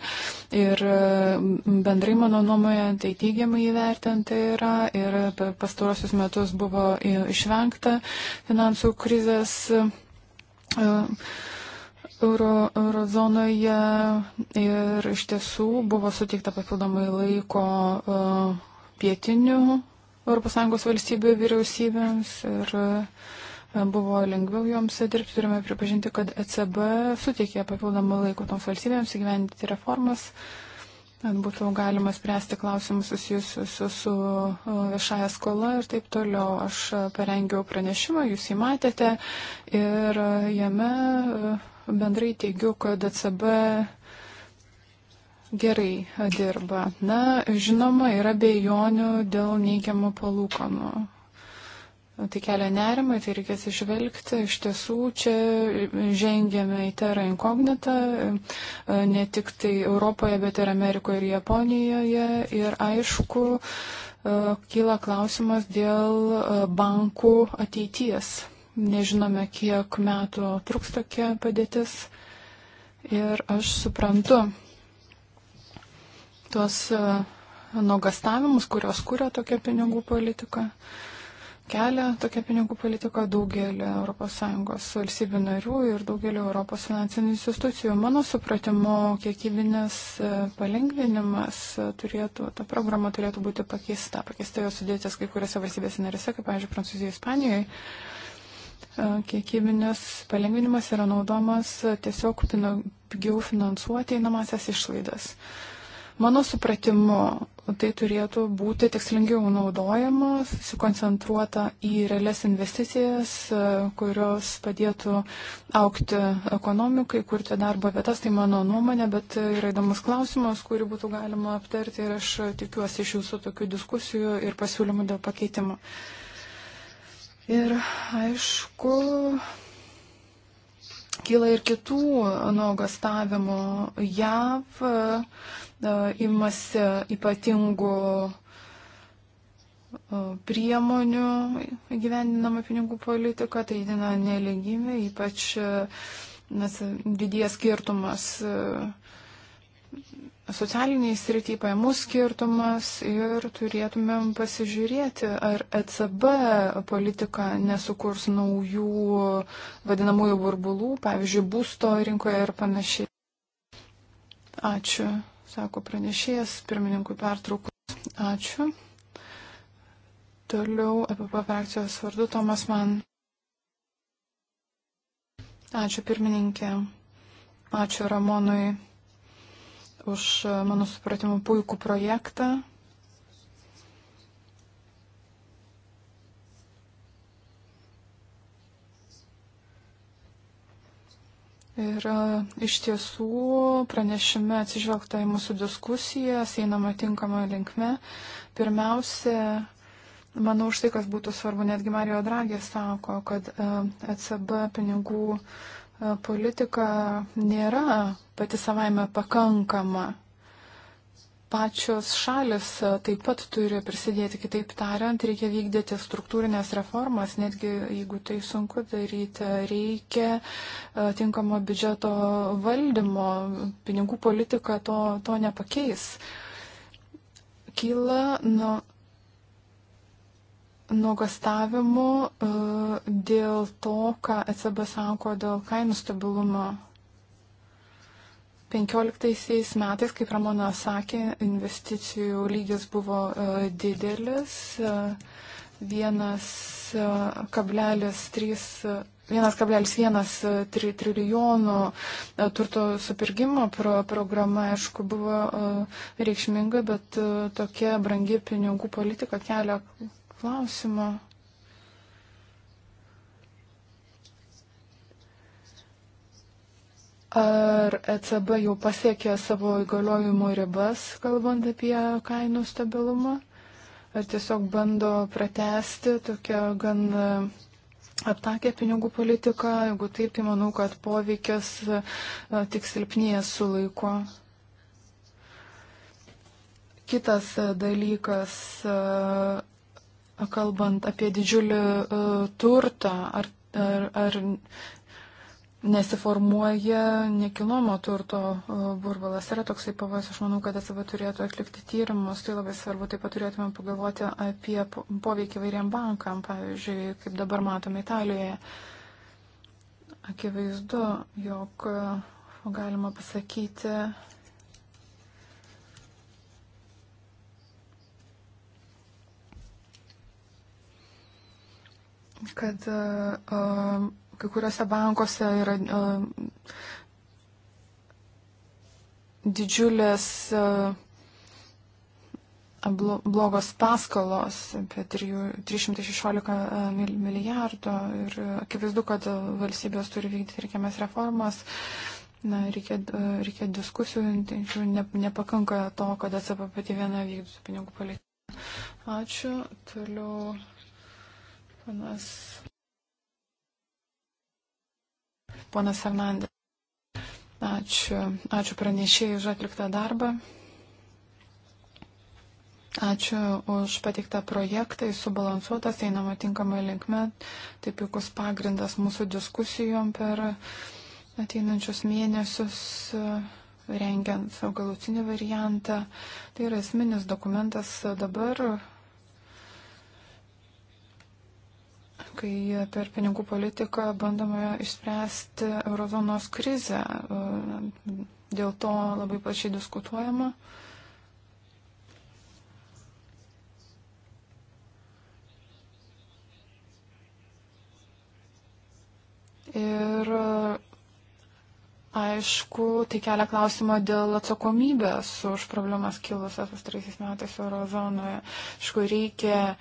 Ir e, bendrai mano nuomoje tai teigiamai įvertinta yra. Ir per pastarosius metus buvo išvengta finansų krizės. Uh, euro, eurozonoje ir iš tiesų buvo suteikta papildomai laiko e, pietinių ES valstybių vyriausybėms ir e, buvo lengviau joms dirbti. Turime pripažinti, kad ECB suteikė papildomą laiko toms valstybėms įgyvendinti reformas. Būtų galima spręsti klausimus susijusius su, su e, viešaja skola ir taip toliau. Aš parengiau pranešimą, jūs jį matėte ir jame bendrai teigiu, kad ECB gerai dirba. Na, žinoma, yra bejonių dėl neigiamų palūkanų. Tai kelia nerimą, tai reikės išvelgti. Iš tiesų, čia žengėme į terą inkognitą, ne tik tai Europoje, bet ir Amerikoje ir Japonijoje. Ir aišku, e, kyla klausimas dėl e, bankų ateities nežinome, kiek metų truks tokia padėtis. Ir aš suprantu tuos e, nuogastavimus, kurios kūrė tokia pinigų politika, kelia tokia pinigų politika daugelį ES valstybių narių ir daugelį ES finansinių institucijų. Mano supratimu, kiekybinis e, palengvinimas turėtų, ta programa turėtų būti pakeista, pakeista jos sudėtis kai kuriuose valstybėse narėse, kaip, pavyzdžiui, Prancūzijoje, Ispanijoje kiekybinis palengvinimas yra naudomas tiesiog pigiau finansuoti einamasias išlaidas. Mano supratimu, tai turėtų būti tikslingiau naudojama, susikoncentruota į realias investicijas, kurios padėtų aukti ekonomikai, kurti darbo vietas, tai mano nuomonė, bet yra įdomus klausimas, kurį būtų galima aptarti ir aš tikiuosi iš jūsų tokių diskusijų ir pasiūlymų dėl pakeitimo. Ir aišku, kyla ir kitų nuogastavimų. JAV e, e, imasi ypatingų e, priemonių gyvendinama pinigų politika, tai didina neligybę, ypač nes didės skirtumas uh, socialiniai srity pajamų skirtumas ir turėtumėm pasižiūrėti, ar ECB politika nesukurs naujų vadinamųjų burbulų, pavyzdžiui, būsto rinkoje ir panašiai. Ačiū, sako pranešėjas, pirmininkui pertraukus. Ačiū. Toliau apie frakcijos vardu Tomas Man. Ačiū pirmininkė. Ačiū Ramonui už, e, mano supratimu, puikų projektą. Ir e, iš tiesų pranešime atsižvelgta į mūsų diskusijas, einama tinkama linkme. Pirmiausia, manau, už tai, kas būtų svarbu, netgi Mario Dragė sako, kad e, ECB pinigų politika nėra pati savaime pakankama. Pačios šalis taip pat turi prisidėti, kitaip tariant, reikia vykdyti struktūrinės reformas, netgi jeigu tai sunku daryti, reikia tinkamo biudžeto valdymo, pinigų politika to, to nepakeis. Kyla nuo nuogastavimų e, dėl to, ką ECB sako dėl kainų stabilumo. 15 metais, kaip Ramona sakė, investicijų lygis buvo e, didelis, 1,1 e, trilijonų turto supirgimo pro programa, aišku, buvo reikšminga, bet tokia brangi pinigų politika kelia klausimo. Ar ECB jau pasiekė savo įgaliojimų ribas, kalbant apie kainų stabilumą? Ar tiesiog bando pratesti tokią gan aptakę pinigų politiką? Jeigu taip, tai manau, kad poveikis tik silpnėja su laiku. Kitas dalykas kalbant apie didžiulį uh, turtą, ar, ar, ar nesiformuoja nekilnojamo turto uh, burbulas. Yra toksai pavojus, aš manau, kad ECB turėtų atlikti tyrimus, tai labai svarbu, taip pat turėtume pagalvoti apie poveikį vairiam bankam, pavyzdžiui, kaip dabar matome Italijoje. Akivaizdu, jog e, galima pasakyti, kad uh, kai kuriuose bankuose yra uh, didžiulės uh, blogos paskolos apie 316 milijardo ir akivaizdu, kad valstybės turi vykdyti reikiamas reformas. Na, reikia, reikia diskusijų, tačiau ne, nepakanka to, kad atsapa pati viena vykdytų pinigų politiką. Ačiū. Toliau Panas. Ponas Fernandė. Ačiū, ačiū pranešėjai už atliktą darbą. Ačiū už pateiktą projektą, jis subalansuotas, einama tinkamai linkme, tai puikus pagrindas mūsų diskusijom per ateinančius mėnesius rengiant savo galutinį variantą. Tai yra esminis dokumentas dabar kai per pinigų politiką bandoma išspręsti eurozonos krizę. E, dėl to labai plačiai diskutuojama. Ir Aišku, tai kelia klausimą dėl atsakomybės už problemas kilusias pastaraisiais metais eurozonoje. Aišku, reikia e,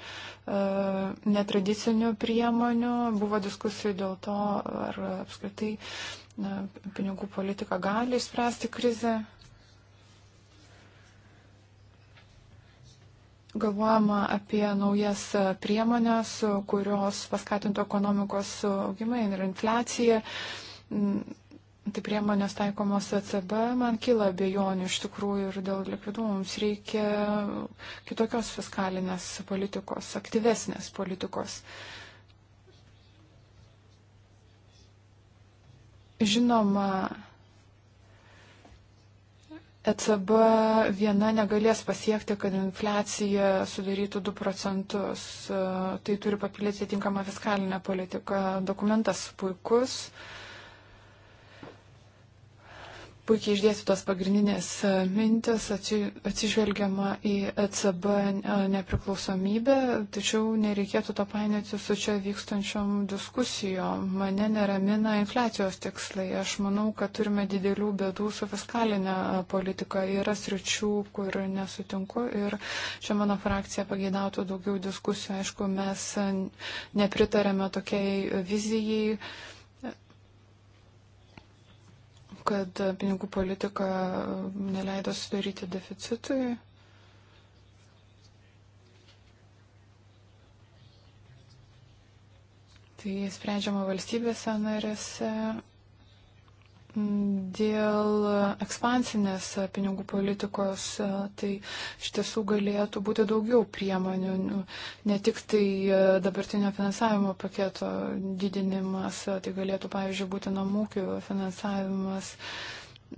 netradicinių priemonių, buvo diskusijų dėl to, ar apskritai na, pinigų politika gali išspręsti krizę. galvojama apie naujas priemonės, kurios paskatintų ekonomikos augimą ir infliaciją. Mm, tai priemonės taikomos ECB, man kyla bejonių iš tikrųjų ir dėl likvidumo mums reikia kitokios fiskalinės politikos, aktyvesnės politikos. Žinoma, ECB viena negalės pasiekti, kad infliacija sudarytų 2 procentus. Tai turi papildyti tinkamą fiskalinę politiką. Dokumentas puikus. Uh, puikiai išdėstytos pagrindinės e, mintis, atsižvelgiama į ECB e, nepriklausomybę, tačiau nereikėtų to painėti su čia vykstančiom diskusijom. Mane neramina infliacijos tikslai. Aš manau, kad turime didelių bėdų su fiskalinė e, politika. Yra sričių, kur nesutinku ir čia mano frakcija pageidautų daugiau diskusijų. Aišku, mes nepritarėme tokiai vizijai kad pinigų politika neleido sudaryti deficitui. Tai sprendžiama valstybėse narėse Dėl ekspansinės pinigų politikos, e, tai iš tiesų galėtų būti daugiau priemonių, nu, ne tik tai e, dabartinio finansavimo paketo didinimas, e, tai galėtų, pavyzdžiui, būti namūkių finansavimas,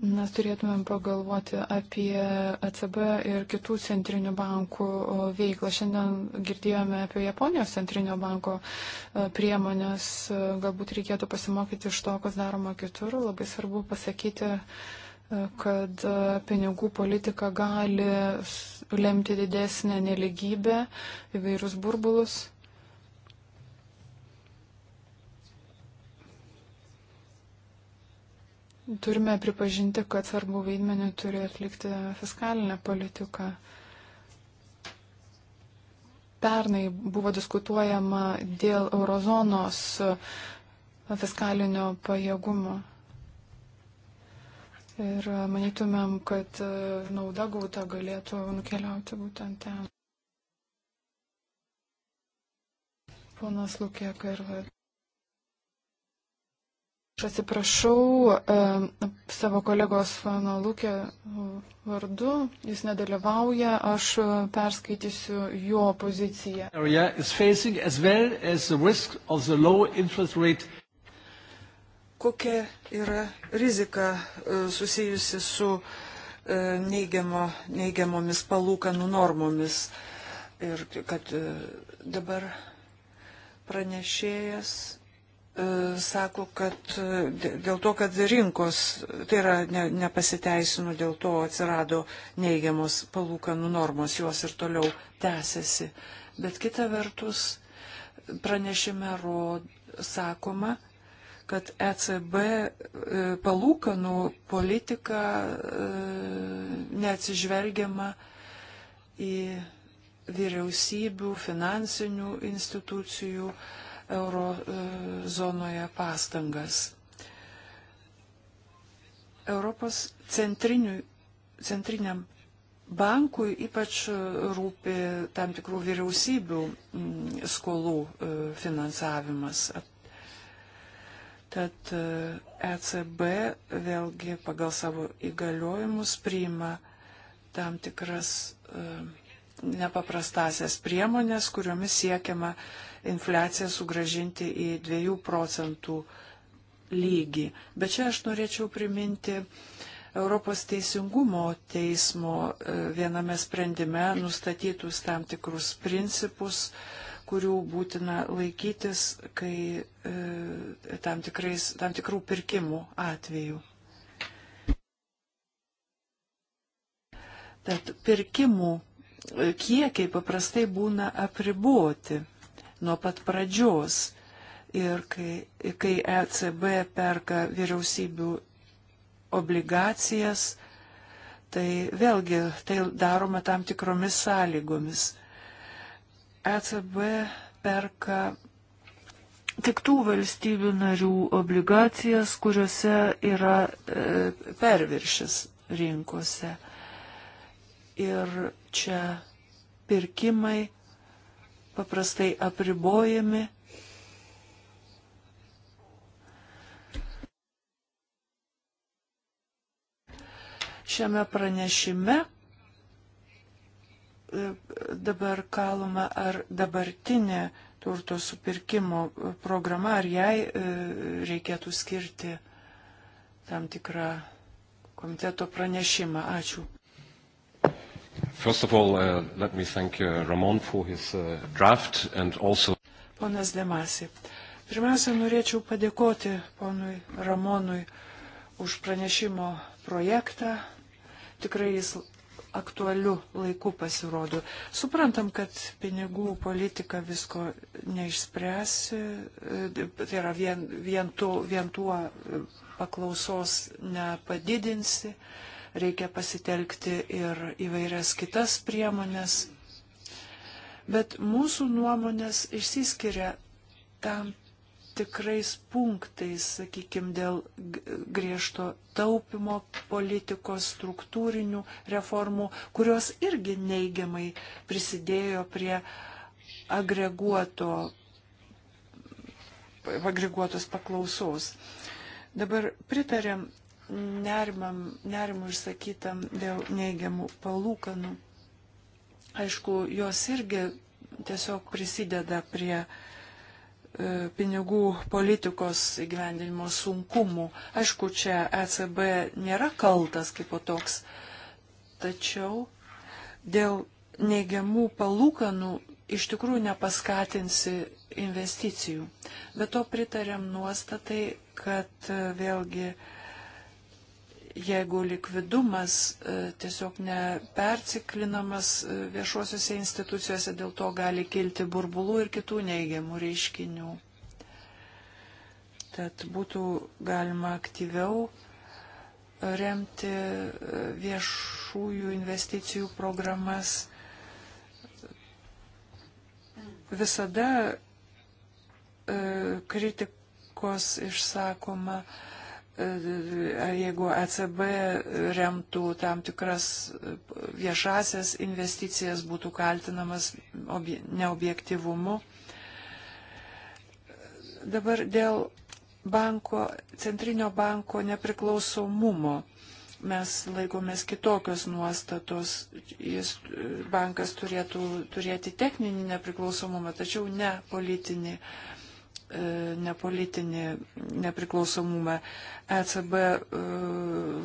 mes turėtumėm pagalvoti apie ECB ir kitų centrinių bankų veiklą. Šiandien girdėjome apie Japonijos centrinio banko priemonės. Galbūt reikėtų pasimokyti iš to, kas daroma kitur. Labai svarbu pasakyti, kad pinigų politika gali lemti didesnę neligybę, įvairius burbulus Turime pripažinti, kad svarbu vaidmenį turi atlikti fiskalinę politiką. Pernai buvo diskutuojama dėl eurozonos fiskalinio pajėgumo. Ir manytumėm, kad nauda gauta galėtų nukeliauti būtent ten. Ponas Lukė Karvat. Aš atsiprašau e, savo kolegos Fano Lūkė e, vardu, jis nedalyvauja, aš e, perskaitysiu jo poziciją. As well as Kokia yra rizika e, susijusi su neigiamo, neigiamomis palūkanų normomis ir kad dabar pranešėjas E, sako, kad e, dėl to, kad rinkos, tai yra ne, nepasiteisino, dėl to atsirado neigiamos palūkanų normos, jos ir toliau tęsiasi. Bet kita vertus, pranešime rod, sakoma, kad ECB e, palūkanų politika neatsižvelgiama į vyriausybių, finansinių institucijų, uh, eurozonoje pastangas. Europos centriniam bankui ypač rūpi tam tikrų vyriausybių mm, skolų e, finansavimas. Tad ECB e vėlgi pagal savo įgaliojimus priima tam tikras e, nepaprastasias priemonės, kuriomis siekiama infliaciją sugražinti į 2 procentų lygį. Bet čia aš norėčiau priminti Europos teisingumo teismo e, viename sprendime nustatytus tam tikrus principus, kurių būtina laikytis, kai e, tam, tikrais, tam tikrų pirkimų atveju. Tad pirkimų kiekiai paprastai būna apriboti nuo pat pradžios. Ir kai, kai ECB perka vyriausybių obligacijas, tai vėlgi tai daroma tam tikromis sąlygomis. ECB perka tik tų valstybių narių obligacijas, kuriuose yra e, perviršis rinkose. Ir čia pirkimai paprastai apribojami. Šiame pranešime e, dabar kalama, ar dabartinė turto supirkimo programa, ar jai e, reikėtų skirti tam tikrą komiteto pranešimą. Ačiū. First of all, uh, let me thank uh, Ramon for his uh, draft and also. Ponas Demasi. Pirmiausia, norėčiau padėkoti ponui Ramonui už pranešimo projektą. Tikrai jis aktualiu laiku pasirodo. Suprantam, kad pinigų politika visko neišspręs, e, tai yra vien, vien, tu, vien tuo e, paklausos nepadidinsi. Uh, reikia pasitelkti ir įvairias kitas priemonės. Bet mūsų nuomonės išsiskiria tam tikrais punktais, sakykime, dėl griežto taupimo politikos, struktūrinių reformų, kurios irgi neigiamai prisidėjo prie agreguoto, agreguotos paklausos. Dabar pritarėm nerimam, nerimu išsakytam dėl neigiamų palūkanų. Aišku, jos irgi tiesiog prisideda prie e, pinigų politikos įgyvendinimo sunkumų. Aišku, čia ECB nėra kaltas kaip o toks, tačiau dėl neigiamų palūkanų iš tikrųjų nepaskatinsi investicijų. Bet to pritarėm nuostatai, kad e, vėlgi e, jeigu likvidumas e, tiesiog neperciklinamas e, viešuosiuose institucijose, dėl to gali kilti burbulų ir kitų neigiamų reiškinių. Tad būtų galima aktyviau remti e, viešųjų investicijų programas. Visada kritikos išsakoma, jeigu ECB remtų tam tikras viešasias investicijas, būtų kaltinamas neobjektivumu. Dabar dėl banko, centrinio banko nepriklausomumo mes laikomės kitokios nuostatos. Jis, bankas turėtų turėti techninį nepriklausomumą, tačiau ne politinį E, nepolitinį nepriklausomumą. ECB e,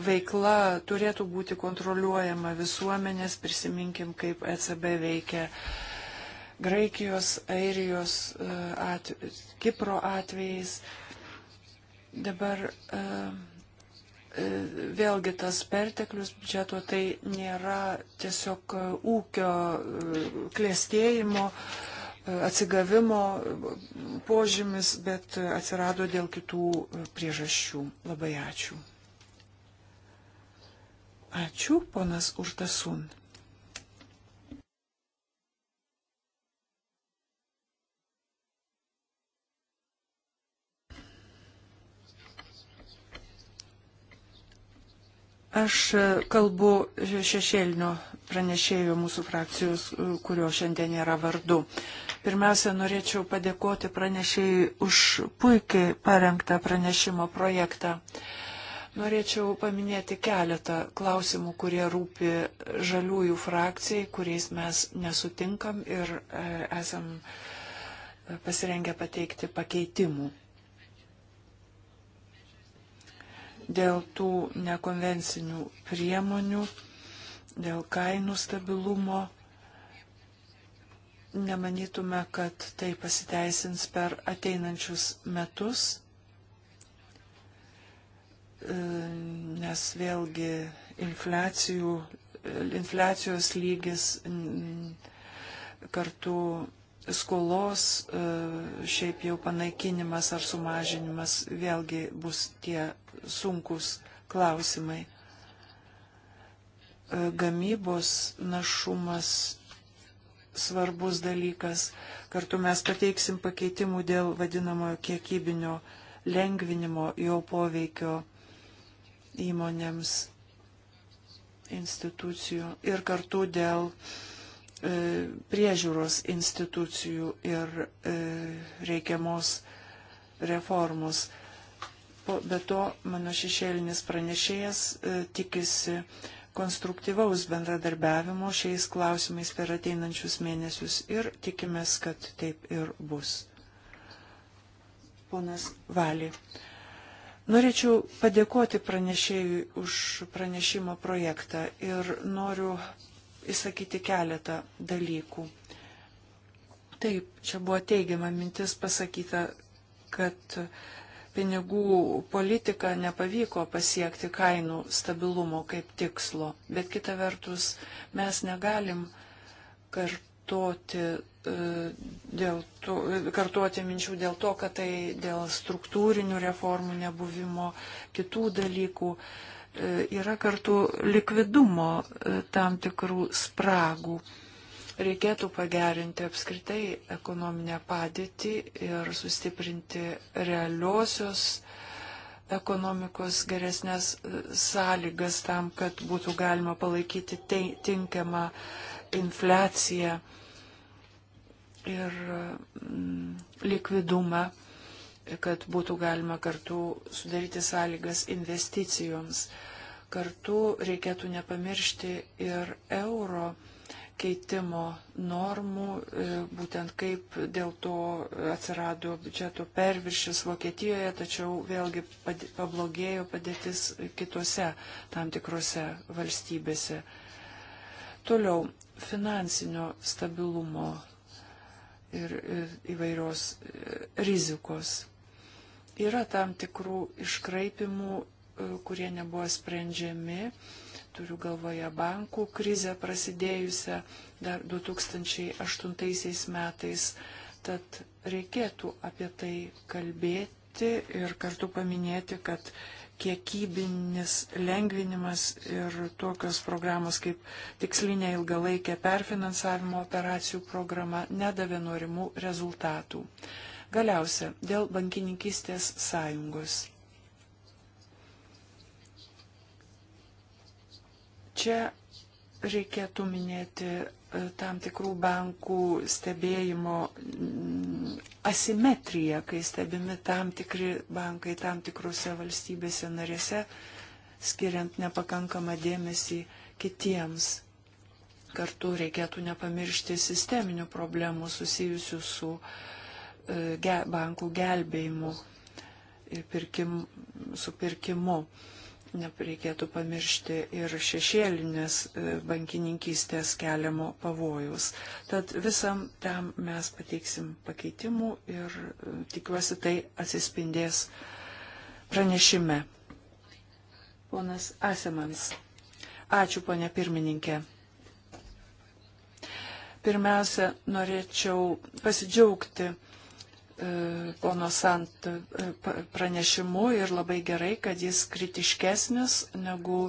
veikla turėtų būti kontroliuojama visuomenės, prisiminkim, kaip ECB veikia Graikijos, Airijos, e, at, Kipro atvejais. Dabar vėlgi tas perteklius biudžeto tai nėra tiesiog ūkio klėstėjimo uh, atsigavimo požymis, bet atsirado dėl kitų priežasčių. Labai ačiū. Ačiū, ponas Urtasun. Aš kalbu šešėlinio pranešėjo mūsų frakcijos, kurio šiandien nėra vardu. Pirmiausia, norėčiau padėkoti pranešėjai už puikiai parengtą pranešimo projektą. Norėčiau paminėti keletą klausimų, kurie rūpi žaliųjų frakcijai, kuriais mes nesutinkam ir e, esam pasirengę pateikti pakeitimų. Dėl tų nekonvencinių priemonių, dėl kainų stabilumo nemanytume, kad tai pasiteisins per ateinančius metus, e, nes vėlgi infliacijų, infliacijos lygis kartu skolos e, šiaip jau panaikinimas ar sumažinimas vėlgi bus tie sunkus klausimai. E, gamybos našumas svarbus dalykas. Kartu mes pateiksim pakeitimų dėl vadinamojo kiekybinio lengvinimo jo poveikio įmonėms, institucijų ir kartu dėl e, priežiūros institucijų ir e, reikiamos reformos. Be to, mano šešėlinis pranešėjas e, tikisi konstruktyvaus bendradarbiavimo šiais klausimais per ateinančius mėnesius ir tikimės, kad taip ir bus. Ponas Valį. Norėčiau padėkoti pranešėjui už pranešimo projektą ir noriu įsakyti keletą dalykų. Taip, čia buvo teigiama mintis pasakyta, kad uh, pinigų politika nepavyko pasiekti kainų stabilumo kaip tikslo, bet kita vertus mes negalim kartoti, e, dėl to, kartoti minčių dėl to, kad tai dėl struktūrinių reformų nebuvimo, kitų dalykų e, yra kartu likvidumo e, tam tikrų spragų reikėtų pagerinti apskritai ekonominę padėtį ir sustiprinti realiosios ekonomikos geresnės e, sąlygas tam, kad būtų galima palaikyti tinkamą infliaciją ir e, mm, likvidumą, kad būtų galima kartu sudaryti sąlygas investicijoms. Kartu reikėtų nepamiršti ir euro keitimo normų, e, būtent kaip dėl to atsirado biudžeto perviršis Vokietijoje, tačiau vėlgi pablogėjo padėtis kitose tam tikrose valstybėse. Toliau finansinio stabilumo ir įvairios e, rizikos. Yra tam tikrų iškraipimų, e, kurie nebuvo sprendžiami turiu galvoje bankų krizę prasidėjusią dar 2008 metais. Tad reikėtų apie tai kalbėti ir kartu paminėti, kad kiekybinis lengvinimas ir tokios programos kaip tikslinė ilgalaikė perfinansavimo operacijų programa nedavė norimų rezultatų. Galiausia, dėl bankininkystės sąjungos Čia reikėtų minėti e, tam tikrų bankų stebėjimo mm, asimetriją, kai stebimi tam tikri bankai tam tikrose valstybėse narėse, skiriant nepakankamą dėmesį kitiems. Kartu reikėtų nepamiršti sisteminių problemų susijusių su e, bankų gelbėjimu ir pirkim, su pirkimu. Nereikėtų pamiršti ir šešėlinės e, bankininkystės keliamo pavojus. Tad visam tam mes pateiksim pakeitimų ir e, tikiuosi tai atsispindės pranešime. Ponas Asemans. Ačiū, ponė pirmininkė. Pirmiausia, norėčiau pasidžiaugti E, pono Sant e, pranešimu ir labai gerai, kad jis kritiškesnis negu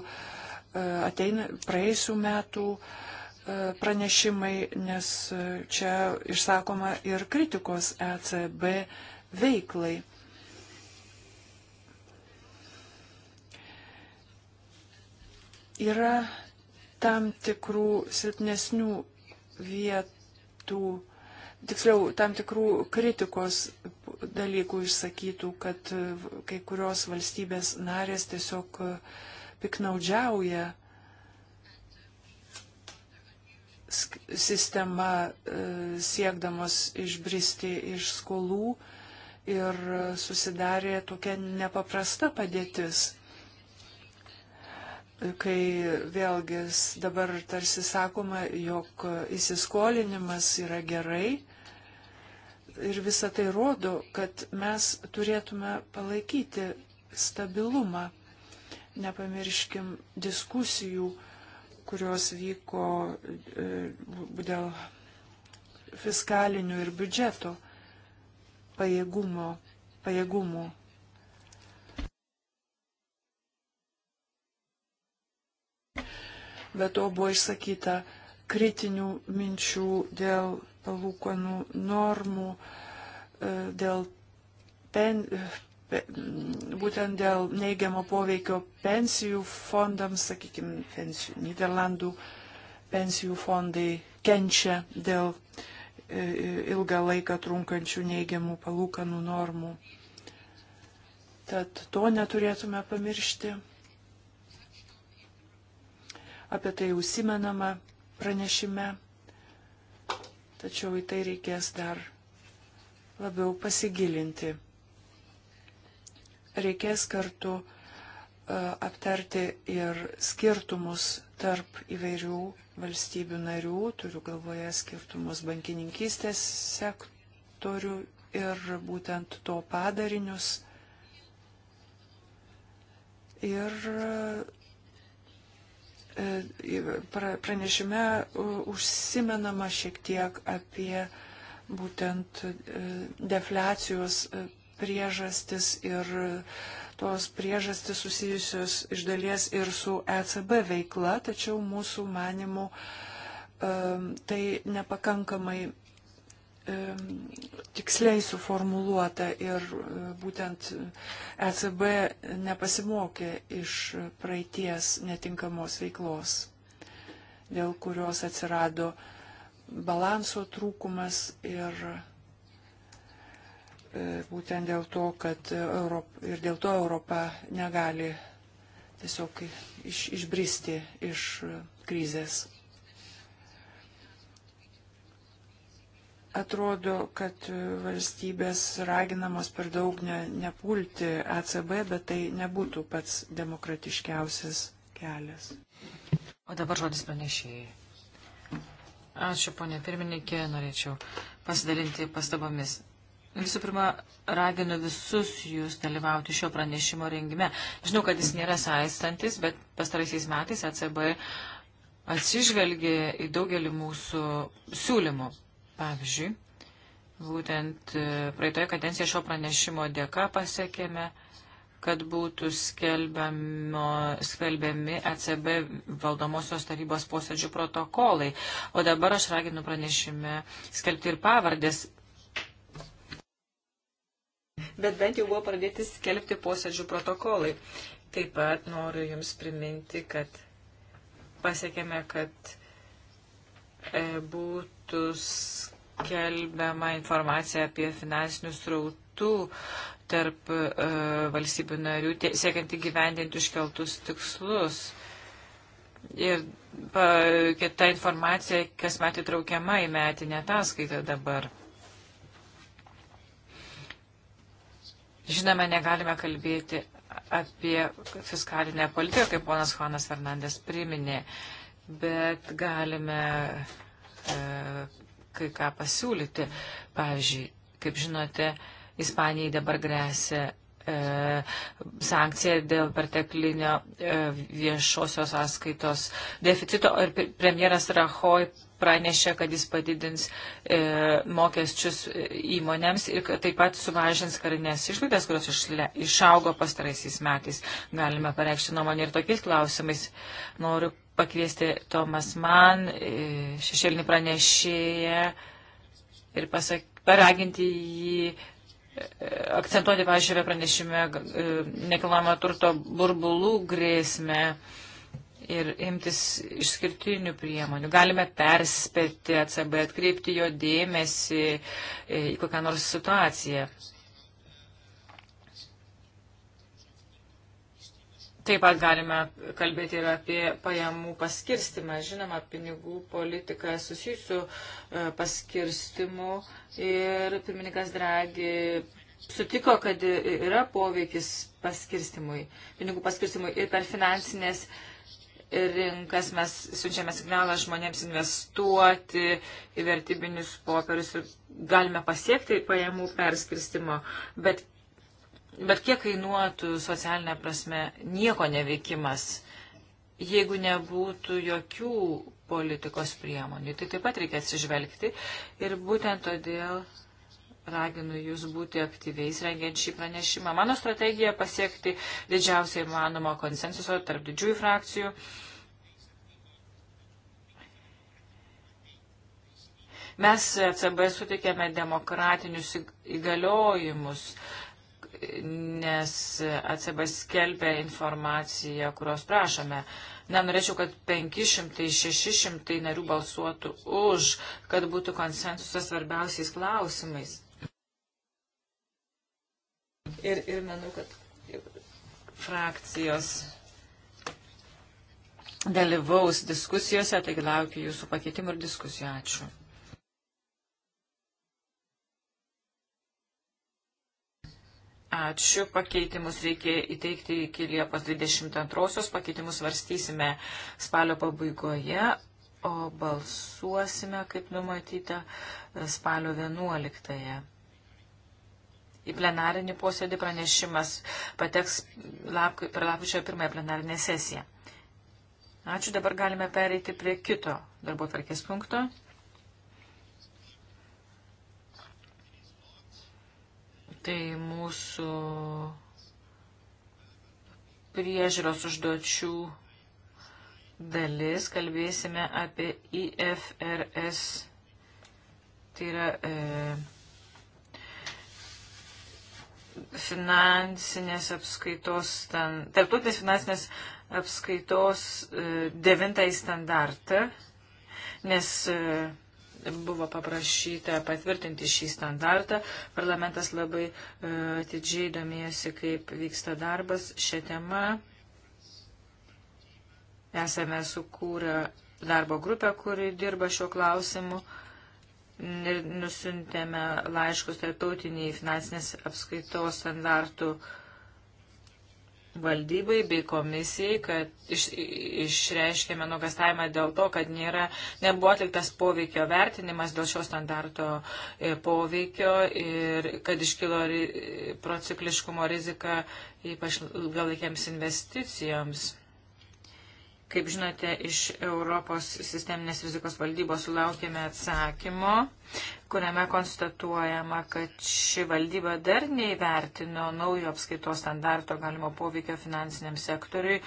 e, ateina praėjusių metų pranešimai, nes čia išsakoma ir kritikos ECB veiklai. Yra tam tikrų silpnesnių vietų tiksliau, tam tikrų kritikos dalykų išsakytų, kad e, kai kurios valstybės narės tiesiog e, piknaudžiauja sistema e, siekdamos išbristi iš skolų ir susidarė tokia nepaprasta padėtis, kai vėlgi dabar tarsi sakoma, jog įsiskolinimas yra gerai, ir visa tai rodo, kad mes turėtume palaikyti stabilumą. Nepamirškim diskusijų, kurios vyko e, dėl fiskalinių ir biudžeto pajėgumo, pajėgumų. Be to buvo išsakyta kritinių minčių dėl palūkanų normų, e, dėl pen, būtent dėl neigiamo poveikio pensijų fondams, sakykime, pensijų, Niderlandų pensijų fondai kenčia dėl e, ilgą laiką trunkančių neigiamų palūkanų normų. Tad to neturėtume pamiršti. Apie tai užsimenama pranešime tačiau į tai reikės dar labiau pasigilinti. Reikės kartu e, aptarti ir skirtumus tarp įvairių valstybių narių, turiu galvoje skirtumus bankininkystės sektorių ir būtent to padarinius. Ir E, pranešime užsimenama šiek tiek apie būtent e, defliacijos e, priežastis ir tos priežastis susijusios iš dalies ir su ECB veikla, tačiau mūsų manimų tai nepakankamai tiksliai suformuluota ir e, būtent ECB nepasimokė iš praeities netinkamos veiklos, dėl kurios atsirado balanso trūkumas ir e, būtent dėl to, kad Europa, ir dėl to Europa negali tiesiog iš, išbristi iš e, krizės. Atrodo, kad valstybės raginamos per daug ne, nepulti ECB, bet tai nebūtų pats demokratiškiausias kelias. O dabar žodis pranešėjai. Ačiū, ponė pirmininkė, norėčiau pasidalinti pastabomis. Visų pirma, raginu visus jūs dalyvauti šio pranešimo rengime. Žinau, kad jis nėra saistantis, bet pastaraisiais metais ECB atsižvelgė į daugelį mūsų siūlymų. Pavyzdžiui, būtent e, praeitoje kadencijoje šio pranešimo dėka pasiekėme, kad būtų skelbiamo, skelbiami ECB valdomosios tarybos posėdžių protokolai. O dabar aš raginu pranešime skelbti ir pavardės. Bet bent jau buvo pradėti skelbti posėdžių protokolai. Taip pat noriu Jums priminti, kad pasiekėme, kad e, būtų metus skelbiama informacija apie finansinių srautų tarp e, valstybių narių, siekiant įgyvendinti iškeltus tikslus. Ir pa, kita informacija, kas metį traukiama į metinę ataskaitą dabar. Žinoma, negalime kalbėti apie fiskalinę politiką, kaip ponas Juanas Fernandės priminė, bet galime E, kai ką pasiūlyti. Pavyzdžiui, kaip žinote, Ispanijai dabar grėsia e, sankcija dėl perteklinio e, viešosios sąskaitos deficito ir premjeras Rahoj pranešė, kad jis padidins e, mokesčius įmonėms ir taip pat sumažins karinės išlaidas, kurios išle, išaugo pastaraisiais metais. Galime pareikšti nuomonę ir tokiais klausimais. Noriu pakviesti Tomas Man, e, šešėlinį pranešėją ir pasak, paraginti jį e, akcentuoti, pažiūrėjau, pranešime e, nekilnojamo turto burbulų grėsmę ir imtis išskirtinių priemonių. Galime perspėti ACB, atkreipti jo dėmesį į kokią nors situaciją. Taip pat galime kalbėti ir apie pajamų paskirstimą. Žinoma, pinigų politika susijusiu e, paskirstimu ir pirmininkas Dragi sutiko, kad yra poveikis paskirstimui, pinigų paskirstimui ir per finansinės rinkas mes siunčiame signalą žmonėms investuoti į vertybinius popierius ir galime pasiekti pajamų perskirstimo, bet Bet kiek kainuotų socialinė prasme nieko neveikimas, jeigu nebūtų jokių politikos priemonių. Tai taip pat reikia atsižvelgti ir būtent todėl raginu jūs būti aktyviais rengiant šį pranešimą. Mano strategija pasiekti didžiausiai įmanomo konsensuso tarp didžiųjų frakcijų. Mes CB sutikėme demokratinius įgaliojimus uh, nes ACB skelbia informaciją, kurios prašome. Na, norėčiau, kad 500-600 narių balsuotų už, kad būtų konsensusas svarbiausiais klausimais. Ir, ir manau, kad frakcijos dalyvaus diskusijose, taigi laukiu jūsų pakeitimų ir diskusijų. Ačiū. Ačiū. Pakeitimus reikia įteikti iki Liepos 22-osios. Pakeitimus varstysime spalio pabaigoje, o balsuosime, kaip numatyta, spalio 11-ąją. Į plenarinį posėdį pranešimas pateks lapku, per lapkričio pirmąją plenarinę sesiją. Ačiū. Dabar galime pereiti prie kito darbo tvarkės punkto. Tai mūsų priežiūros užduočių dalis. Kalbėsime apie IFRS. Tai yra e, finansinės apskaitos, tarptautinės finansinės apskaitos e, devintąjį standartą, nes e, buvo paprašyta patvirtinti šį standartą. Parlamentas labai e, atidžiai domėjosi, kaip vyksta darbas šią temą. Esame sukūrę darbo grupę, kuri dirba šiuo klausimu ir nusintėme laiškus tarptautiniai finansinės apskaitos standartų uh, valdybai bei komisijai, kad iš, išreiškėme nuogastavimą dėl to, kad nėra, nebuvo atliktas poveikio vertinimas dėl šio standarto e, poveikio ir kad iškilo procikliškumo rizika ypač galaikiams investicijoms. Kaip žinote, iš Europos sisteminės fizikos valdybos sulaukėme atsakymo, kuriame konstatuojama, kad ši valdyba dar neįvertino naujo apskaitos standarto galimo poveikio finansiniam sektoriui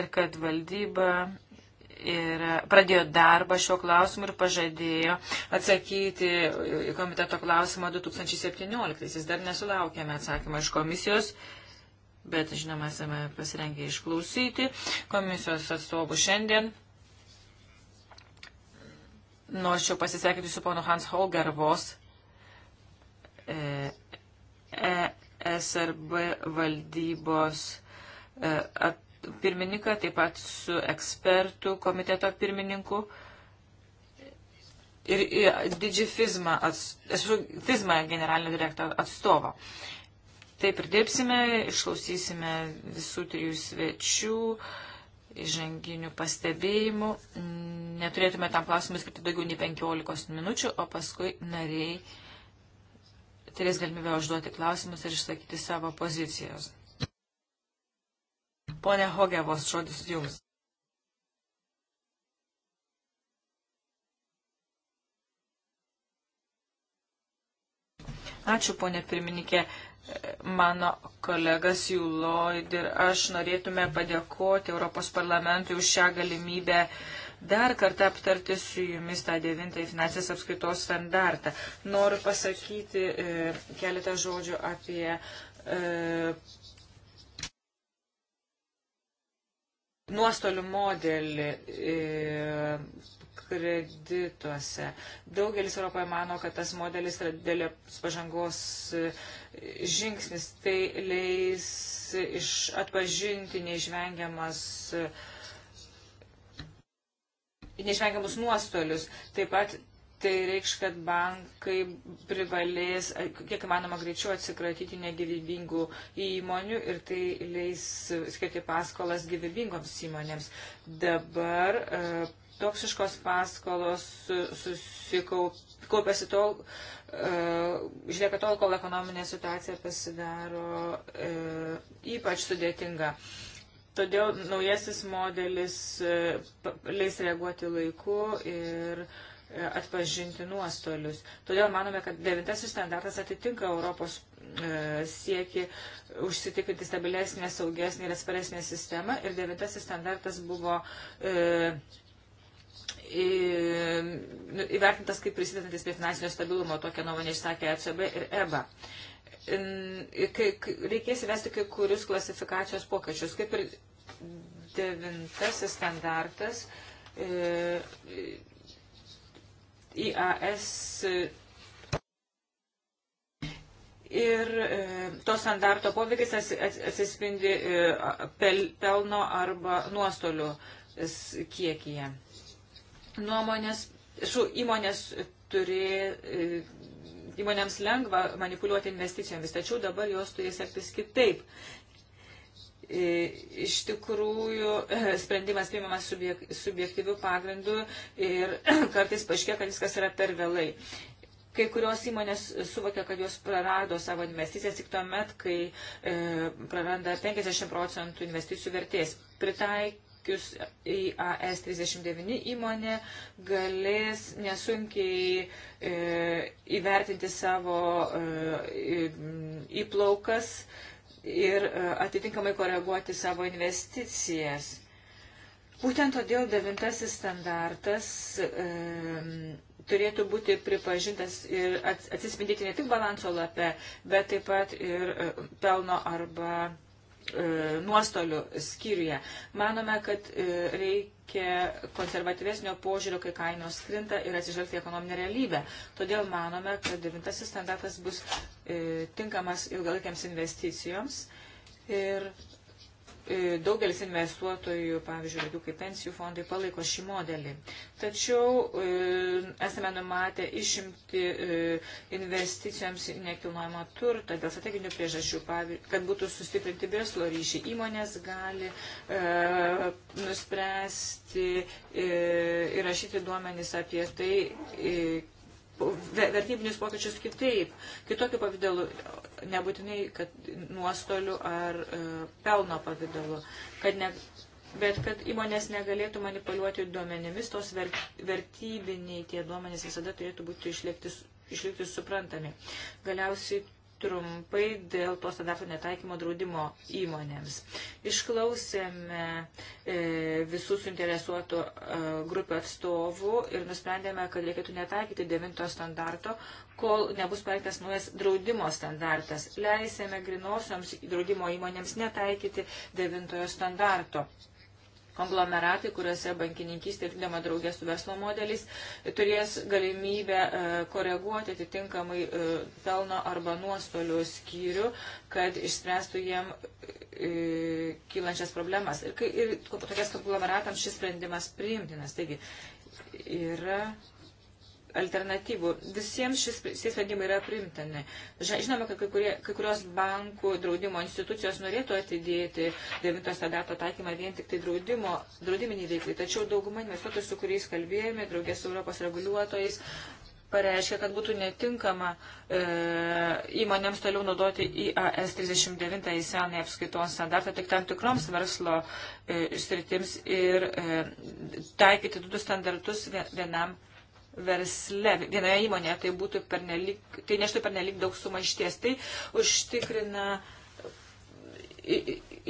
ir kad valdyba ir pradėjo darbą šio klausimu ir pažadėjo atsakyti komiteto klausimą 2017. Jis dar nesulaukėme atsakymą iš komisijos bet žinoma, esame pasirengę išklausyti komisijos atstovų šiandien. Norėčiau pasisekyti su ponu Hans Holgervos, ESRB e valdybos e, pirmininką, taip pat su ekspertų komiteto pirmininku ir Digifizma, ats, fizma generalinio direktoro atstovo. E, Taip ir dirbsime, išklausysime visų trijų svečių, įžanginių pastebėjimų. Neturėtume tam klausimui skirti daugiau nei 15 minučių, o paskui nariai turės galimybę užduoti klausimus ir išsakyti savo pozicijos. Pone Hogevos, žodis jums. Ačiū, ponė pirmininkė mano kolegas Jūloid ir aš norėtume padėkoti Europos parlamentui už šią galimybę dar kartą aptarti su jumis tą devintąjį finansinės apskaitos standartą. Noriu pasakyti e, keletą žodžių apie. E, Nuostolių modelį, e, kredituose. Daugelis Europoje mano, kad tas modelis yra dėlės pažangos e, žingsnis. Tai leis iš atpažinti neišvengiamas e, neišvengiamus nuostolius. Taip pat tai reikš, kad bankai privalės, e, kiek įmanoma greičiau, atsikratyti negyvybingų įmonių ir tai leis skirti paskolas gyvybingoms įmonėms. Dabar uh, toksiškos paskolos susikaupėsi tol, žiūrėk, e, tol, kol ekonominė situacija pasidaro e, ypač sudėtinga. Todėl naujasis modelis e, leis reaguoti laiku ir atpažinti nuostolius. Todėl manome, kad devintasis standartas atitinka Europos sieki užsitikrinti stabilesnę, saugesnę ir atsparesnę sistemą. Ir devintasis standartas buvo e, Nu, įvertintas kaip prisidedantis prie finansinio stabilumo, tokią nuomonę išsakė ECB ir EBA. Kai, reikės įvesti kai kurius klasifikacijos pokyčius, kaip ir devintasis standartas e, IAS ir e, to standarto poveikis atsispindi e, pelno arba nuostolių kiekyje nuomonės, šių įmonės turi, e, įmonėms lengva manipuliuoti investicijomis, tačiau dabar jos turi sektis kitaip. E, iš tikrųjų, e, sprendimas priimamas subjek, subjektyvių pagrindų ir [clears throat] kartais paaiškė, kad viskas yra per vėlai. Kai kurios įmonės suvokia, kad jos prarado savo investicijas tik tuomet, kai e, praranda 50 procentų investicijų vertės. Pritaik, įvykius IAS 39 įmonė galės nesunkiai e, įvertinti savo e, įplaukas ir e, atitinkamai koreguoti savo investicijas. Būtent todėl devintasis standartas e, turėtų būti pripažintas ir atsispindėti ne tik balanso lape, bet taip pat ir e, pelno arba E, nuostolių skyriuje. Manome, kad e, reikia konservatyvesnio požiūrio, kai kainos krinta ir atsižvelgti ekonominę realybę. Todėl manome, kad devintasis standartas bus e, tinkamas ilgalaikiams investicijoms ir E, daugelis investuotojų, pavyzdžiui, tokių kaip pensijų fondai, palaiko šį modelį. Tačiau e, esame numatę išimti e, investicijoms į nekilnojamą turtą dėl strateginių priežasčių, kad būtų sustiprinti verslo ryšiai. Įmonės gali nuspręsti įrašyti duomenys apie tai, vertybinius pokyčius kitaip, kitokiu pavydalu, nebūtinai kad nuostolių ar e, pelno pavydalu, kad ne, bet kad įmonės negalėtų manipuliuoti duomenimis, tos ver, vertybiniai tie duomenys visada turėtų būti išlikti, išlikti suprantami. Galiausiai trumpai dėl to standarto netaikymo draudimo įmonėms. Išklausėme e, visų suinteresuotų e, grupių atstovų ir nusprendėme, kad reikėtų netaikyti devinto standarto, kol nebus paiktas naujas draudimo standartas. Leisėme grinosioms draudimo įmonėms netaikyti devintojo standarto konglomeratai, kuriuose bankininkystė vykdama draugė su verslo modeliais, turės galimybę e, koreguoti atitinkamai e, pelno arba nuostolių skyrių, kad išspręstų jiem e, kylančias problemas. Ir, kai, ir tokias konglomeratams šis sprendimas priimtinas. Taigi, yra alternatyvų. Visiems šis, šie sprendimai yra primtani. Žinoma, kad kai, kurie, kai kurios bankų draudimo institucijos norėtų atidėti 9 dato taikymą vien tik tai draudimo, draudiminiai veiklai, tačiau dauguma investuotojų, su kuriais kalbėjome, draugės su Europos reguliuotojais, pareiškia, kad būtų netinkama e, įmonėms toliau naudoti IAS 39 senąją apskaitos standartą tik tam tikroms verslo e, sritims ir e, taikyti du standartus vienam versle, vienoje įmonėje, tai, būtų pernelik, tai neštų pernelik daug sumaišties. Tai užtikrina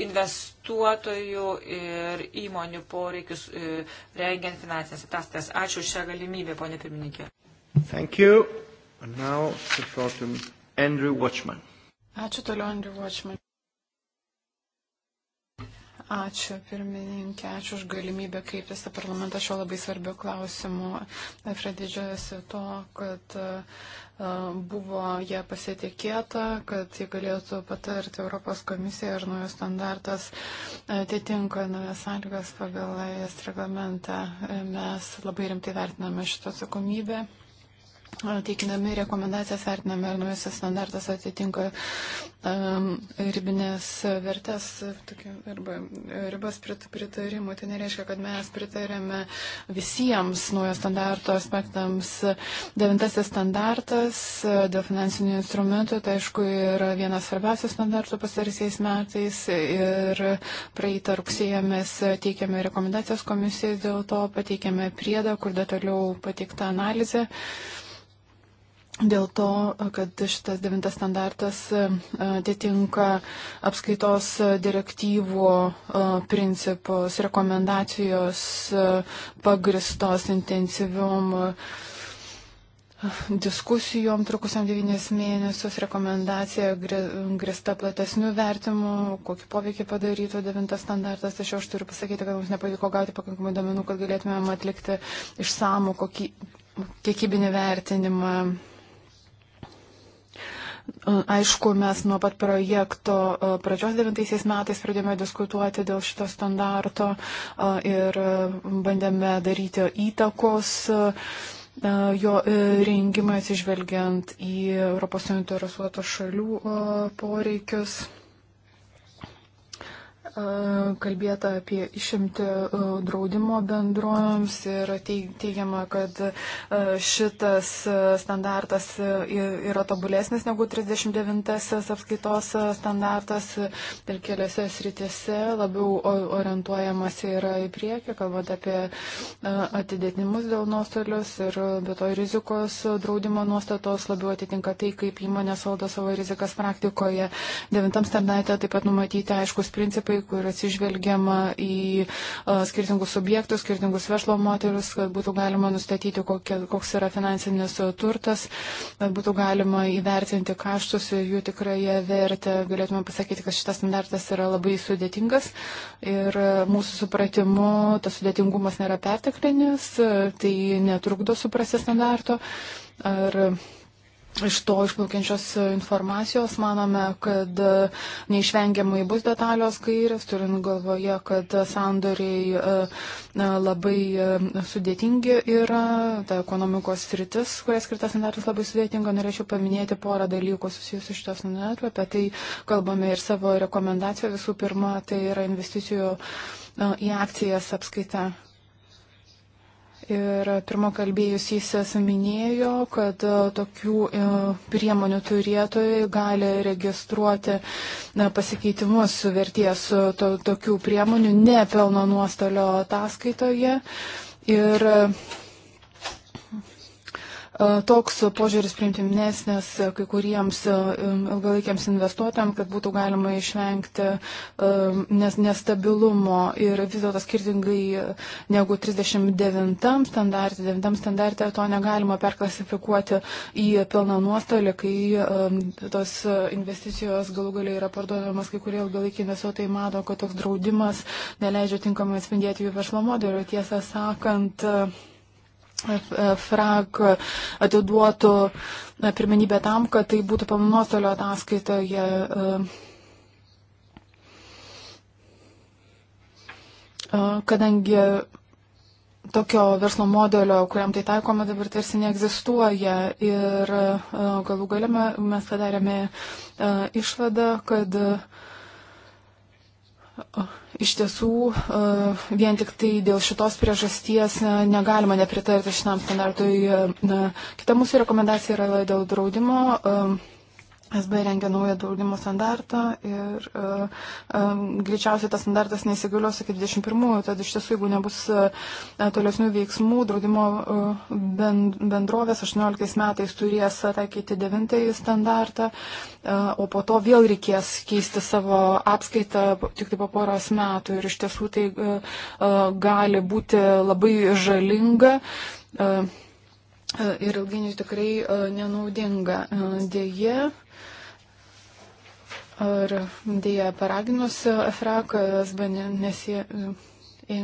investuotojų ir įmonių poreikius e, rengiant finansinės ataskaitas. Ačiū už šią galimybę, ponė pirmininkė. Thank you. And now the floor to Andrew Watchman. Ačiū toliau, Andrew Watchman. Ačiū pirmininkė, ačiū už galimybę kreiptis į parlamentą šio labai svarbiu klausimu. Alfred didžiuojasi to, kad e, buvo jie pasitikėta, kad jie galėtų patarti Europos komisiją ir naujas standartas atitinka naujas sąlygas pagal ES reglamentą. Mes labai rimtai vertiname šitą atsakomybę teikinami rekomendacijas vertiname, ar naujasis standartas atitinka um, ribinės vertės tokia, arba e, ribas prit, pritarimų. Tai nereiškia, kad mes pritarėme visiems naujo standarto aspektams. Devintasis standartas e, dėl finansinių instrumentų, tai aišku, yra vienas svarbiausių standartų pastarysiais metais ir praeitą rugsėje mes teikėme rekomendacijas komisijai dėl to, pateikėme priedą, kur detaliau pateikta analizė. Thank you Dėl to, kad šitas devintas standartas e, atitinka apskaitos direktyvų e, principus, rekomendacijos e, pagristos intensyviom diskusijom trukusiam devynės mėnesius, rekomendacija grista platesnių vertimų, kokį poveikį padarytų devintas standartas. Tačiau aš turiu pasakyti, kad mums nepavyko gauti pakankamai domenų, kad galėtumėm atlikti išsamų kokį, kiekybinį vertinimą Aišku, mes nuo pat projekto pradžios 9 metais pradėjome diskutuoti dėl šito standarto ir bandėme daryti įtakos jo e, rengimą atsižvelgiant į Europos suinteresuotos šalių poreikius kalbėta apie išimti draudimo bendrovėms ir teigiama, kad šitas standartas yra tobulesnis negu 39-asis apskaitos standartas ir keliose sritise labiau orientuojamas yra į priekį, kalbant apie atidėtinimus dėl nuostolius ir be to rizikos draudimo nuostatos labiau atitinka tai, kaip įmonės valdo savo rizikas praktikoje. Devintam standarte taip pat numatyti aiškus principai, kur atsižvelgiama į skirtingus subjektus, skirtingus verslo moterius, kad būtų galima nustatyti, kokie, koks yra finansinis turtas, kad būtų galima įvertinti kaštus ir jų tikrąją vertę. Galėtume pasakyti, kad šitas standartas yra labai sudėtingas ir mūsų supratimu tas sudėtingumas nėra perteklinis, tai netrukdo suprasti standarto. Ar Iš to išplaukiančios informacijos manome, kad neišvengiamai bus detalios kairės, turint galvoje, kad sandoriai e, e, labai e, sudėtingi yra, ta ekonomikos sritis, kurias skirtas standartas labai sudėtinga. Norėčiau paminėti porą dalykų susijusių šitos standartų, apie tai kalbame ir savo rekomendaciją visų pirma, tai yra investicijų į akcijas apskaita. Ir pirmo kalbėjusysis minėjo, kad e, tokių e, priemonių turėtojai gali registruoti pasikeitimus verties e, to, tokių priemonių ne pelno nuostolio ataskaitoje. Ir E, toks požiūris priimtimnesnis e, kai kuriems e, ilgalaikiams investuotojams, kad būtų galima išvengti nes, nestabilumo ir vis dėlto skirtingai negu 39 standartė, 9 standartė to negalima perklasifikuoti į pilną nuostolį, kai tos investicijos galų galiai yra parduodamas, kai kurie ilgalaikiai investuotojai mato, kad toks draudimas neleidžia tinkamai atspindėti jų verslo modelio. Tiesą sakant, Uh E, FRAG atiduotų e, pirmenybę tam, kad tai būtų pamanostolio ataskaitoje. E, kadangi tokio verslo modelio, kuriam tai taikoma dabar tarsi neegzistuoja ir galų galime mes padarėme išvadą, kad. Oh Iš tiesų, e, vien tik tai dėl šitos priežasties e, negalima nepritarti šitam standartui. E, kita mūsų rekomendacija yra dėl draudimo SB rengia naują draudimo standartą ir uh, um, greičiausiai tas standartas neįsigalios iki 21-ųjų, tad iš tiesų, jeigu nebus uh, tolesnių veiksmų, draudimo uh, bendrovės 18 metais turės taikyti 9-ąjį standartą, uh, o po to vėl reikės keisti savo apskaitą tik tai po poros metų ir iš tiesų tai uh, uh, gali būti labai žalinga. Uh, Ir ilgainiui tikrai nenaudinga. Dėje Ir dėja paraginus Efraką, Esbanė nesijėmė e,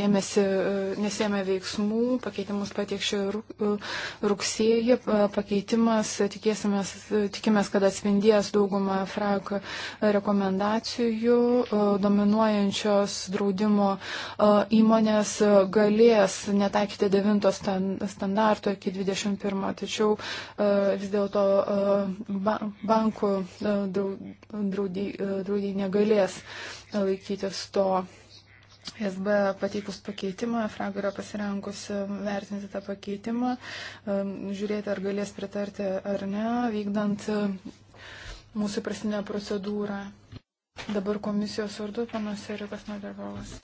ėmėsi, e, nesėmė veiksmų, pakeitimus patiekšė e, rugsėjį, e, pakeitimas, tikėsimės, tikimės, kad atspindės daugumą frak rekomendacijų, dominuojančios draudimo įmonės galės netaikyti devinto standarto iki 21, tačiau vis dėlto bankų draudai negalės laikytis to. SB pateikus pakeitimą, fraga yra pasirengusi vertinti tą pakeitimą, um, žiūrėti, ar galės pritarti ar ne, vykdant um, mūsų prasinę procedūrą. Dabar komisijos vardu panas Erikas Nadarvovas.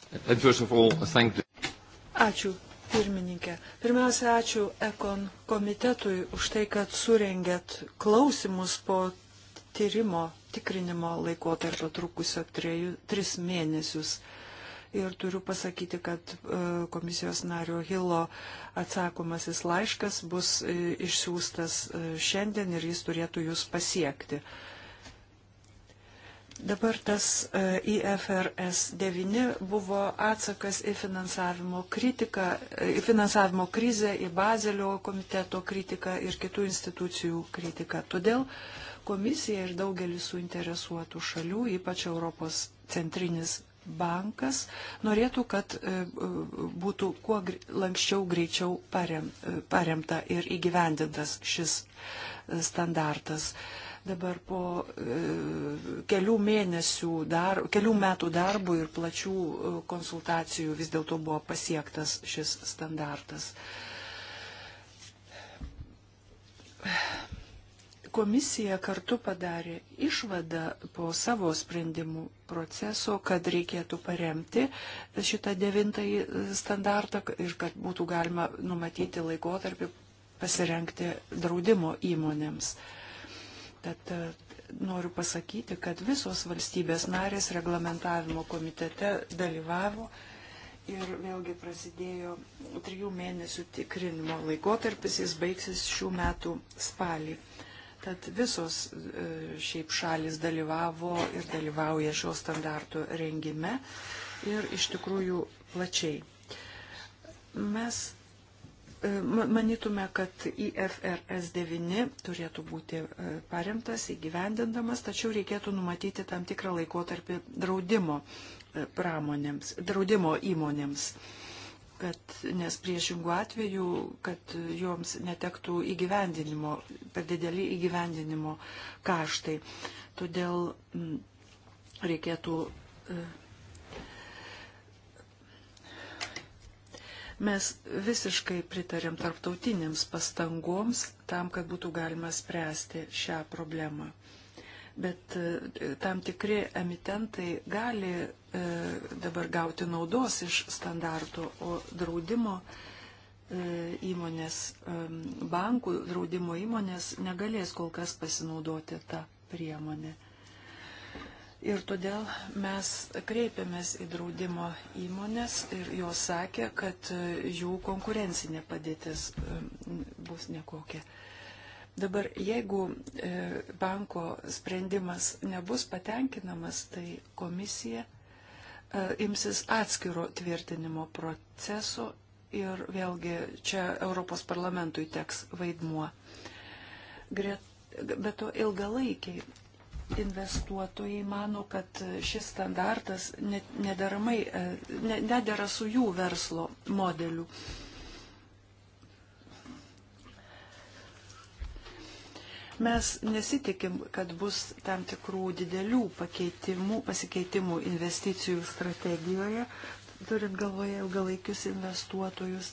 Ačiū, pirmininkė. Pirmiausia, ačiū Ekon komitetui už tai, kad surengėt klausimus po tyrimo tikrinimo laikotarpio trukusio trejų, tris mėnesius ir turiu pasakyti, kad e, komisijos nario Hilo atsakomasis laiškas bus e, išsiųstas e, šiandien ir jis turėtų jūs pasiekti. Dabar tas IFRS 9 buvo atsakas į finansavimo kritiką, į finansavimo krizę, į Bazelio komiteto kritiką ir kitų institucijų kritiką. Todėl komisija ir daugelis suinteresuotų šalių, ypač Europos centrinis bankas norėtų, kad e, e, būtų kuo lankščiau, greičiau e, paremta ir įgyvendintas šis standartas. Dabar po kelių mėnesių, dar, kelių metų darbų ir plačių konsultacijų vis dėlto buvo pasiektas šis standartas komisija kartu padarė išvadą po savo sprendimų proceso, kad reikėtų paremti šitą devintąjį standartą ir kad būtų galima numatyti laikotarpį pasirenkti draudimo įmonėms. Tad e, noriu pasakyti, kad visos valstybės narės reglamentavimo komitete dalyvavo ir vėlgi prasidėjo trijų mėnesių tikrinimo laikotarpis, jis baigsis šių metų spalį. Tad visos e, šiaip šalis dalyvavo ir dalyvauja šio standartų rengime ir iš tikrųjų plačiai. Mes e, manytume, kad IFRS 9 turėtų būti e, paremtas, įgyvendindamas, tačiau reikėtų numatyti tam tikrą laikotarpį draudimo pramonėms, draudimo įmonėms kad nes priešingų atvejų, kad joms netektų įgyvendinimo, per dideli įgyvendinimo kaštai. Todėl m, mm, reikėtų. E, mes visiškai pritarėm tarptautinėms pastangoms tam, kad būtų galima spręsti šią problemą. Bet e, tam tikri emitentai gali E, dabar gauti naudos iš standartų, o draudimo e, įmonės, e, bankų draudimo įmonės negalės kol kas pasinaudoti tą priemonę. Ir todėl mes kreipėmės į draudimo įmonės ir jos sakė, kad jų konkurencinė padėtis bus nekokia. Dabar, jeigu banko sprendimas nebus patenkinamas, tai komisija E, imsis atskiro tvirtinimo proceso ir vėlgi čia Europos parlamentui teks vaidmuo. Gret, bet to ilgalaikiai investuotojai mano, kad šis standartas nederamai, e, nedera su jų verslo modeliu. Mes nesitikim, kad bus tam tikrų didelių pakeitimų, pasikeitimų investicijų strategijoje, turint galvoje ilgalaikius investuotojus,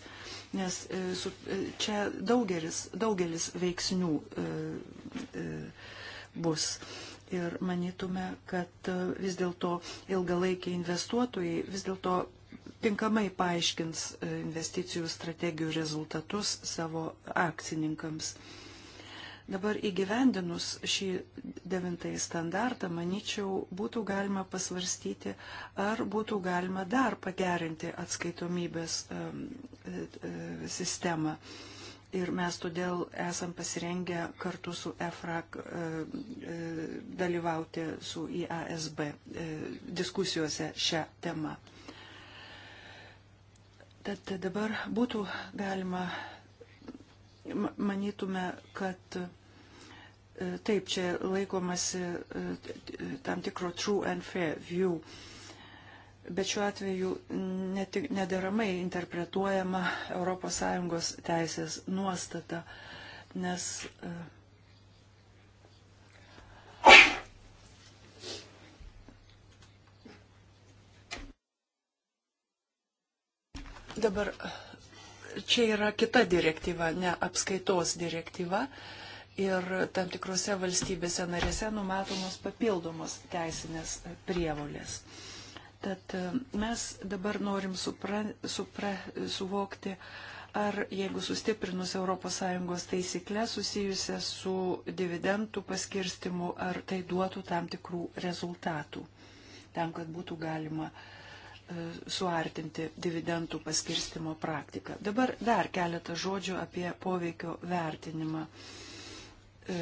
nes e, su, e, čia daugelis, daugelis veiksnių e, e, bus. Ir manytume, kad e, vis dėlto ilgalaikiai investuotojai vis dėlto tinkamai paaiškins investicijų strategijų rezultatus savo akcininkams. E, Dabar įgyvendinus šį devintąjį standartą, manyčiau, būtų galima pasvarstyti, ar būtų galima dar pagerinti atskaitomybės e, e, sistemą. Ir mes todėl esam pasirengę kartu su EFRAK e, dalyvauti su IASB diskusijose šią temą. Tad dabar būtų galima, manytume, kad E, taip, čia laikomasi e, e, tam tikro true and fair view, bet šiuo atveju netik, nederamai interpretuojama ES teisės nuostata, nes dabar čia yra kita direktyva, ne apskaitos direktyva. Uh, ir tam tikrose valstybėse narėse numatomos papildomos teisinės prievolės. Tad e, mes dabar norim supra, supra, suvokti, ar jeigu sustiprinus ES taisyklę susijusią su dividendų paskirstimu, ar tai duotų tam tikrų rezultatų, tam, kad būtų galima e, suartinti dividendų paskirstimo praktiką. Dabar dar keletą žodžių apie poveikio vertinimą. Uh, E,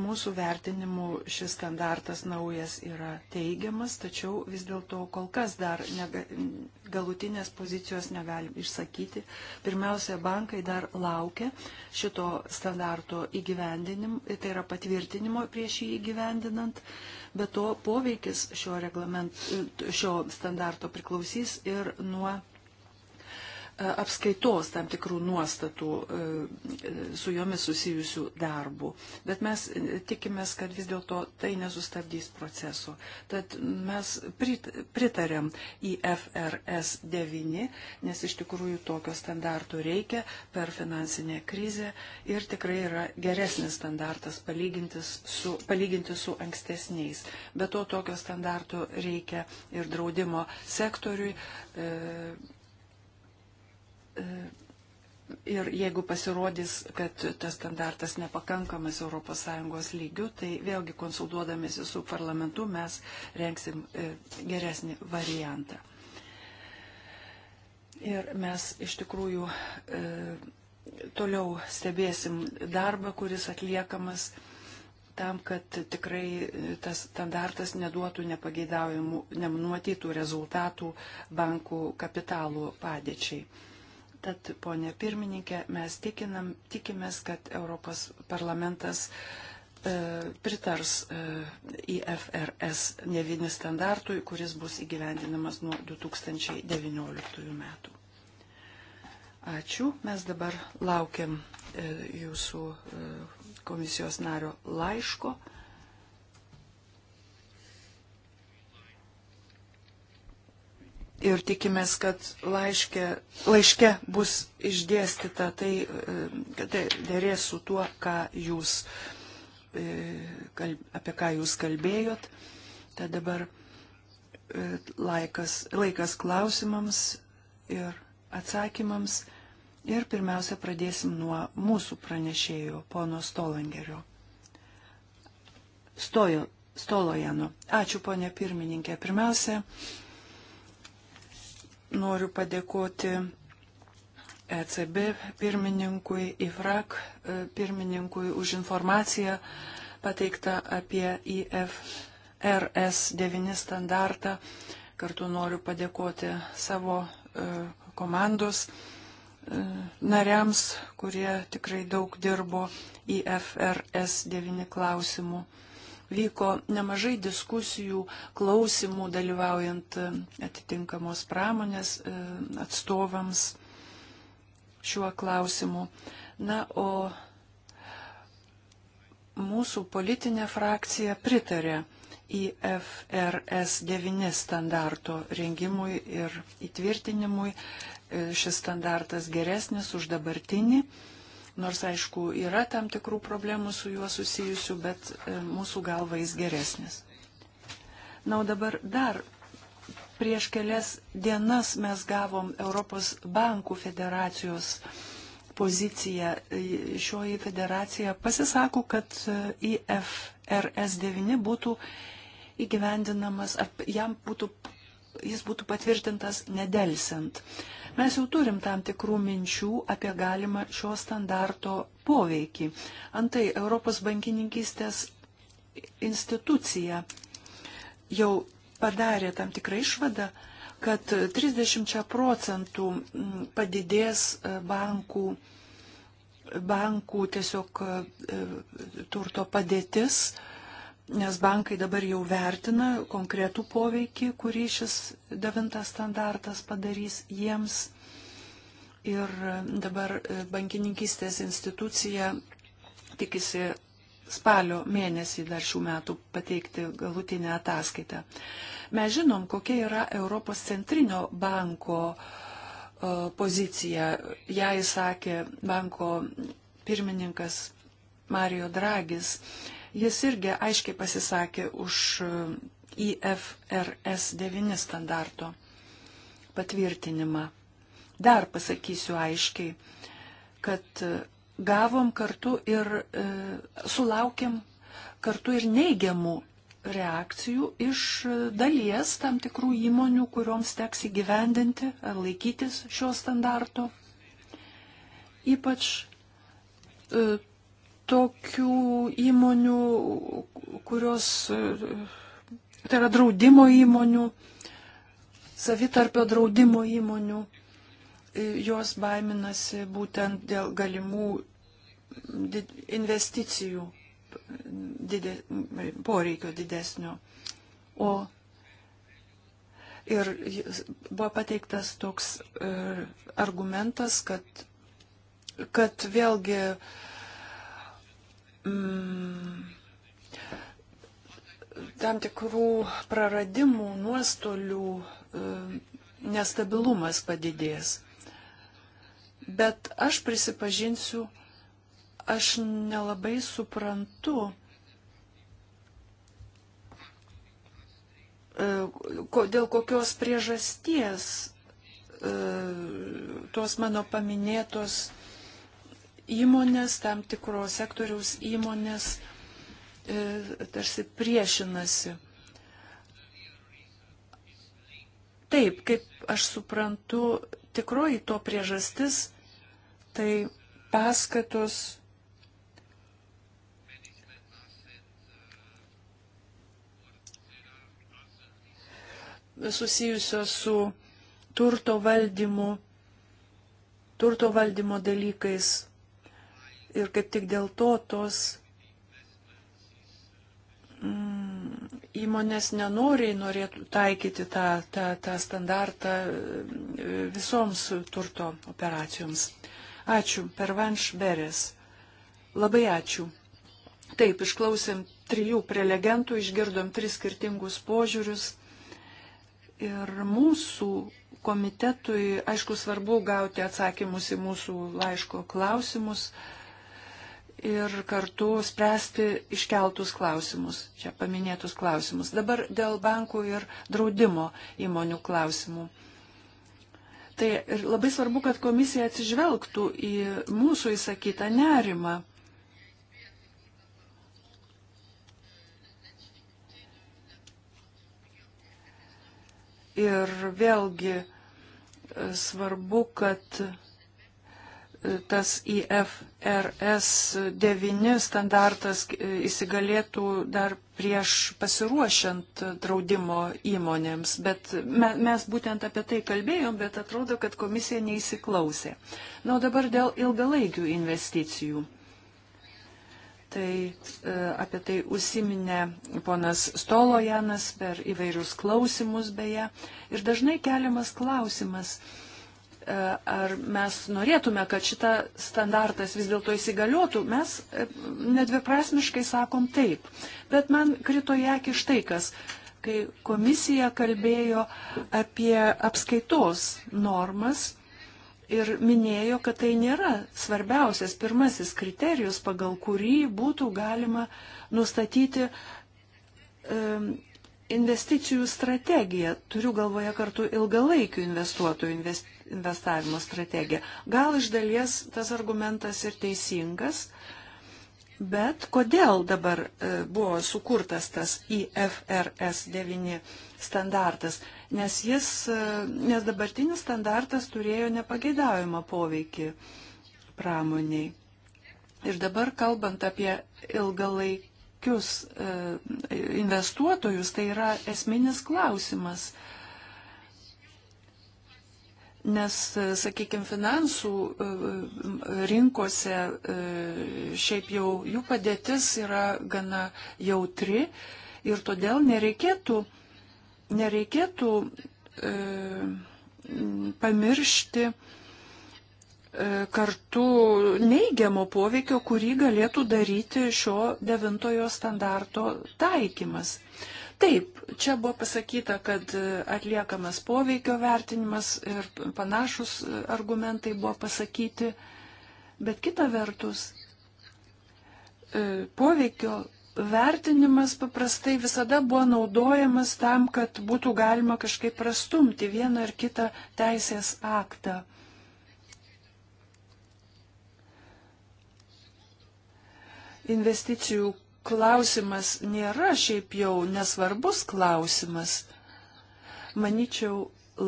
mūsų vertinimu šis standartas naujas yra teigiamas, tačiau vis dėlto kol kas dar nega, galutinės pozicijos negalim išsakyti. Pirmiausia, bankai dar laukia šito standarto įgyvendinimo, tai yra patvirtinimo prieš jį įgyvendinant, bet to poveikis šio, šio standarto priklausys ir nuo E, apskaitos tam tikrų nuostatų e, su jomis susijusių darbų. Bet mes e, tikimės, kad vis dėlto tai nesustabdys proceso. Tad mes pritarėm į FRS 9, nes iš tikrųjų tokio standartų reikia per finansinę krizę ir tikrai yra geresnis standartas palyginti su, palyginti su ankstesniais. Be to tokio standarto reikia ir draudimo sektoriui. E, E, ir jeigu pasirodys, kad tas standartas nepakankamas ES lygių, tai vėlgi konsultuodamėsi su parlamentu mes renksim e, geresnį variantą. Ir mes iš tikrųjų e, toliau stebėsim darbą, kuris atliekamas tam, kad tikrai tas standartas neduotų nepageidaujamų, nenumatytų rezultatų bankų kapitalų padėčiai. Tad, ponė pirmininkė, mes tikinam, tikimės, kad Europos parlamentas e, pritars e, IFRS 9 standartui, kuris bus įgyvendinamas nuo 2019 metų. Ačiū. Mes dabar laukiam e, jūsų komisijos nario laiško. ir tikimės, kad laiške, laiške bus išdėstyta tai, e, kad tai dėrės su tuo, ką jūs, e, apie ką jūs kalbėjot. Tad dabar e, laikas, laikas klausimams ir atsakymams. Ir pirmiausia, pradėsim nuo mūsų pranešėjo, pono Stolangerio. Stojo, Stolojano. Ačiū, ponė pirmininkė. Pirmiausia, noriu padėkoti ECB pirmininkui, IFRAK e, pirmininkui už informaciją pateiktą apie IFRS 9 standartą. Kartu noriu padėkoti savo e, komandos e, nariams, kurie tikrai daug dirbo IFRS 9 klausimų vyko nemažai diskusijų, klausimų dalyvaujant e, atitinkamos pramonės e, atstovams šiuo klausimu. Na, o mūsų politinė frakcija pritarė IFRS 9 standarto rengimui ir įtvirtinimui. E, šis standartas geresnis už dabartinį nors aišku yra tam tikrų problemų su juo susijusių, bet e, mūsų galva jis geresnis. Na, o dabar dar prieš kelias dienas mes gavom Europos bankų federacijos poziciją. E, šioji federacija pasisako, kad e, IFRS 9 būtų įgyvendinamas, ar jam būtų, jis būtų patvirtintas nedelsiant. Mes jau turim tam tikrų minčių apie galimą šio standarto poveikį. Antai Europos bankininkystės institucija jau padarė tam tikrą išvadą, kad 30 procentų mm, padidės e, bankų, bankų tiesiog e, turto padėtis nes bankai dabar jau vertina konkretų poveikį, kurį šis devintas standartas padarys jiems. Ir dabar bankininkystės institucija tikisi spalio mėnesį dar šių metų pateikti galutinę ataskaitą. Mes žinom, kokia yra Europos centrinio banko e, pozicija. Ja įsakė banko pirmininkas Mario Dragis Jis irgi aiškiai pasisakė už e, IFRS 9 standarto patvirtinimą. Dar pasakysiu aiškiai, kad e, gavom kartu ir e, sulaukėm kartu ir neigiamų reakcijų iš e, dalies tam tikrų įmonių, kurioms teks įgyvendinti ar laikytis šio standarto. Ypač tokių įmonių, kurios, tai yra draudimo įmonių, savitarpio draudimo įmonių, jos baiminasi būtent dėl galimų investicijų didė, poreikio didesnio. O ir buvo pateiktas toks e, argumentas, kad, kad vėlgi uh, mm, tam tikrų praradimų, nuostolių mm, nestabilumas padidės. Bet aš prisipažinsiu, aš nelabai suprantu, e, dėl kokios priežasties e, tos mano paminėtos įmonės, tam tikro sektoriaus įmonės e, tarsi priešinasi. Taip, kaip aš suprantu, tikroji to priežastis tai paskatos susijusios su turto valdymu, turto valdymo dalykais. Ir kaip tik dėl to tos mm, įmonės nenoriai norėtų taikyti tą, tą, tą standartą mm, visoms turto operacijoms. Ačiū, pervanš berės. Labai ačiū. Taip, išklausėm trijų prelegentų, išgirdom tris skirtingus požiūrius. Ir mūsų komitetui, aišku, svarbu gauti atsakymus į mūsų laiško klausimus. Uh, ir kartu spręsti iškeltus klausimus, čia paminėtus klausimus. Dabar dėl bankų ir draudimo įmonių klausimų. Tai ir labai svarbu, kad komisija atsižvelgtų į mūsų įsakytą nerimą. Ir vėlgi e, svarbu, kad tas IFRS 9 standartas e, įsigalėtų dar prieš pasiruošiant draudimo įmonėms. Bet mes būtent apie tai kalbėjom, bet atrodo, kad komisija neįsiklausė. Na, o dabar dėl ilgalaikių investicijų. Tai e, apie tai užsiminė ponas Stolojanas per įvairius klausimus beje. Ir dažnai keliamas klausimas, E, ar mes norėtume, kad šita standartas vis dėlto įsigaliotų, mes e, nedviprasmiškai sakom taip. Bet man krito į akį štai kas, kai komisija kalbėjo apie apskaitos normas ir minėjo, kad tai nėra svarbiausias pirmasis kriterijus, pagal kurį būtų galima nustatyti um, investicijų strategiją, turiu galvoje kartu ilgalaikių investuotojų invest, investavimo strategiją. Gal iš dalies tas argumentas ir teisingas, bet kodėl dabar e, buvo sukurtas tas IFRS 9 standartas? Nes, jis, e, nes dabartinis standartas turėjo nepageidaujamą poveikį pramoniai. Ir dabar kalbant apie ilgalaikį tokius e, investuotojus tai yra esminis klausimas. Nes, e, sakykime, finansų e, rinkose šiaip jau jų padėtis yra gana jautri ir todėl nereikėtų, nereikėtų e, pamiršti e, E, kartu neigiamo poveikio, kurį galėtų daryti šio devintojo standarto taikymas. Taip, čia buvo pasakyta, kad atliekamas poveikio vertinimas ir panašus argumentai buvo pasakyti, bet kita vertus, e, poveikio vertinimas paprastai visada buvo naudojamas tam, kad būtų galima kažkaip prastumti vieną ar kitą teisės aktą. investicijų klausimas nėra šiaip jau nesvarbus klausimas. Maničiau,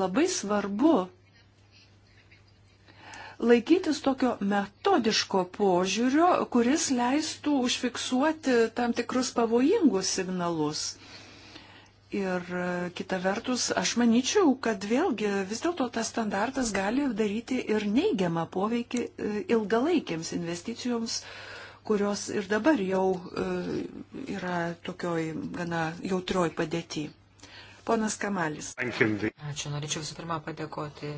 labai svarbu laikytis tokio metodiško požiūrio, kuris leistų užfiksuoti tam tikrus pavojingus signalus. Ir kita vertus, aš manyčiau, kad vėlgi vis dėlto tas standartas gali daryti ir neigiamą poveikį e, ilgalaikiams investicijoms, uh, kurios ir dabar jau e, yra tokioj gana jautrioj padėti. Ponas Kamalis. Ačiū, norėčiau visų pirma padėkoti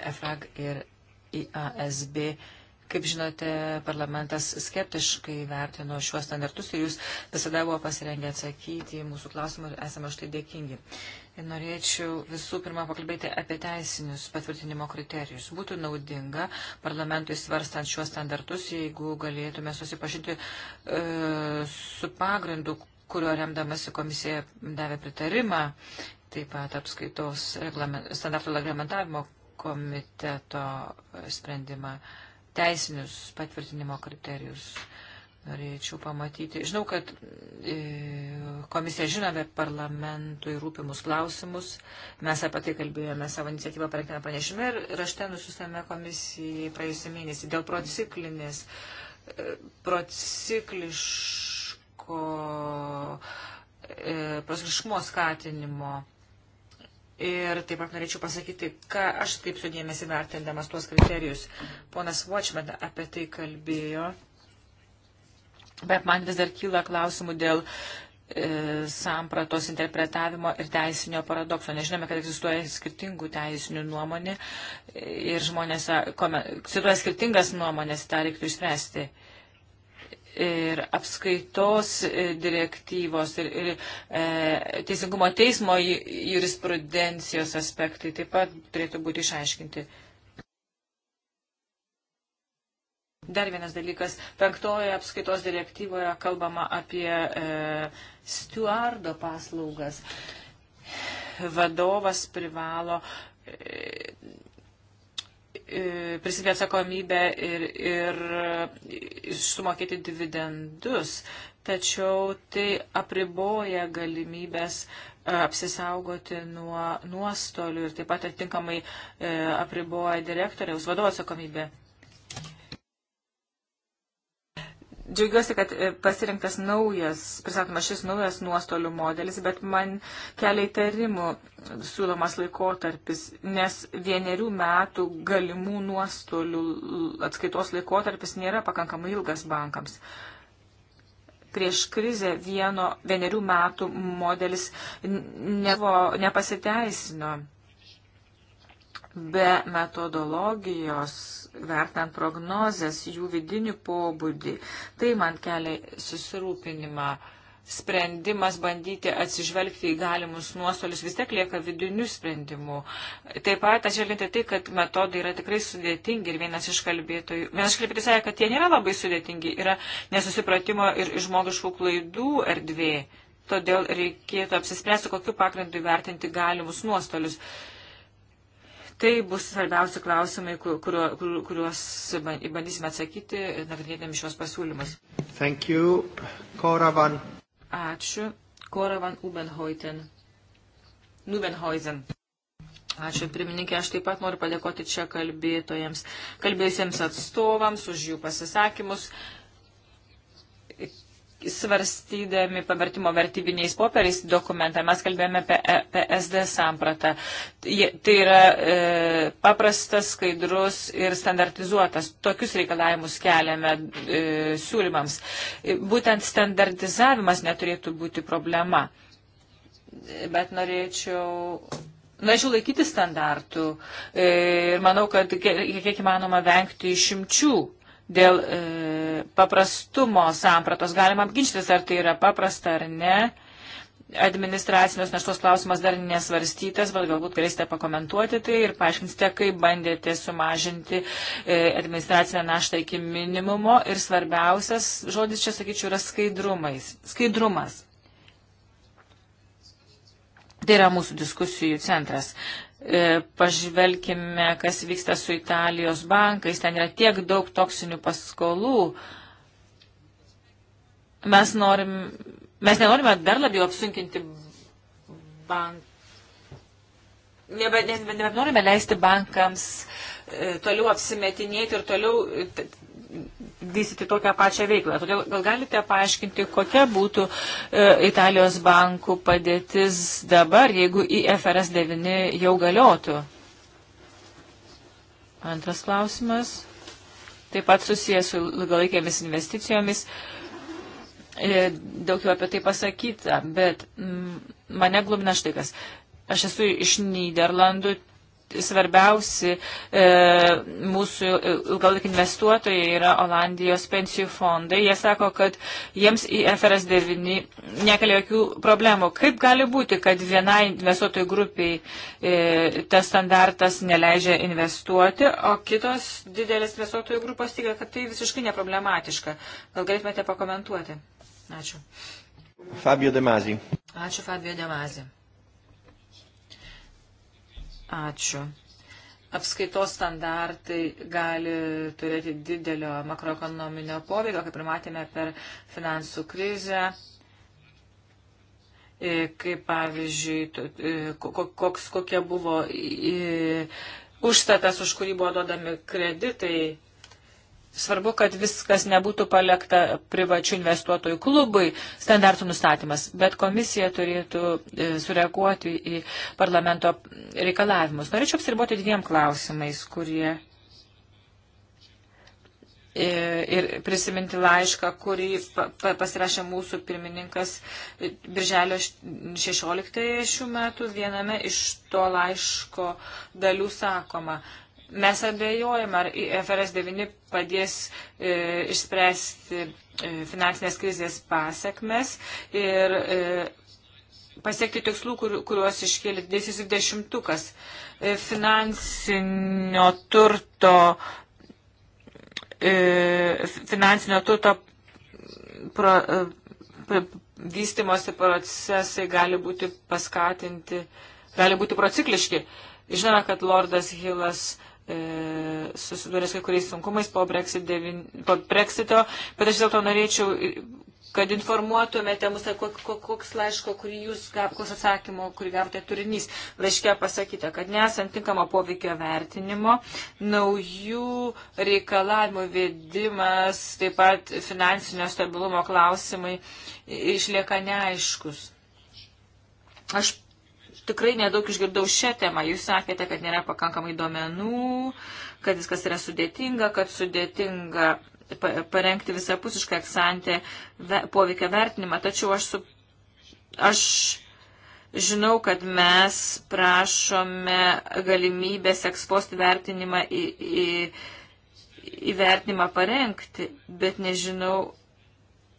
EFRAG ir IASB. Kaip žinote, parlamentas skeptiškai vertino šiuos standartus ir jūs visada buvo pasirengę atsakyti į mūsų klausimą ir esame štai dėkingi. Uh, Ir norėčiau visų pirma pakalbėti apie teisinius patvirtinimo kriterijus. Būtų naudinga parlamentui svarstant šiuos standartus, jeigu galėtume susipažinti e, su pagrindu, kurio remdamasi komisija davė pritarimą, taip pat apskaitos reglament, standartų reglamentavimo komiteto sprendimą, teisinius patvirtinimo kriterijus. E, norėčiau pamatyti. Žinau, kad e, komisija žino apie parlamentui rūpimus klausimus. Mes apie tai kalbėjome savo iniciatyvą parengtame pranešime ir rašte nusistame komisijai praėjusį mėnesį dėl prociklinės, e, procikliško, e, procikliškumo skatinimo. Ir taip pat norėčiau pasakyti, ką aš kaip sudėmėsi vertindamas tuos kriterijus. Ponas Vočmeda apie tai kalbėjo Bet man vis dar kyla klausimų dėl e, sampratos interpretavimo ir teisinio paradokso. Nežinome, kad egzistuoja skirtingų teisinių nuomonė ir žmonės cituoja skirtingas nuomonės, tą reiktų išspręsti. Ir apskaitos e, direktyvos ir, ir e, teisingumo teismo jurisprudencijos aspektai taip pat turėtų būti išaiškinti. E, Dar vienas dalykas. Penktoje apskaitos direktyvoje kalbama apie e, stuardo paslaugas. Vadovas privalo e, e prisimti atsakomybę ir, ir, ir e, sumokėti dividendus, tačiau tai apriboja galimybės e, apsisaugoti nuo nuostolių ir taip pat atitinkamai e, apriboja direktoriaus vadovo atsakomybę. Džiaugiuosi, kad e, pasirinktas naujas, pristatoma šis naujas nuostolių modelis, bet man kelia įtarimų siūlomas laikotarpis, nes vienerių metų galimų nuostolių atskaitos laikotarpis nėra pakankamai ilgas bankams prieš krizę vieno vienerių metų modelis nevo, nepasiteisino be metodologijos, vertant prognozes, jų vidinių pobūdį. Tai man kelia susirūpinimą. Sprendimas bandyti atsižvelgti į galimus nuostolius vis tiek lieka vidinių sprendimų. Taip pat atžvelginti tai, kad metodai yra tikrai sudėtingi ir vienas iš kalbėtojų, vienas iš kalbėtojų sakė, kad jie nėra labai sudėtingi, yra nesusipratimo ir žmogiškų klaidų erdvė todėl reikėtų apsispręsti, kokiu pagrindu įvertinti galimus nuostolius tai bus svarbiausi klausimai, kuriuo, kuriuos bandysime atsakyti, nagrinėdami šios pasiūlymus. Thank you, Koravan. Ačiū, Koravan Ubenhoiten. Nubenhoizen. Ačiū, pirmininkė, aš taip pat noriu padėkoti čia kalbėtojams, kalbėjusiems atstovams už jų pasisakymus svarstydami pavertimo vertybiniais popieriais dokumentą, mes kalbėjome apie e- PSD sampratą. Tai yra e, paprastas, skaidrus ir standartizuotas. Tokius reikalavimus keliame e, siūlymams. E, būtent standartizavimas neturėtų būti problema. Bet norėčiau. Norėčiau laikyti standartų e, ir manau, kad kiek įmanoma vengti išimčių dėl e, paprastumo sampratos. Galima apginčytis, ar tai yra paprasta ar ne. Administracinės naštos klausimas dar nesvarstytas, bet galbūt galėsite pakomentuoti tai ir paaiškinsite, kaip bandėte sumažinti e, administracinę naštą iki minimumo. Ir svarbiausias žodis čia, sakyčiau, yra skaidrumas. Tai yra mūsų diskusijų centras. E, pažvelkime, kas vyksta su Italijos bankais. Ten yra tiek daug toksinių paskolų. Mes, norim, mes nenorime dar labiau apsunkinti banką. Nebe, nebe, nebe norime leisti bankams e, toliau apsimetinėti ir toliau vystyti tokią pačią veiklą. Todėl gal galite paaiškinti, kokia būtų e, Italijos bankų padėtis dabar, jeigu IFRS 9 jau galiotų? Antras klausimas. Taip pat susijęs su ilgalaikėmis investicijomis. E, daug jau apie tai pasakyta, bet mane glumina štai kas. Aš esu iš Niderlandų, svarbiausi e, mūsų ilgalaik investuotojai yra Olandijos pensijų fondai. Jie sako, kad jiems į FRS 9 nekelia jokių problemų. Kaip gali būti, kad vienai investuotojų grupiai e, tas standartas neleidžia investuoti, o kitos didelės investuotojų grupos tikia, kad tai visiškai neproblematiška. Gal galėtumėte pakomentuoti? Ačiū. Fabio Demazi. Ačiū Fabio Demazi. Ačiū. Apskaitos standartai gali turėti didelio makroekonominio poveikio, kaip ir matėme per finansų krizę, e, kaip pavyzdžiui, e, koks, kokie buvo e, užstatas, už kurį buvo duodami kreditai Svarbu, kad viskas nebūtų palikta privačių investuotojų klubui, standartų nustatymas, bet komisija turėtų e, sureaguoti į parlamento reikalavimus. Norėčiau apsiriboti dviem klausimais, kurie. E, ir prisiminti laišką, kurį pasirašė mūsų pirmininkas e, Birželio 16 šių metų. Viename iš to laiško dalių sakoma, Mes abejojame, ar IFRS 9 padės e, išspręsti e, finansinės krizės pasiekmes ir e, pasiekti tikslų, kur, kuriuos iškėlė didysis dešimtukas. E, finansinio turto, e, finansinio turto pro, e, vystimosi procesai gali būti paskatinti, gali būti procikliški. Žinome, kad Lordas Hilas e, E, susidūrė su kai kuriais sunkumais po, Brexit devin, po Brexito, bet aš dėlto norėčiau, kad informuotumėte mus, tai koks laiško, kurį jūs, koks atsakymo, kurį gavote turinys. Laiške pasakyta, kad nesant tinkamo poveikio vertinimo, naujų reikalavimų vėdimas, taip pat finansinio stabilumo klausimai išlieka neaiškus. Aš tikrai nedaug išgirdau šią temą. Jūs sakėte, kad nėra pakankamai duomenų, kad viskas yra sudėtinga, kad sudėtinga parengti visapusišką eksantę poveikia vertinimą. Tačiau aš, su, aš žinau, kad mes prašome galimybės ekspost vertinimą į, į, įvertinimą parengti, bet nežinau,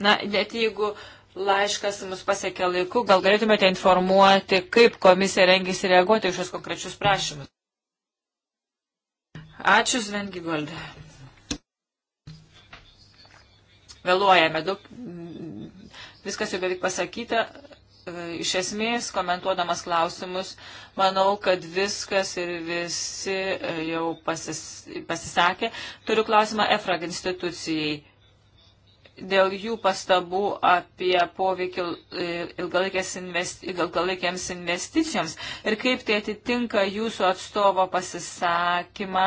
na, net jeigu uh, laiškas mus pasiekė laiku. Gal galėtumėte informuoti, kaip komisija rengėsi reaguoti iš šios konkrečius prašymus? Ačiū, Svengi Goldė. Vėluojame daug. Viskas jau beveik pasakyta. E, iš esmės, komentuodamas klausimus, manau, kad viskas ir visi e, jau pasis, pasisakė. Turiu klausimą EFRAG institucijai dėl jų pastabų apie poveikį investi, ilgalaikiams investicijoms ir kaip tai atitinka jūsų atstovo pasisakymą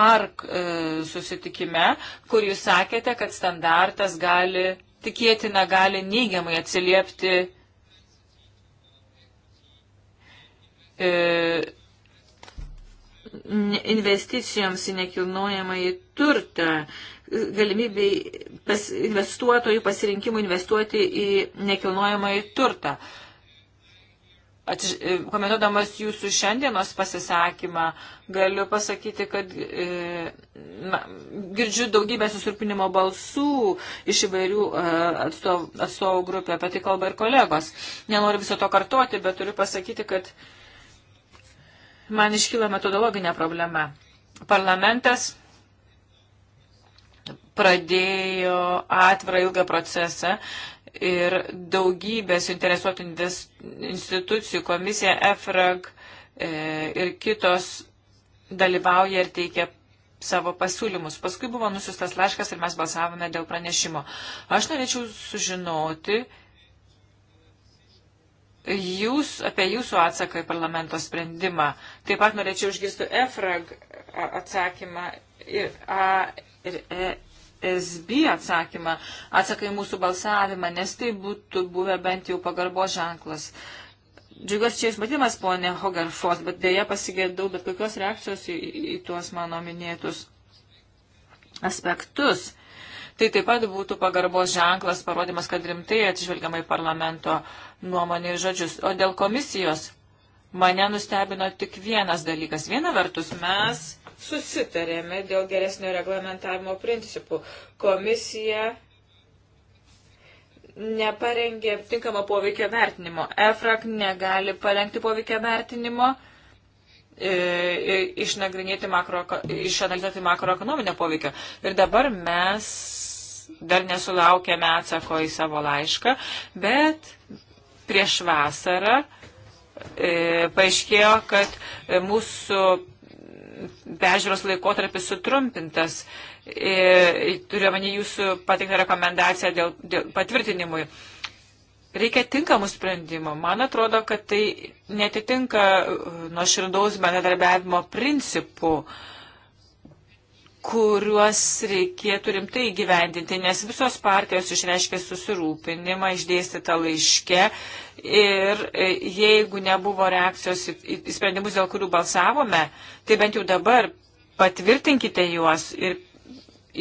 ar e, susitikime, kur jūs sakėte, kad standartas gali, tikėtina, gali neigiamai atsiliepti e, investicijoms į nekilnojamąjį turtą. E, galimybei pas, investuotojų pasirinkimų investuoti į nekilnojamą į turtą. Atž... E, komentuodamas jūsų šiandienos pasisakymą, galiu pasakyti, kad e, na, girdžiu daugybę susirpinimo balsų iš įvairių e, atstovų, atstovų grupė, apie tai kalba ir kolegos. Nenoriu viso to kartoti, bet turiu pasakyti, kad man iškyla metodologinė problema. Parlamentas pradėjo atvirą ilgą procesą ir daugybės interesuotų institucijų, komisija EFRAG e, ir kitos dalyvauja ir teikia savo pasiūlymus. Paskui buvo nusiustas laiškas ir mes balsavome dėl pranešimo. Aš norėčiau sužinoti jūs, apie jūsų atsaką į parlamento sprendimą. Taip pat norėčiau išgirsti EFRAG atsakymą ir A ir E SB atsakymą, atsaką į mūsų balsavimą, nes tai būtų buvę bent jau pagarbos ženklas. Džiugiuosi čia jūs matymas, ponė Hogarfos, bet dėja pasigėdau bet kokios reakcijos į, į, į tuos mano minėtus aspektus. Tai taip pat būtų pagarbos ženklas, parodymas, kad rimtai atžvelgiama į parlamento nuomonę ir žodžius. O dėl komisijos mane nustebino tik vienas dalykas. Viena vertus mes susitarėme dėl geresnio reglamentavimo principų. Komisija neparengė tinkamo poveikio vertinimo. EFRAK negali parengti poveikio vertinimo, e, e, išnagrinėti makro, išanalizuoti makroekonominio poveikio. Ir dabar mes dar nesulaukėme atsako į savo laišką, bet prieš vasarą e, paaiškėjo, kad mūsų pežiūros laikotarpis sutrumpintas. Turiu manį jūsų patiktą rekomendaciją dėl, dėl patvirtinimui. Reikia tinkamų sprendimų. Man atrodo, kad tai netitinka nuo širdaus bendradarbiavimo principų. Uh, kuriuos reikėtų rimtai gyvendinti, nes visos partijos išreiškė susirūpinimą išdėstytą laiške ir e, jeigu nebuvo reakcijos į sprendimus, dėl kurių balsavome, tai bent jau dabar patvirtinkite juos ir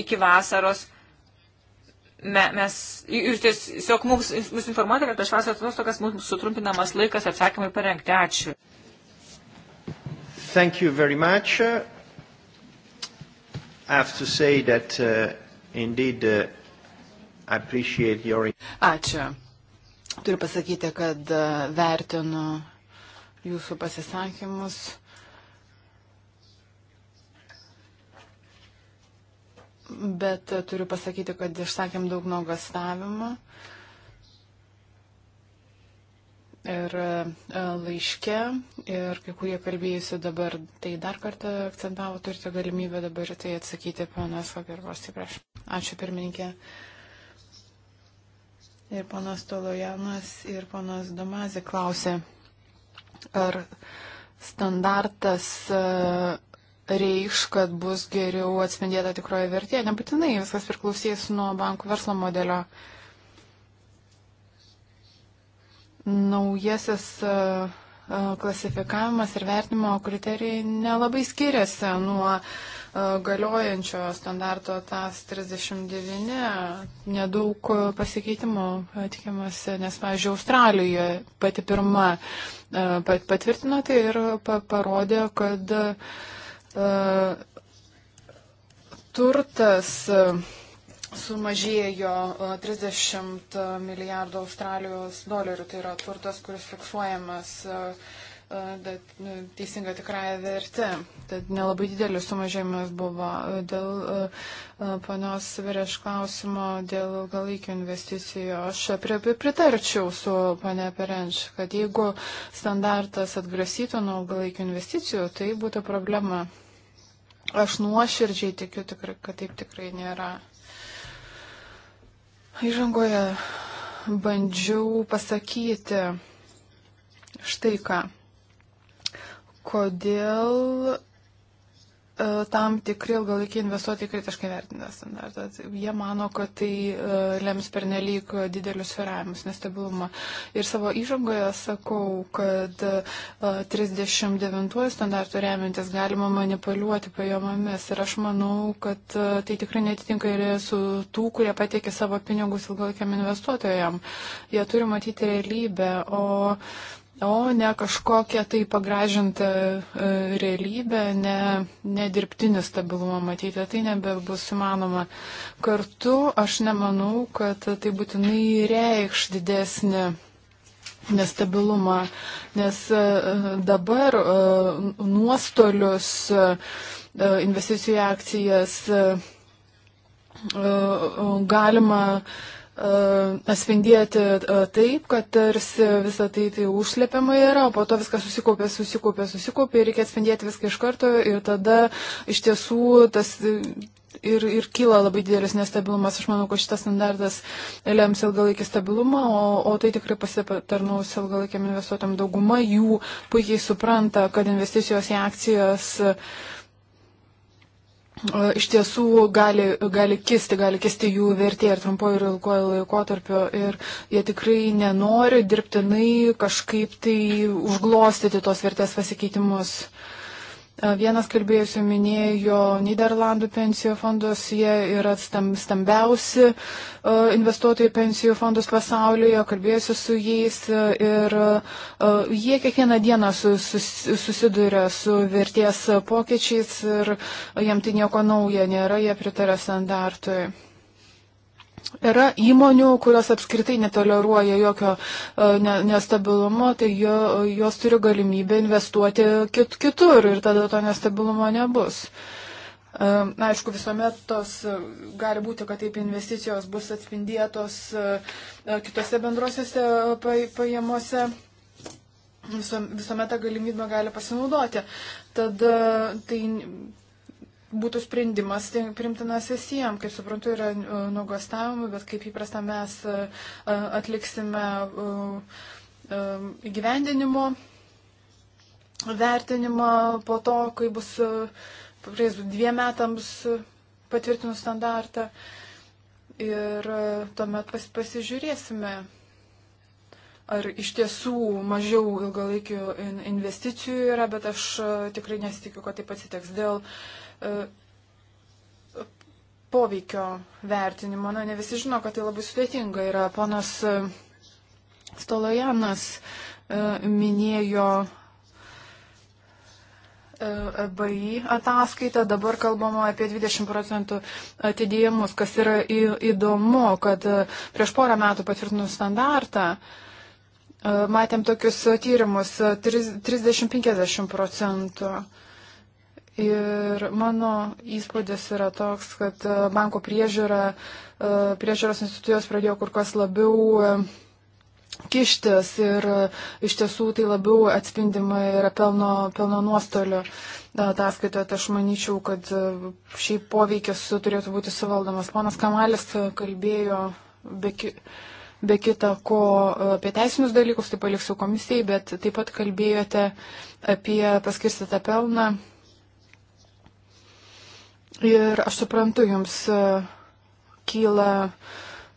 iki vasaros me, mes, jūs tiesiog mums, mus informuojate, kad prieš vasaros atostogas mums sutrumpinamas laikas atsakymai parengti. Ačiū. Thank you very much have to say that uh, indeed uh, I appreciate your. Ačiū. Turiu pasakyti, kad uh, vertinu jūsų pasisakymus. Bet uh, turiu pasakyti, kad išsakėm daug nuogastavimų. Uh, ir e, laiške, ir kai kurie kalbėjusi dabar tai dar kartą akcentavo, turite galimybę dabar tai atsakyti, panas Vakirvos, atsiprašau. Ačiū pirmininkė. Ir panas Tolojanas, ir panas Domazė klausė, ar standartas e, reikš, kad bus geriau atspindėta tikroji vertė. Nebūtinai viskas priklausys nuo bankų verslo modelio. Uh, naujasis e, e, klasifikavimas ir vertinimo kriterijai nelabai skiriasi nuo e, galiojančio standarto TAS 39, nedaug pasikeitimų tikimasi, nes, pavyzdžiui, Australijoje pati pirma patvirtino tai ir parodė, kad turtas sumažėjo 30 milijardų Australijos dolerių. Tai yra turtas, kuris fiksuojamas nu, teisinga tikrąją vertę. Tad nelabai didelis sumažėjimas buvo dėl panios Vereš klausimo dėl ilgalaikio investicijų. Aš pri, pritarčiau su pane Perenč, kad jeigu standartas atgrasytų nuo ilgalaikio investicijų, tai būtų problema. Aš nuoširdžiai tikiu, tikrai, kad taip tikrai nėra. Įžangoje bandžiau pasakyti štai ką. Kodėl E, tam tikri ilgalaikiai investuotojai kritiškai vertina standartą. Jie mano, kad tai e, lems pernelyg didelius sviravimus, nestabilumą. Ir savo įžangoje sakau, kad 39 e, standartų remintis galima manipuliuoti pajamomis. Ir aš manau, kad tai tikrai netitinka ir su tų, kurie patikė savo pinigus ilgalaikiam investuotojam. Jie turi matyti realybę. O o ne kažkokia tai pagražinta e, realybė, ne, ne dirbtinį stabilumą matyti. Tai nebebus įmanoma. Kartu aš nemanau, kad tai būtinai reikš didesnį nestabilumą, nes e, dabar e, nuostolius investicijų akcijas galima asvindėti e, taip, kad tarsi visą tai, tai užslepiama yra, o po to viskas susikaupė, susikaupė, susikaupė ir reikia atspindėti viską iš karto ir tada iš tiesų tas e, ir, ir kyla labai didelis nestabilumas. Aš manau, kad šitas standartas lems ilgalaikį stabilumą, o, o tai tikrai pasitarnaus ilgalaikiam investuotam. Dauguma jų puikiai supranta, kad investicijos į akcijas. Uh, E, iš tiesų gali, gali kisti, gali kisti jų vertė ir trumpojo ir ilgojo laikotarpio ir jie tikrai nenori dirbtinai kažkaip tai užglostyti tos vertės pasikeitimus. Uh, Vienas kalbėjusių minėjo Niderlandų pensijų fondus, jie yra stambiausi investuotojai pensijų fondus pasaulyje, kalbėjusiu su jais ir jie kiekvieną dieną susiduria su verties pokyčiais ir jam tai nieko nauja nėra, jie pritarė standartui. Yra įmonių, kurios apskritai netoleruoja jokio e, ne, nestabilumo, tai jo, jos turi galimybę investuoti kit, kitur ir tada to nestabilumo nebus. Na, e, aišku, visuomet tos gali būti, kad taip investicijos bus atspindėtos e, kitose bendrosiuose pajamose. Visuomet tą galimybę gali pasinaudoti. Tad tai būtų sprendimas tai primtinas visiems. Kaip suprantu, yra e, nuogastavimų, bet kaip įprasta mes e, e, atliksime įgyvendinimo vertinimą po to, kai bus praėjus dviem metams patvirtinus standartą. Ir tuomet pas, pasižiūrėsime, ar iš tiesų mažiau ilgalaikių investicijų yra, bet aš tikrai nesitikiu, kad taip atsiteks dėl uh, E, poveikio vertinimo. Na, ne visi žino, kad tai labai sudėtinga yra. Ponas e, Stolojanas e, minėjo BI ataskaitą, dabar kalbama apie 20 procentų atidėjimus, kas yra įdomu, kad prieš porą metų patvirtinus standartą, matėm tokius tyrimus 30-50 procentų. Ir mano įspūdis yra toks, kad e, banko priežiūra, e, priežiūros institucijos pradėjo kur kas labiau e, kištis ir iš tiesų tai labiau atspindima yra pelno, pelno nuostolio ataskaitoje. Tai aš manyčiau, kad šiaip poveikis turėtų būti suvaldomas. Ponas Kamalis kalbėjo be, ki, be kita ko apie teisinius dalykus, tai paliksiu komisijai, bet taip pat kalbėjote apie paskirstytą pelną Ir aš suprantu, jums e, kyla,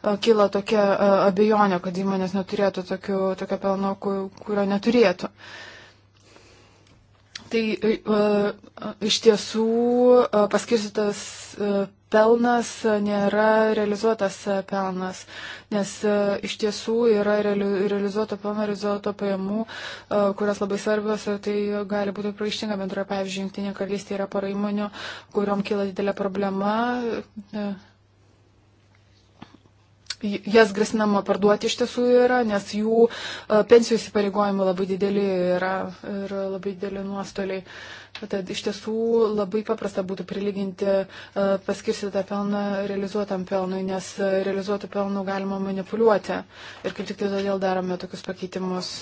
e, kyla tokia e, abejonė, kad įmonės neturėtų tokio, tokio pelno, kurio neturėtų. Tai iš tiesų paskirstytas pelnas nėra realizuotas pelnas, nes e, iš tiesų yra realizuoto pelno, realizuoto pajamų, e, kurios labai svarbios ir tai gali būti praištinga bendroje. Pavyzdžiui, Junktinė karalystė yra para įmonių, kuriuom kyla didelė problema. E, jas grasinama parduoti iš tiesų yra, nes jų pensijų įsipareigojimai labai dideli yra ir labai dideli nuostoliai. Uh, Tad iš tiesų labai paprasta būtų prilyginti e, paskirstytą pelną realizuotam pelnui, nes realizuotų pelnų galima manipuliuoti. Ir kaip tik tai todėl darome tokius pakeitimus.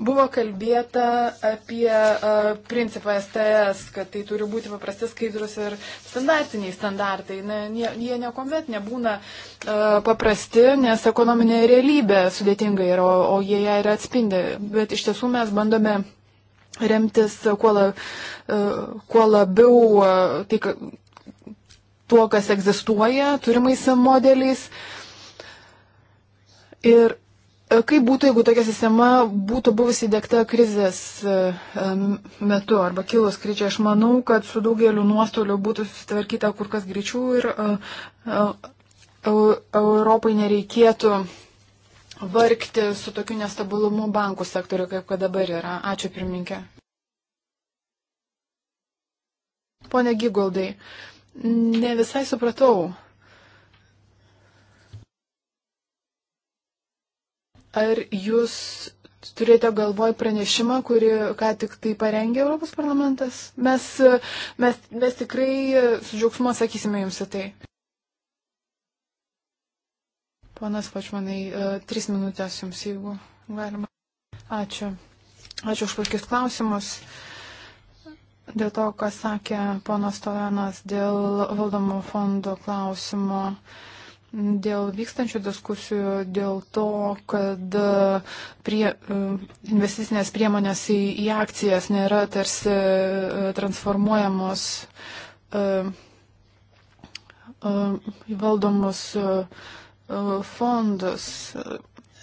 Buvo kalbėta apie a, principą STS, kad tai turi būti paprasti skaidrus ir standartiniai standartai. Na, nie, jie niekuomet nebūna a, paprasti, nes ekonominė realybė sudėtinga yra, o, o jie ją yra atspindi. Bet iš tiesų mes bandome remtis kuo, la, a, kuo labiau a, tai, tuo, kas egzistuoja, turimais modeliais. Ir E, kaip būtų, jeigu tokia sistema būtų buvusi įdėkta krizės e, e, metu arba kilus kryčiai? Aš manau, kad su daugeliu nuostoliu būtų susitvarkyta kur kas greičiau ir Europai nereikėtų vargti su tokiu nestabilumu bankų sektoriu, kaip kad dabar yra. Ačiū pirmininkė. Pone Gigoldai, ne visai supratau Ar jūs turite galvoj pranešimą, kurį ką tik tai parengė Europos parlamentas? Mes, mes, mes tikrai su džiaugsmu atsakysime jums į tai. Ponas Pačmanai, e, tris minutės jums, jeigu galima. Ačiū. Ačiū už puikius klausimus. Dėl to, ką sakė ponas Tovenas dėl valdomo fondo klausimo. Uh, dėl vykstančių diskusijų, dėl to, kad e, prie, e, investicinės priemonės į, į akcijas nėra tarsi e, transformuojamos valdomus fondus.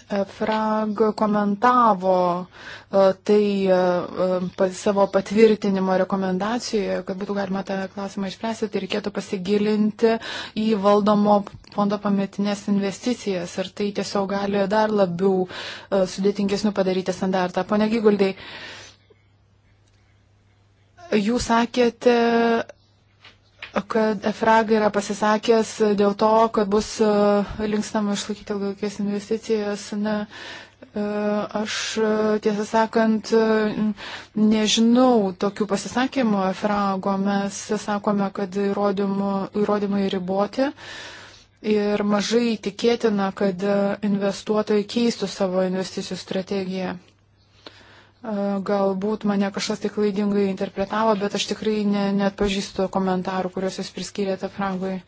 Frag komentavo e, tai e, e, savo patvirtinimo rekomendacijoje, kad būtų galima tą klausimą išspręsti, tai reikėtų pasigilinti į valdomo fondo pametinės investicijas ir tai tiesiog gali dar labiau sudėtingesnių padaryti standartą. Pone Gyguldai, jūs sakėte, kad Efraga yra pasisakęs dėl to, kad bus e, linkstama išlaikyti ilgalaikės investicijas. Na, e, Aš e, tiesą sakant, nežinau tokių pasisakymų Efrago. Mes sakome, kad įrodymų, įrodymai riboti. Ir mažai tikėtina, kad investuotojai keistų savo investicijų strategiją. Galbūt mane kažkas tik klaidingai interpretavo, bet aš tikrai ne, net pažįstu komentarų, kuriuos jūs priskyrėte Frankui.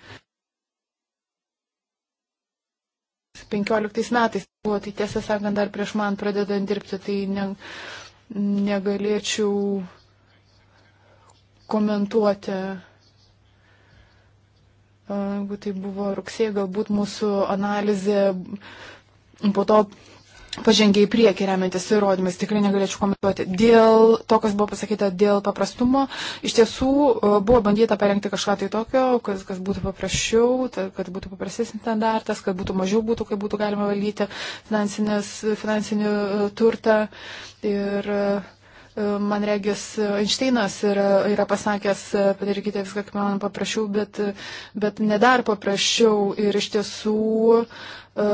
15 metais buvo, tai tiesą sakant, dar prieš man pradedant dirbti, tai ne, negalėčiau komentuoti. Jeigu tai buvo rugsėje, galbūt mūsų analizė po to pažengė į priekį remiantis įrodymais, tikrai negalėčiau komentuoti. Dėl to, kas buvo pasakyta dėl paprastumo, iš tiesų e, buvo bandyta parengti kažką tai tokio, kas, kas būtų paprasčiau, kad būtų paprastesnis standartas, kad būtų mažiau būtų, kaip būtų galima valdyti finansinį e, turtą. Ir, e, man regis, Einšteinas yra, yra pasakęs, padarykite viską, kaip man paprašiau, bet, bet nedar paprašiau ir iš tiesų uh, E,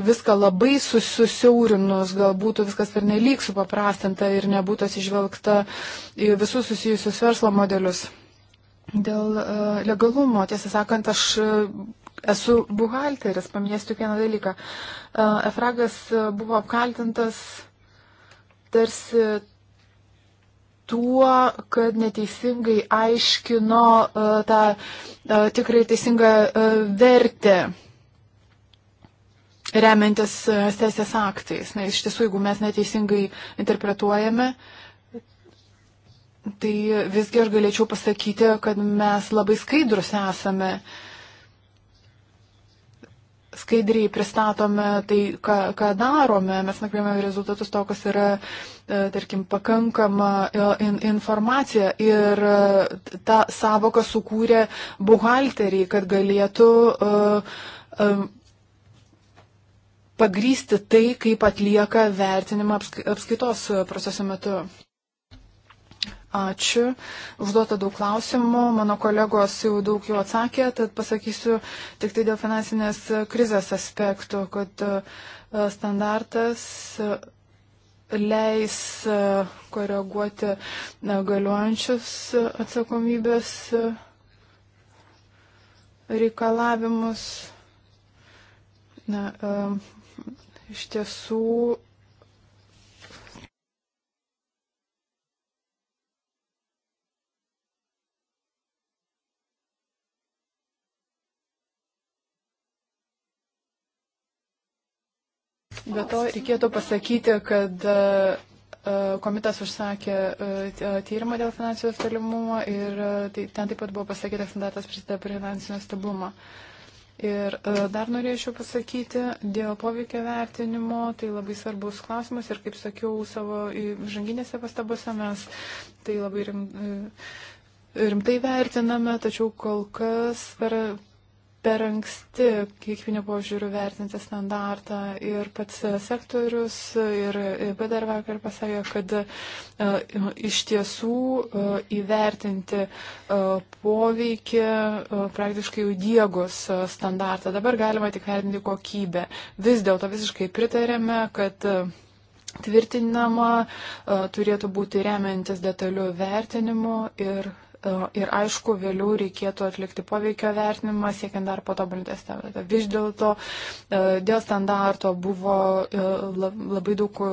viską labai susiaurinus, gal būtų viskas per nelik supaprastinta ir nebūtų atsižvelgta į visus susijusius verslo modelius. Dėl e, legalumo, tiesą sakant, aš e, esu buhalteris, paminėsiu tik vieną dalyką. Efragas buvo apkaltintas tarsi tuo, kad neteisingai aiškino tą tikrai teisingą vertę remiantis e, teisės aktais. Na, iš tiesų, jeigu mes neteisingai interpretuojame, tai visgi aš galėčiau pasakyti, kad mes labai skaidrus esame. Skaidriai pristatome tai, ką, ką darome, mes nagrinėjame rezultatus to, kas yra, e, tarkim, pakankama e, in, informacija. Ir tą savoką sukūrė buhalteriai, kad galėtų uh, um, pagrysti tai, kaip atlieka vertinimą apskaitos proceso metu. Ačiū. Užduota daug klausimų. Mano kolegos jau daug jų atsakė, tad pasakysiu tik tai dėl finansinės krizės aspektų, kad e, standartas e, leis e, koreguoti galiuojančius atsakomybės reikalavimus. Na, um, iš tiesų Be to reikėtų pasakyti, kad e, e, komitas užsakė e, tyrimą dėl finansinio stabilumo ir tai ten taip pat buvo pasakytas mandatas prisideda prie finansinio stabilumo. Uh, Ir e, dar norėčiau pasakyti dėl poveikio vertinimo, tai labai svarbus klausimas ir kaip sakiau savo žanginėse pastabose, mes tai labai rim, e, rimtai vertiname, tačiau kol kas per per anksti kiekvienų požiūrių vertinti standartą ir pats sektorius ir B dar vakar pasakė, kad uh, iš tiesų uh, įvertinti uh, poveikį praktiškai jau diegus standartą. Dabar galima tik vertinti kokybę. Vis dėlto visiškai pritarėme, kad tvirtinama turėtų būti remiantis detaliu vertinimu ir Ir aišku, vėliau reikėtų atlikti poveikio vertinimą, siekiant dar patobulinti standartą. Vis dėlto e, dėl standarto buvo e, labai daug e,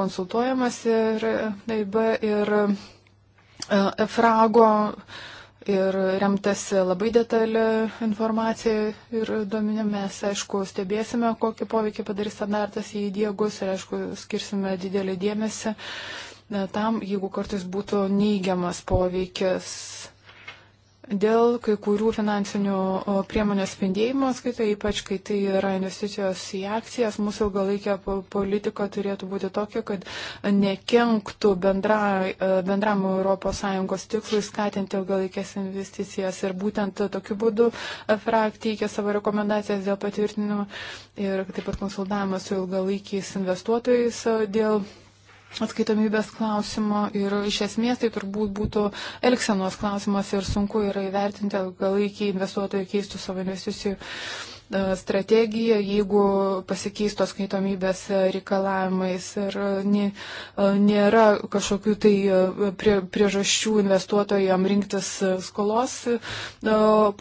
konsultuojamas ir EIB ir EFRAGO ir remtasi labai detalė informacija ir duomenim. Mes, aišku, stebėsime, kokį poveikį padarys standartas įdėgus ir, aišku, skirsime didelį dėmesį tam, jeigu kartais būtų neigiamas poveikis dėl kai kurių finansinių priemonių spindėjimo skaitai, ypač kai tai yra investicijos į akcijas, mūsų ilgalaikė politika turėtų būti tokia, kad nekenktų bendra, e, bendram ES tikslui skatinti ilgalaikės investicijas. Ir būtent tokiu būdu e, FRAG teikia savo rekomendacijas dėl patvirtinimo ir taip pat konsultavimas su ilgalaikiais investuotojais e, dėl atskaitomybės klausimo ir iš esmės tai turbūt būtų elgsenos klausimas ir sunku yra įvertinti, gal iki investuotojai keistų savo investicijų e, strategiją, jeigu pasikeisto skaitomybės e, reikalavimais ir e, nė, nėra kažkokių tai prie, priežasčių investuotojam rinktis skolos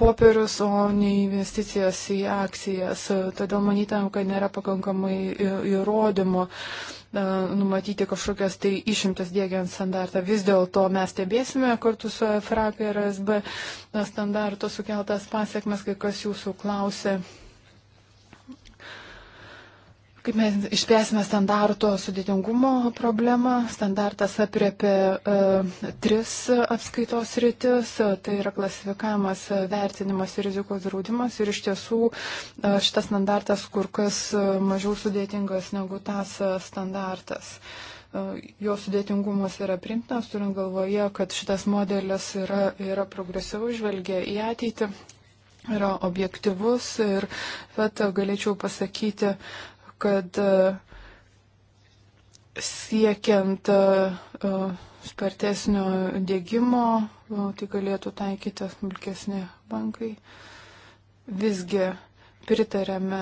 popierius, o ne investicijas į akcijas. Todėl manytam, kad nėra pakankamai įrodymų. E, numatyti kažkokias tai išimtas dėgiant standartą. Vis dėlto mes stebėsime kartu su FRAP ir SB standarto sukeltas pasiekmes, kai kas jūsų klausė Kaip mes išspręsime standarto sudėtingumo problemą, standartas apriepia e, tris apskaitos rytis, e, tai yra klasifikavimas, e, vertinimas ir rizikos draudimas. Ir iš tiesų e, šitas standartas kur kas e, mažiau sudėtingas negu tas standartas. E, jo sudėtingumas yra primtinas, turint galvoje, kad šitas modelis yra, yra progresyvus, žvelgia į ateitį yra objektivus ir bet galėčiau pasakyti, kad e, siekiant e, e, spartesnio dėgymo, tai galėtų taikyti smulkesni bankai. Visgi pritarėme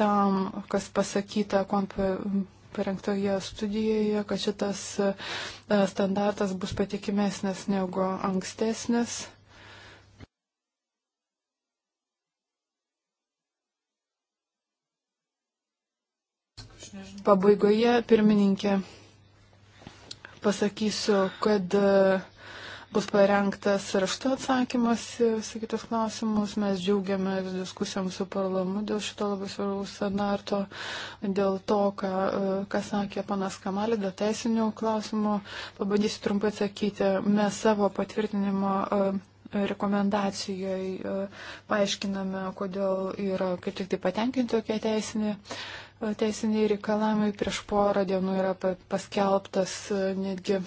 tam, kas pasakyta parengtoje studijoje, kad šitas standartas bus patikimesnis negu ankstesnis. Pabaigoje, pirmininkė, pasakysiu, kad e, bus parengtas raštu atsakymas į sakytus klausimus. Mes džiaugiamės diskusijom su parlamu dėl šito labai svarbaus standarto, dėl to, ką, e, ką sakė panas Kamalė, dėl teisinių klausimų. Pabandysiu trumpai atsakyti. Mes savo patvirtinimo e, rekomendacijoje paaiškiname, kodėl yra kaip tik tai patenkinti tokia teisinė teisiniai reikalavimai. Prieš porą dienų yra paskelbtas e, netgi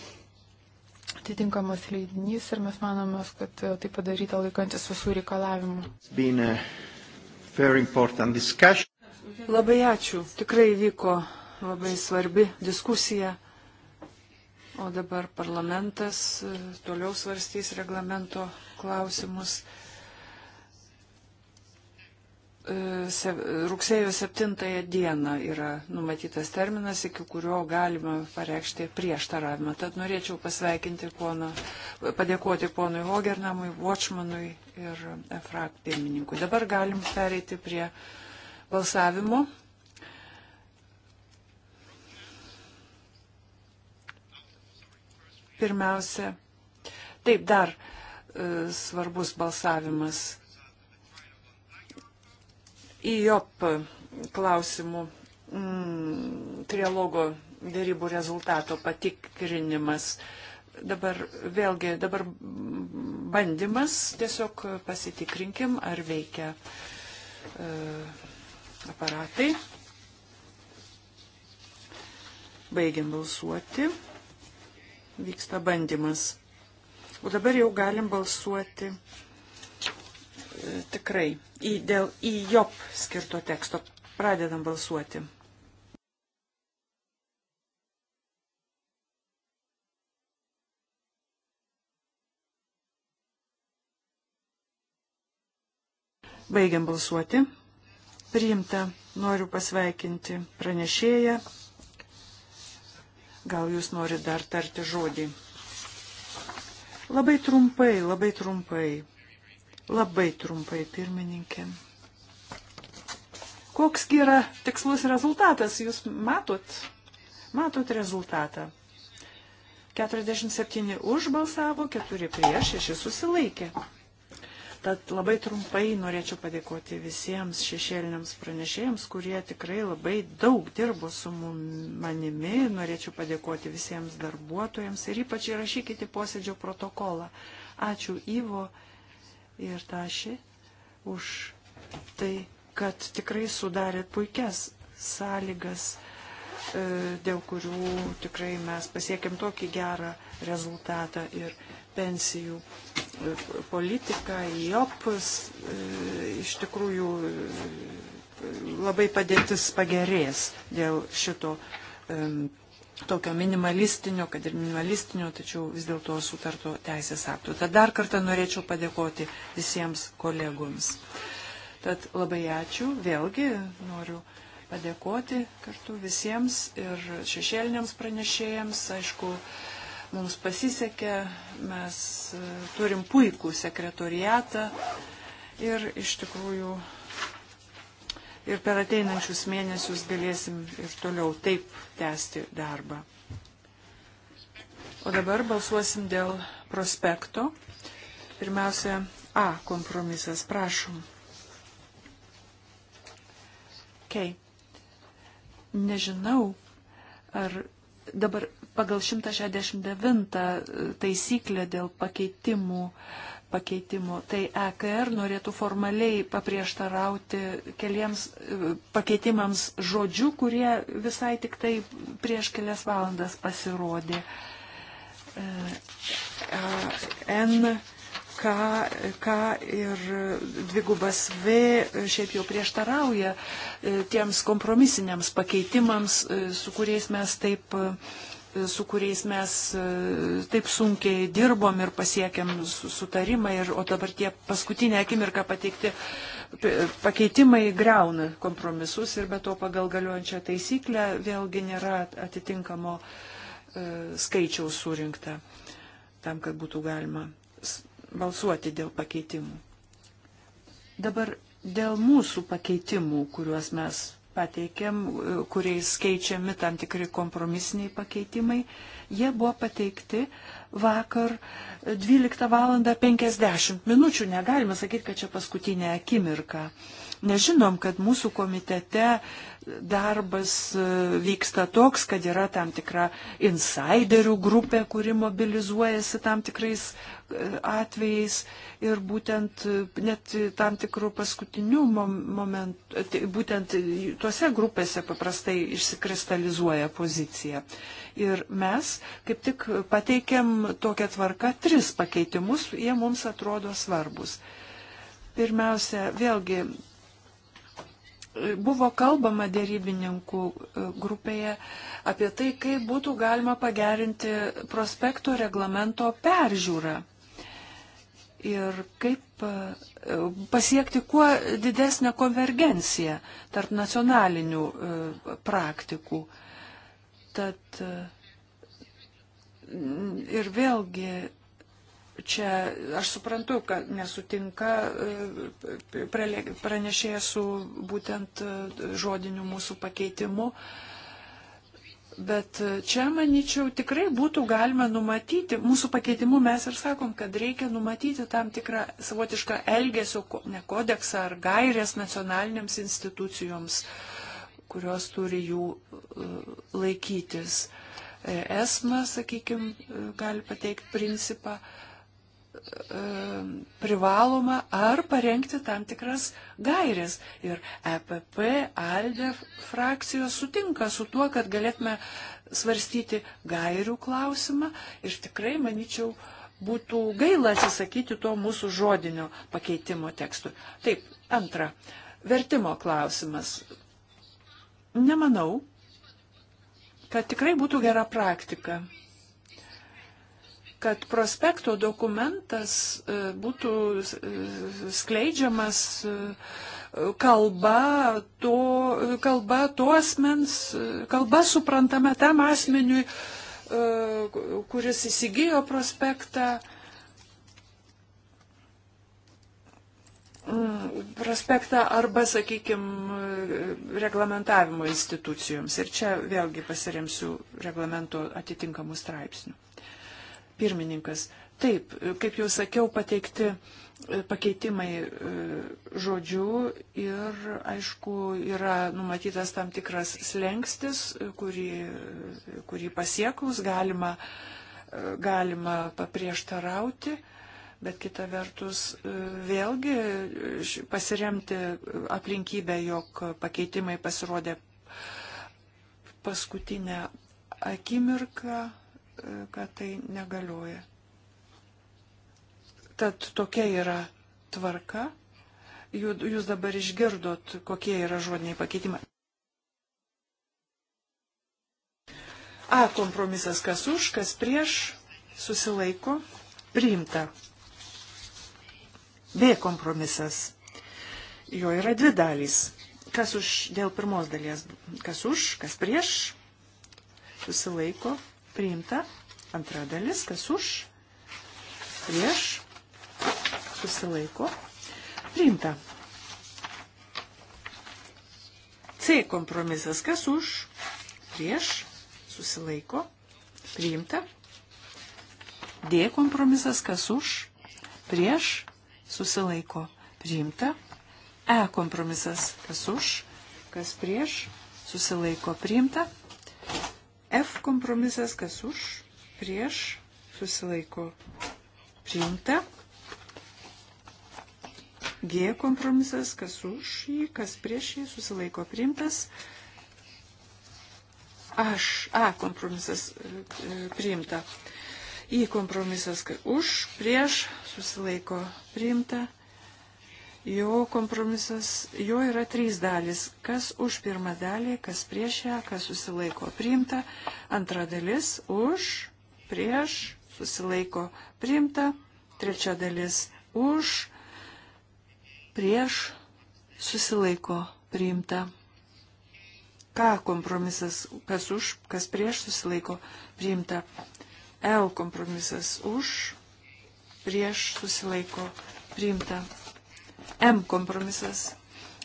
atitinkamas leidinys ir mes manome, kad e, tai padaryta laikantis visų reikalavimų. Labai ačiū. Tikrai vyko labai svarbi diskusija. O dabar parlamentas e, toliau svarstys reglamento klausimus. E, rugsėjo 7 dieną yra numatytas terminas, iki kurio galima pareikšti prieštaravimą. Tad norėčiau pasveikinti poną, padėkoti ponui Hogernamui, Watchmanui ir EFRAK pirmininkui. Dabar galim pereiti prie balsavimo. Pirmiausia, taip dar e, svarbus balsavimas IOP klausimų mm, trialogo dėrybų rezultato patikrinimas. Dabar vėlgi, dabar bandymas, tiesiog pasitikrinkim, ar veikia e, aparatai. Baigiam balsuoti. Vyksta bandymas. O dabar jau galim balsuoti tikrai į, dėl į jop skirto teksto. Pradedam balsuoti. Baigiam balsuoti. Priimta. Noriu pasveikinti pranešėją. Gal jūs norite dar tarti žodį? Labai trumpai, labai trumpai. Labai trumpai, pirmininkė. Koks yra tikslus rezultatas, jūs matot? Matot rezultatą. 47 už balsavo, 4 prieš, 6 susilaikė. Tad labai trumpai norėčiau padėkoti visiems šešėliniams pranešėjams, kurie tikrai labai daug dirbo su manimi. Norėčiau padėkoti visiems darbuotojams ir ypač įrašykite posėdžio protokolą. Ačiū Ivo ir Tašį už tai, kad tikrai sudarėt puikias sąlygas, e, dėl kurių tikrai mes pasiekėm tokį gerą rezultatą ir pensijų e, politika, jopus e, iš tikrųjų labai padėtis pagerės dėl šito tokio minimalistinio, kad ir minimalistinio, tačiau vis dėlto sutarto teisės aktų. Tad dar kartą norėčiau padėkoti visiems kolegoms. Tad labai ačiū, vėlgi noriu padėkoti kartu visiems ir šešėliniams pranešėjams, aišku, mums pasisekė, mes e, turim puikų sekretoriatą ir iš tikrųjų ir per ateinančius mėnesius galėsim ir toliau taip tęsti darbą. O dabar balsuosim dėl prospekto. Pirmiausia, A kompromisas, prašom. Kei, nežinau, ar dabar pagal 169 taisyklę dėl pakeitimų uh, pakeitimų. Tai EKR norėtų formaliai paprieštarauti keliems e, pakeitimams žodžių, kurie visai tik tai prieš kelias valandas pasirodė. E, N, K, K ir dvigubas V šiaip jau prieštarauja e, tiems kompromisiniams pakeitimams, su kuriais mes taip uh, su kuriais mes e, taip sunkiai dirbom ir pasiekėm sutarimą, ir, o dabar tie paskutinę akimirką pateikti pakeitimai greuna kompromisus ir be to pagal galiojančią taisyklę vėlgi nėra atitinkamo e, skaičiaus surinkta tam, kad būtų galima balsuoti dėl pakeitimų. Dabar dėl mūsų pakeitimų, kuriuos mes pateikėm, e, kuriais keičiami tam tikri kompromisiniai pakeitimai, jie buvo pateikti vakar 12 val. 50 minučių. Negalime sakyti, kad čia paskutinė akimirka. Nežinom, kad mūsų komitete darbas e, vyksta toks, kad yra tam tikra insiderių grupė, kuri mobilizuojasi tam tikrais atvejais ir būtent e, net tam tikrų paskutinių momentų, e, tai būtent tuose grupėse paprastai išsikristalizuoja pozicija. Ir mes kaip tik pateikėm tokią tvarką tris pakeitimus, jie mums atrodo svarbus. Pirmiausia, vėlgi buvo kalbama dėrybininkų e, grupėje apie tai, kaip būtų galima pagerinti prospekto reglamento peržiūrą ir kaip e, pasiekti kuo didesnę konvergenciją tarp nacionalinių e, praktikų. Tad e, ir vėlgi čia aš suprantu, kad nesutinka pranešėjas su būtent žodiniu mūsų pakeitimu, Bet e, čia, manyčiau, tikrai būtų galima numatyti, mūsų pakeitimu mes ir sakom, kad reikia numatyti tam tikrą savotišką elgesio ne kodeksą ar gairės nacionaliniams institucijoms, kurios turi jų e, laikytis. E, Esma, sakykime, gali pateikti principą, E, privaloma ar parengti tam tikras gairės. Ir EPP, ALDE frakcijos sutinka su tuo, kad galėtume svarstyti gairių klausimą ir tikrai, manyčiau, būtų gaila atsisakyti to mūsų žodinio pakeitimo tekstui. Taip, antra, vertimo klausimas. Nemanau, kad tikrai būtų gera praktika kad prospekto dokumentas e, būtų e, skleidžiamas e, kalba to, kalba to asmens, kalba suprantama tam asmeniui, kuris įsigijo prospektą. Mm, prospektą arba, sakykime, reglamentavimo institucijoms. Ir čia vėlgi pasiremsiu reglamento atitinkamų straipsnių. Pirmininkas, taip, kaip jau sakiau, pateikti e, pakeitimai e, žodžių ir, aišku, yra numatytas tam tikras slengstis, e, kurį, kurį pasiekus galima, galima paprieštarauti, bet kita vertus vėlgi pasiremti aplinkybę, jog pakeitimai pasirodė paskutinę akimirką kad tai negalioja. Tad tokia yra tvarka. Jūs dabar išgirdot, kokie yra žodiniai pakeitimai. A kompromisas, kas už, kas prieš, susilaiko, priimta. B kompromisas. Jo yra dvi dalys. Kas už dėl pirmos dalies, kas už, kas prieš, susilaiko, priimta. Antra dalis, kas už, prieš, susilaiko, priimta. C kompromisas, kas už, prieš, susilaiko, priimta. D kompromisas, kas už, prieš, susilaiko, priimta. E kompromisas, kas už, kas prieš, susilaiko, priimta. F kompromisas, kas už, prieš, susilaiko priimta. G kompromisas, kas už jį, kas prieš jį, susilaiko priimtas. Aš, A kompromisas e, e, priimta. I kompromisas, kad už, prieš, susilaiko priimta. Jo kompromisas, jo yra trys dalis. Kas už pirmą dalį, kas prieš ją, kas susilaiko priimta. Antra dalis už, prieš, susilaiko priimta. Trečia dalis už, prieš, susilaiko priimta. K kompromisas, kas už, kas prieš, susilaiko priimta. L kompromisas už, prieš, susilaiko priimta. M kompromisas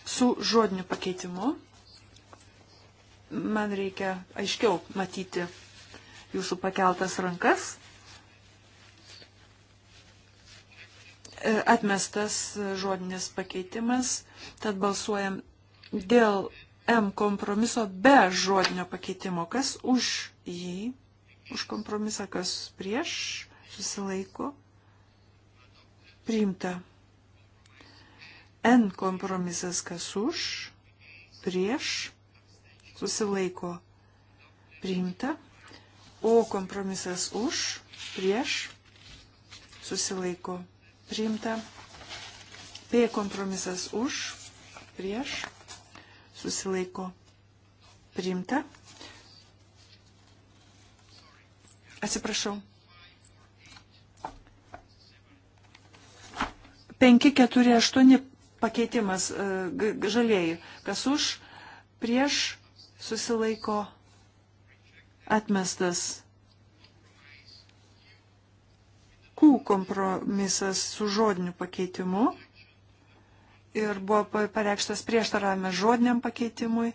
su žodiniu pakeitimu. Man reikia aiškiau matyti jūsų pakeltas rankas. E, atmestas žodinis pakeitimas, tad balsuojam dėl M kompromiso be žodinio pakeitimo. Kas už jį, už kompromisą, kas prieš, susilaiko. Priimta. N kompromisas kas už, prieš, susilaiko priimta. O kompromisas už, prieš, susilaiko priimta. P kompromisas už, prieš, susilaiko priimta. Atsiprašau. 5, 4, 8 pakeitimas e, žalieji. Kas už, prieš susilaiko atmestas. Q kompromisas su žodiniu pakeitimu ir buvo pareikštas prieštaravimas žodiniam pakeitimui.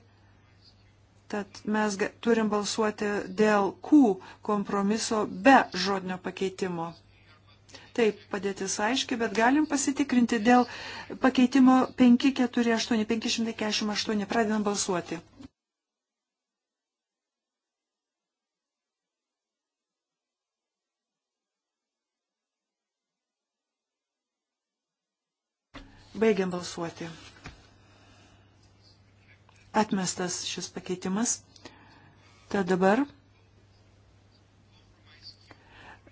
Tad mes turim balsuoti dėl Q kompromiso be žodinio pakeitimo. Taip, padėtis aiški, bet galim pasitikrinti dėl pakeitimo 548, 548. Pradedam balsuoti. Baigiam balsuoti. Atmestas šis pakeitimas. Tad dabar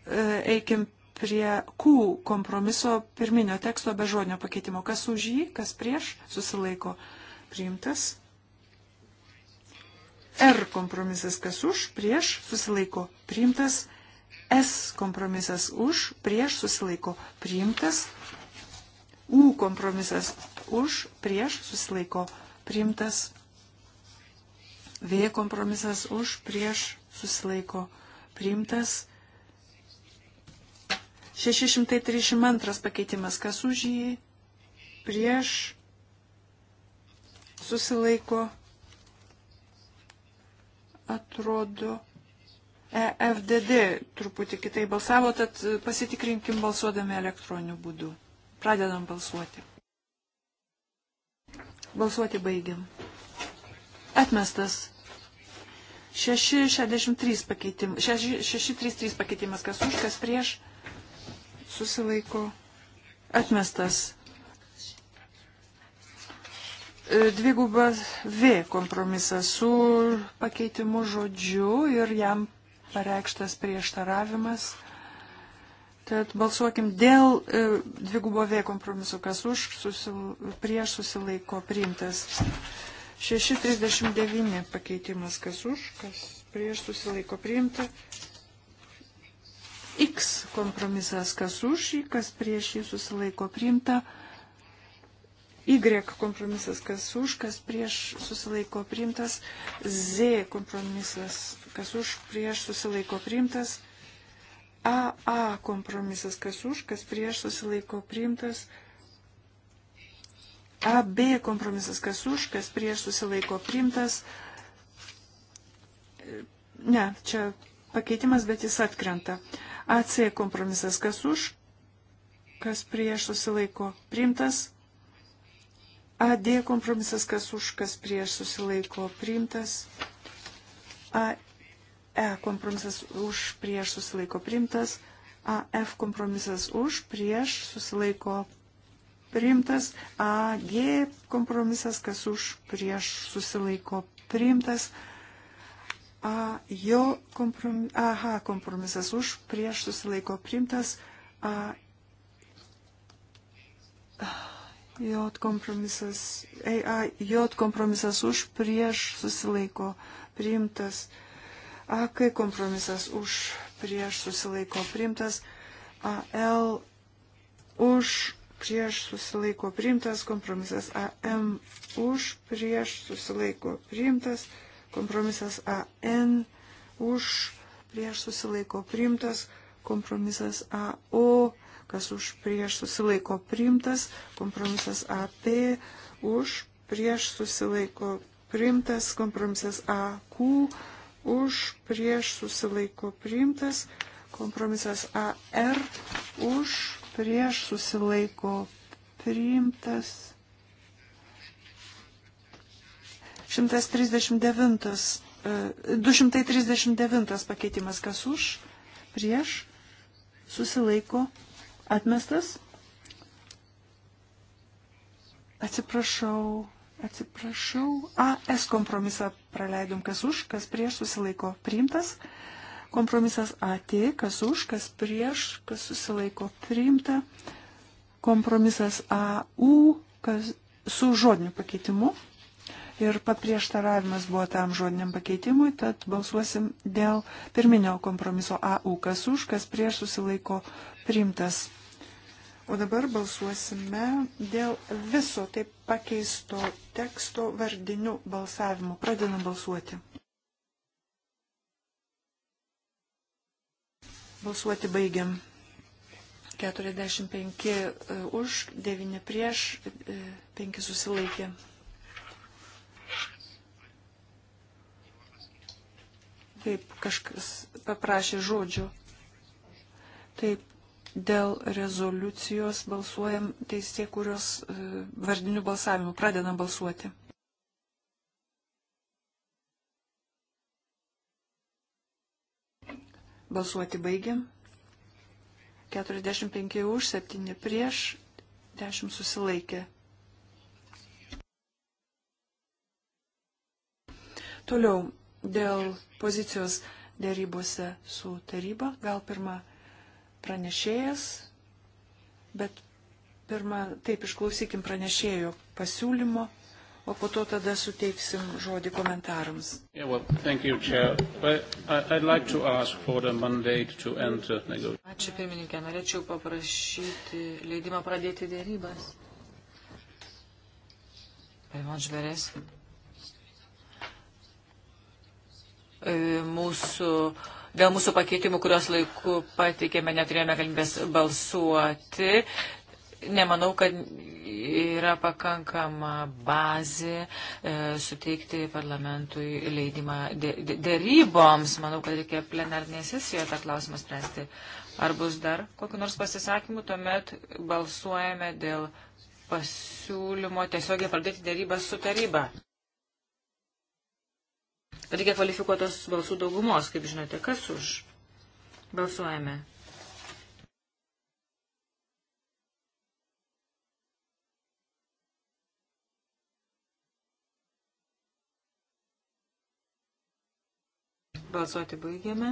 e, eikim prie Q kompromiso pirminio teksto be žodinio pakeitimo. Kas už jį, kas prieš, susilaiko priimtas. R kompromisas kas už, prieš, susilaiko priimtas. S kompromisas už, prieš, susilaiko priimtas. U kompromisas už, prieš, susilaiko priimtas. V kompromisas už, prieš, susilaiko priimtas. 632 pakeitimas, kas už jį, prieš, susilaiko, atrodo, EFDD truputį kitai balsavo, tad pasitikrinkim balsuodami elektroniniu būdu. Pradedam balsuoti. Balsuoti baigiam. Atmestas. 663 pakeitimas, 633 pakeitimas, kas už, kas prieš, susilaiko, atmestas. E, dviguba V kompromisas su pakeitimu žodžiu ir jam pareikštas prieštaravimas. Tad balsuokim dėl e, dvigubo V kompromisu, kas už susil, prieš susilaiko priimtas. 639 pakeitimas, kas už, kas prieš susilaiko priimta. X kompromisas, kas už jį, kas prieš jį susilaiko priimta. Y kompromisas, kas už, kas prieš susilaiko priimtas. Z kompromisas, kas už, prieš susilaiko priimtas. AA kompromisas, kas už, kas prieš susilaiko priimtas. AB kompromisas, kas už, kas prieš susilaiko priimtas. Ne, čia pakeitimas, bet jis atkrenta. AC kompromisas kas už, kas prieš susilaiko priimtas. AD kompromisas kas už, kas prieš susilaiko priimtas. AE kompromisas už, prieš susilaiko priimtas. AF kompromisas už, prieš susilaiko priimtas. AG kompromisas kas už, prieš susilaiko priimtas. priimtas. A, jo kompromis, aha, kompromisas už, prieš susilaiko primtas, A, J kompromisas, AI, J kompromisas už, prieš susilaiko priimtas, AK kompromisas už, prieš susilaiko priimtas, AL už, prieš susilaiko priimtas, kompromisas AM už, prieš susilaiko priimtas, priimtas Kompromisas AN už prieš susilaiko priimtas. Kompromisas AO, kas už prieš susilaiko priimtas. Kompromisas AP už prieš susilaiko priimtas. Kompromisas AQ už prieš susilaiko priimtas. Kompromisas AR už prieš susilaiko priimtas. 139, 239 e, pakeitimas, kas už, prieš, susilaiko, atmestas. Atsiprašau, atsiprašau. AS kompromisą praleidom, kas už, kas prieš, susilaiko, priimtas. Kompromisas AT, kas už, kas prieš, kas susilaiko, priimta. Kompromisas AU, kas su žodiniu pakeitimu ir paprieštaravimas buvo tam žodiniam pakeitimui, tad balsuosim dėl pirminio kompromiso AU, kas už, kas prieš susilaiko priimtas. O dabar balsuosime dėl viso taip pakeisto teksto vardinių balsavimų. Pradedam balsuoti. Balsuoti baigiam. 45 e, už, 9 prieš, 5 e, susilaikė. Taip, kažkas paprašė žodžio. Taip, dėl rezoliucijos balsuojam teisė, kurios e, vardinių balsavimų pradedam balsuoti. Balsuoti baigiam. 45 už, 7 prieš, 10 susilaikė. Toliau dėl pozicijos dėrybose su taryba. Gal pirmą pranešėjas, bet pirmą taip išklausykim pranešėjo pasiūlymo, o po to tada suteiksim žodį komentarams. Yeah, well, you, I, like Ačiū pirmininkė, norėčiau paprašyti leidimą pradėti dėrybas. Paimant žveres. E, mūsų, dėl mūsų pakeitimų, kuriuos laiku patikėme, neturėjome galimybės balsuoti. Nemanau, kad yra pakankama bazė e, suteikti parlamentui leidimą dėryboms. Manau, kad reikia plenarnėje sesijoje tą klausimą spręsti. Ar bus dar kokiu nors pasisakymu, tuomet balsuojame dėl pasiūlymo tiesiogiai pradėti dėrybą su taryba. Reikia kvalifikuotos balsų daugumos, kaip žinote, kas už. Balsuojame. Balsuoti baigiame.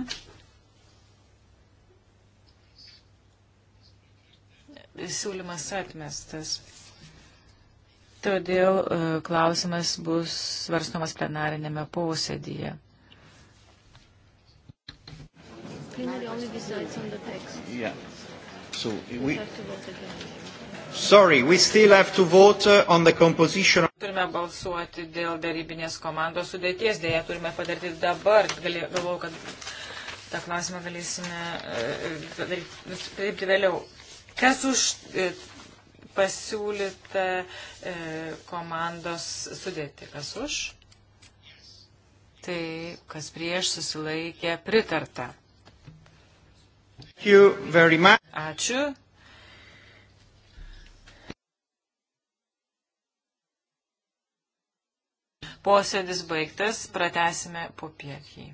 Siūlymas atmestas. Todėl e, klausimas bus svarstomas plenarinėme posėdyje. Yeah. So we... Sorry, we still have to vote uh, on the composition. Turime balsuoti dėl darybinės komandos sudėties, dėja turime padaryti dabar. Galvau, kad tą klausimą galėsime daryti e, e, vėliau. Kas už pasiūlytą e, komandos sudėti. Kas už? Tai kas prieš susilaikė pritarta. Ačiū. Posėdis baigtas, pratesime po pietį.